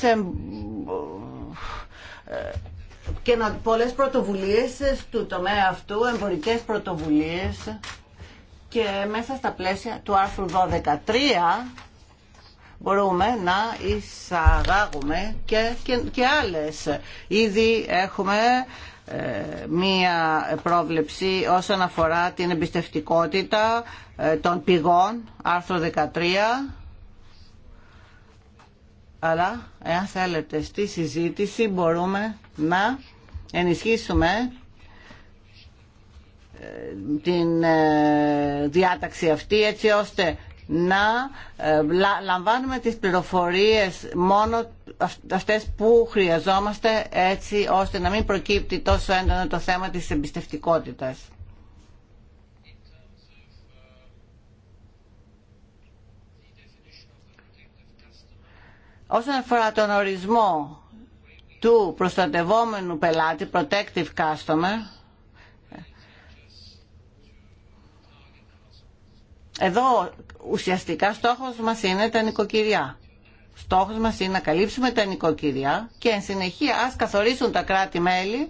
και να, πολλές πρωτοβουλίες του τομέα αυτού, εμπορικές πρωτοβουλίες και μέσα στα πλαίσια του άρθρου 12.3 μπορούμε να εισαγάγουμε και, και, άλλες. Ήδη έχουμε ε, μία πρόβλεψη όσον αφορά την εμπιστευτικότητα ε, των πηγών, άρθρο 13, αλλά εάν θέλετε στη συζήτηση μπορούμε να ενισχύσουμε ε, την ε, διάταξη αυτή έτσι ώστε να ε, λαμβάνουμε τις πληροφορίες μόνο αυτές που χρειαζόμαστε έτσι ώστε να μην προκύπτει τόσο έντονο το θέμα της εμπιστευτικότητας. Όσον αφορά τον ορισμό του προστατευόμενου πελάτη, protective customer, εδώ ουσιαστικά στόχος μας είναι τα νοικοκυριά. Στόχος μας είναι να καλύψουμε τα νοικοκυριά και εν συνεχεία ας καθορίσουν τα κράτη-μέλη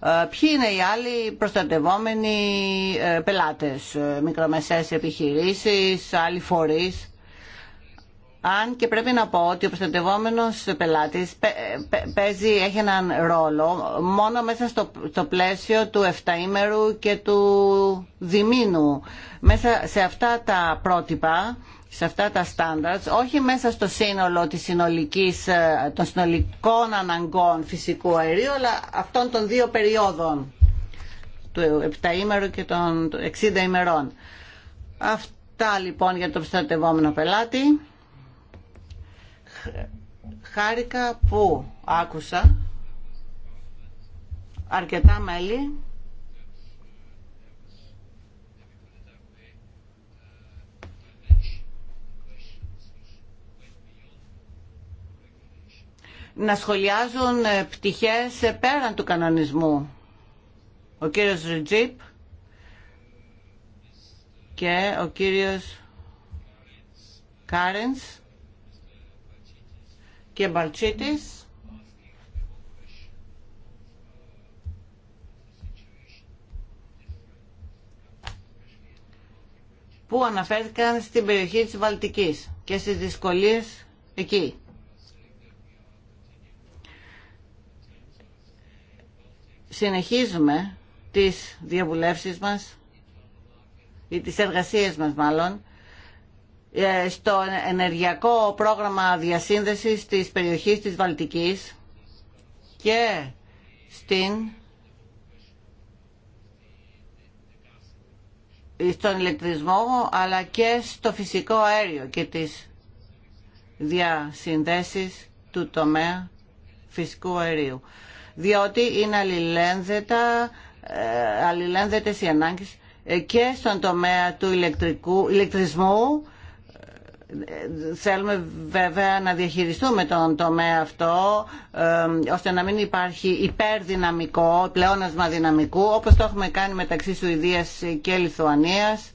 ε, ποιοι είναι οι άλλοι προστατευόμενοι ε, πελάτες, ε, μικρομεσαίες επιχειρήσεις, άλλοι φορείς. Αν και πρέπει να πω ότι ο προστατευόμενος πελάτης παίζει, έχει έναν ρόλο μόνο μέσα στο, στο πλαίσιο του ημέρου και του διμήνου. Μέσα σε αυτά τα πρότυπα, σε αυτά τα standards, όχι μέσα στο σύνολο της συνολικής, ε, των συνολικών αναγκών φυσικού αερίου, αλλά αυτών των δύο περιόδων, του ημέρου και των 60 ημερών. Αυτά λοιπόν για το προστατευόμενο πελάτη χάρηκα που άκουσα αρκετά μέλη να σχολιάζουν ε, πτυχές ε, πέραν του κανονισμού. Ο κύριος Ριτζίπ και ο κύριος Κάρενς και Μπαλτσίτης. που αναφέρθηκαν στην περιοχή της Βαλτικής και στις δυσκολίες εκεί. Συνεχίζουμε τις διαβουλεύσεις μας ή τις εργασίες μας μάλλον ε, στο ενεργειακό πρόγραμμα διασύνδεσης της περιοχής της Βαλτικής και στην στον ηλεκτρισμό αλλά και στο φυσικό αέριο και τις διασυνδέσεις του τομέα φυσικού αερίου. Διότι είναι αλληλένδετα, ε, αλληλένδετες οι ανάγκες ε, και στον τομέα του ηλεκτρικού, ηλεκτρισμού Θέλουμε βέβαια να διαχειριστούμε τον τομέα αυτό ώστε να μην υπάρχει υπερδυναμικό, πλεόνασμα δυναμικού όπως το έχουμε κάνει μεταξύ Σουηδίας και Λιθουανίας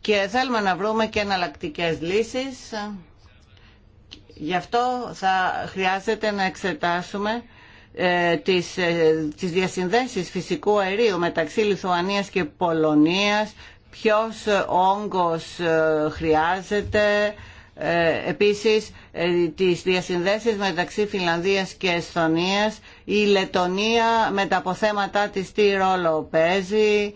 και θέλουμε να βρούμε και εναλλακτικέ λύσεις. Γι' αυτό θα χρειάζεται να εξετάσουμε ε, τις, ε, τις διασυνδέσεις φυσικού αερίου μεταξύ Λιθουανίας και Πολωνίας ποιος ε, όγκος ε, χρειάζεται, ε, επίσης τις διασυνδέσεις μεταξύ Φιλανδίας και Εσθονίας, η Λετωνία με τα αποθέματα της τι ρόλο παίζει,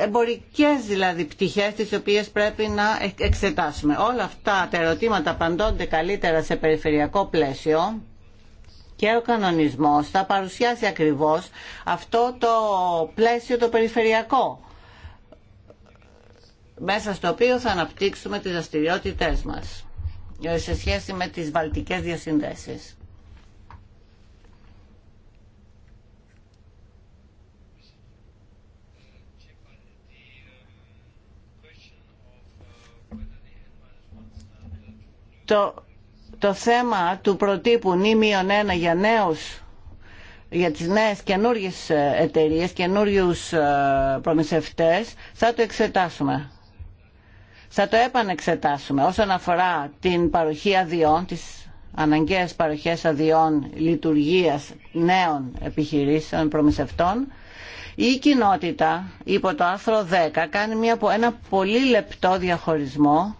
εμπορικές δηλαδή πτυχές τις οποίες πρέπει να εξετάσουμε. Όλα αυτά τα ερωτήματα απαντώνται καλύτερα σε περιφερειακό πλαίσιο και ο κανονισμός θα παρουσιάσει ακριβώς αυτό το πλαίσιο το περιφερειακό μέσα στο οποίο θα αναπτύξουμε τις δραστηριότητε μας ε, σε σχέση με τις βαλτικές διασυνδέσεις. Το, θέμα του προτύπου νη μείον για νέους για τις νέες καινούργιες ε, εταιρείες, καινούργιους ε, προμηθευτές, θα το εξετάσουμε θα το επανεξετάσουμε όσον αφορά την παροχή αδειών, τις αναγκαίες παροχές αδειών λειτουργίας νέων επιχειρήσεων προμηθευτών. Η κοινότητα υπό το άρθρο 10 κάνει μια, ένα πολύ λεπτό διαχωρισμό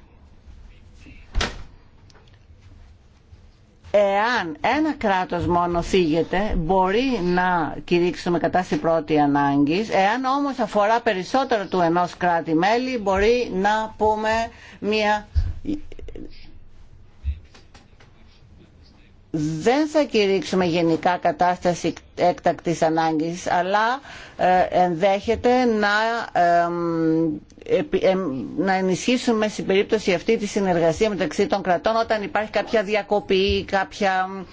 εάν ένα κράτος μόνο φύγεται μπορεί να κηρύξουμε κατά κατάσταση πρώτη ανάγκη. εάν όμως αφορά περισσότερο του ενός κράτη μέλη μπορεί να πούμε μια δεν θα κηρύξουμε γενικά κατάσταση έκτακτης ανάγκης αλλά ε, ενδέχεται να, να ενισχύσουμε στην περίπτωση αυτή τη συνεργασία μεταξύ των κρατών όταν υπάρχει κάποια διακοπή ή κάποια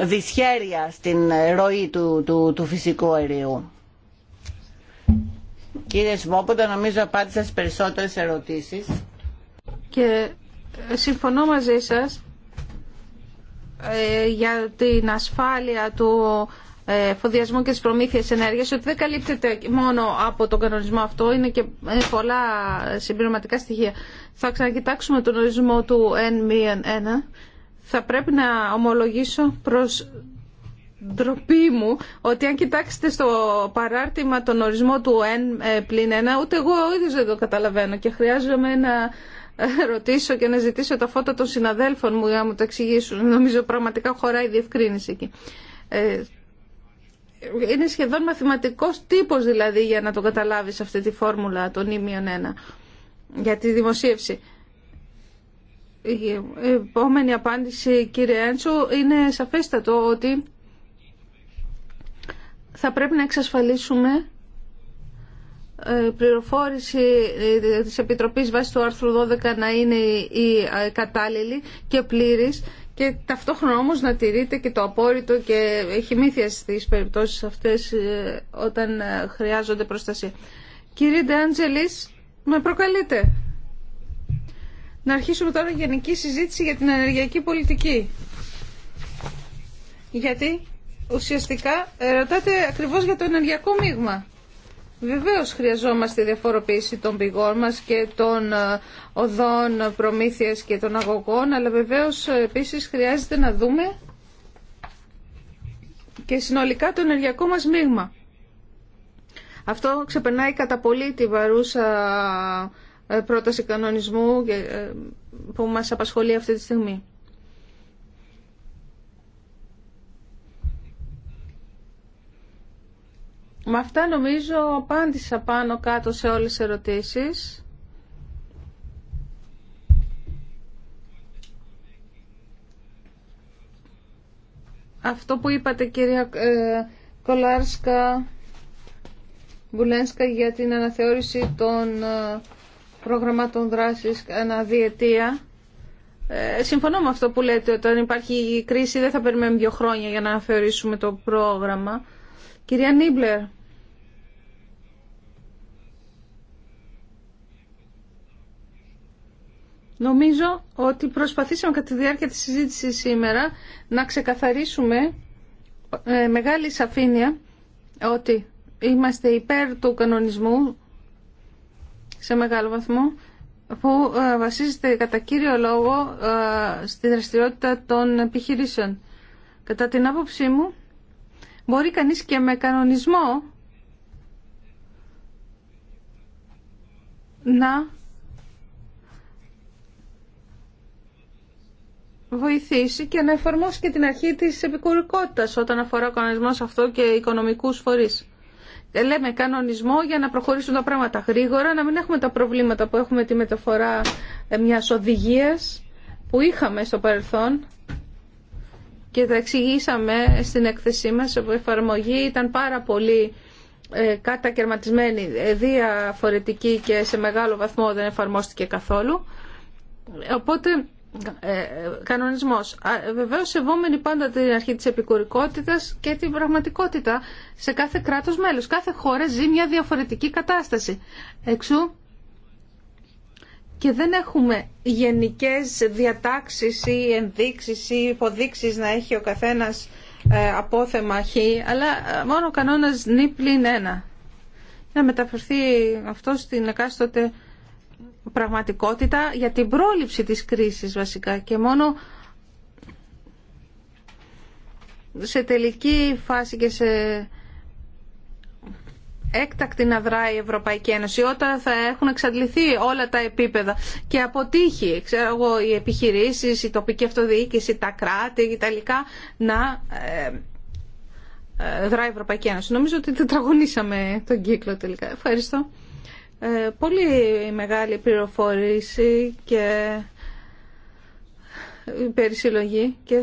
δυσχέρεια στην ροή του, του, του φυσικού αερίου. Κύριε Σμόποντα, νομίζω απάντησα στις περισσότερες ερωτήσεις. Και συμφωνώ μαζί σας ε, για την ασφάλεια του ε, φωδιασμού και της προμήθειας ενέργειας ότι δεν καλύπτεται μόνο από τον κανονισμό αυτό, είναι και ε, πολλά συμπληρωματικά στοιχεία. Θα ξανακοιτάξουμε τον ορισμό του N1. Θα πρέπει να ομολογήσω προς ντροπή μου ότι αν κοιτάξετε στο παράρτημα τον ορισμό του N 1, ούτε εγώ ο ίδιο δεν το καταλαβαίνω και χρειάζομαι να ρωτήσω και να ζητήσω τα φώτα των συναδέλφων μου για να μου τα εξηγήσουν. Νομίζω πραγματικά χωράει η διευκρίνηση εκεί. Ε, είναι σχεδόν μαθηματικός τύπος δηλαδή για να το καταλάβεις αυτή τη φόρμουλα των ήμιων 1 για τη δημοσίευση. Η επόμενη απάντηση κύριε Έντσου είναι σαφέστατο ότι θα πρέπει να εξασφαλίσουμε ε, πληροφόρηση ε, της Επιτροπής βάσει του άρθρου 12 να είναι η ε, κατάλληλη και πλήρης και ταυτόχρονα όμως να τηρείται και το απόρριτο και έχει μύθια στις περιπτώσεις αυτές όταν χρειάζονται προστασία. Κύριε Ντεάντζελης, με προκαλείτε. Να αρχίσουμε τώρα γενική συζήτηση για την ενεργειακή πολιτική. Γιατί ουσιαστικά ρωτάτε ακριβώς για το ενεργειακό μείγμα. Βεβαίως χρειαζόμαστε διαφοροποίηση των πηγών μας και των ε, οδών προμήθειας και των αγωγών, αλλά βεβαίως ε, επίσης χρειάζεται να δούμε και συνολικά το ενεργειακό μας μείγμα. Αυτό ξεπερνάει κατά πολύ τη βαρούσα ε, πρόταση κανονισμού που μας απασχολεί αυτή τη στιγμή. Με αυτά νομίζω απάντησα πάνω κάτω σε όλες τις ερωτήσεις. Αυτό που είπατε κυρία ε, Κολάρσκα Μπουλένσκα για την αναθεώρηση των ε, προγραμμάτων δράσης αναδιετία. Ε, συμφωνώ με αυτό που λέτε, αν υπάρχει κρίση δεν θα περιμένουμε δύο χρόνια για να αναθεωρήσουμε το πρόγραμμα. Κυρία Νίμπλερ. Νομίζω ότι προσπαθήσαμε κατά τη διάρκεια της συζήτησης σήμερα να ξεκαθαρίσουμε ε, μεγάλη σαφήνεια ότι είμαστε υπέρ του κανονισμού σε μεγάλο βαθμό που ε, βασίζεται κατά κύριο λόγο ε, στη δραστηριότητα των επιχειρήσεων. Κατά την άποψή μου μπορεί κανείς και με κανονισμό να βοηθήσει και να εφαρμόσει και την αρχή της επικουρικότητας όταν αφορά ο κανονισμός αυτό και οικονομικούς φορείς. Ε, λέμε κανονισμό για να προχωρήσουν τα πράγματα γρήγορα, να μην έχουμε τα προβλήματα που έχουμε τη μεταφορά ε, μιας οδηγίας που είχαμε στο παρελθόν και τα εξηγήσαμε στην έκθεσή μας όπου η εφαρμογή ήταν πάρα πολύ ε, κατακαιρματισμένη, ε, διαφορετική και σε μεγάλο βαθμό δεν εφαρμόστηκε καθόλου. Οπότε, ε, κανονισμός. Βεβαίως, σεβόμενοι πάντα την αρχή της επικουρικότητας και την πραγματικότητα σε κάθε κράτος μέλος. Κάθε χώρα ζει μια διαφορετική κατάσταση. Εξού και δεν έχουμε γενικές διατάξεις ή ενδείξεις ή υποδείξεις να έχει ο καθένας ε, απόθεμα χ, αλλά ε, μόνο ο κανόνας νη πλην ένα. Να μεταφερθεί αυτό στην εκάστοτε πραγματικότητα για την πρόληψη της κρίσης βασικά και μόνο σε τελική φάση και σε έκτακτη να δράει η Ευρωπαϊκή Ένωση όταν θα έχουν εξαντληθεί όλα τα επίπεδα και αποτύχει ξέρω εγώ, οι επιχειρήσεις, η τοπική αυτοδιοίκηση, τα κράτη τα λοιπά, να ε, ε, δράει η Ευρωπαϊκή Ένωση. Νομίζω ότι τετραγωνίσαμε τον κύκλο τελικά. Ευχαριστώ. Ε, πολύ μεγάλη πληροφόρηση και ε, περισυλλογή και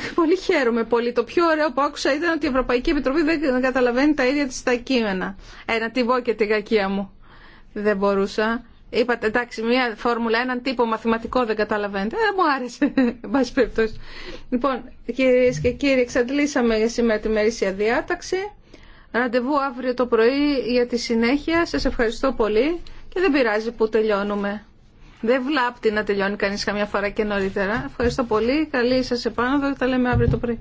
Πολύ χαίρομαι πολύ. Το πιο ωραίο που άκουσα ήταν ότι η Ευρωπαϊκή Επιτροπή δεν καταλαβαίνει τα ίδια της τα κείμενα. Ένα ε, τυβό και την κακία μου. Δεν μπορούσα. Είπατε, εντάξει, μία φόρμουλα, έναν τύπο μαθηματικό δεν καταλαβαίνετε. Δεν μου άρεσε, εν περιπτώσει. Λοιπόν, κυρίε και κύριοι, εξαντλήσαμε για σήμερα τη μερίσια διάταξη. Ραντεβού αύριο το πρωί για τη συνέχεια. σα ευχαριστώ πολύ και δεν πειράζει που τελειώνουμε. Δεν βλάπτει να τελειώνει κανείς καμιά φορά και νωρίτερα. Ευχαριστώ πολύ. Καλή σας επάνω. Τα λέμε αύριο το πρωί.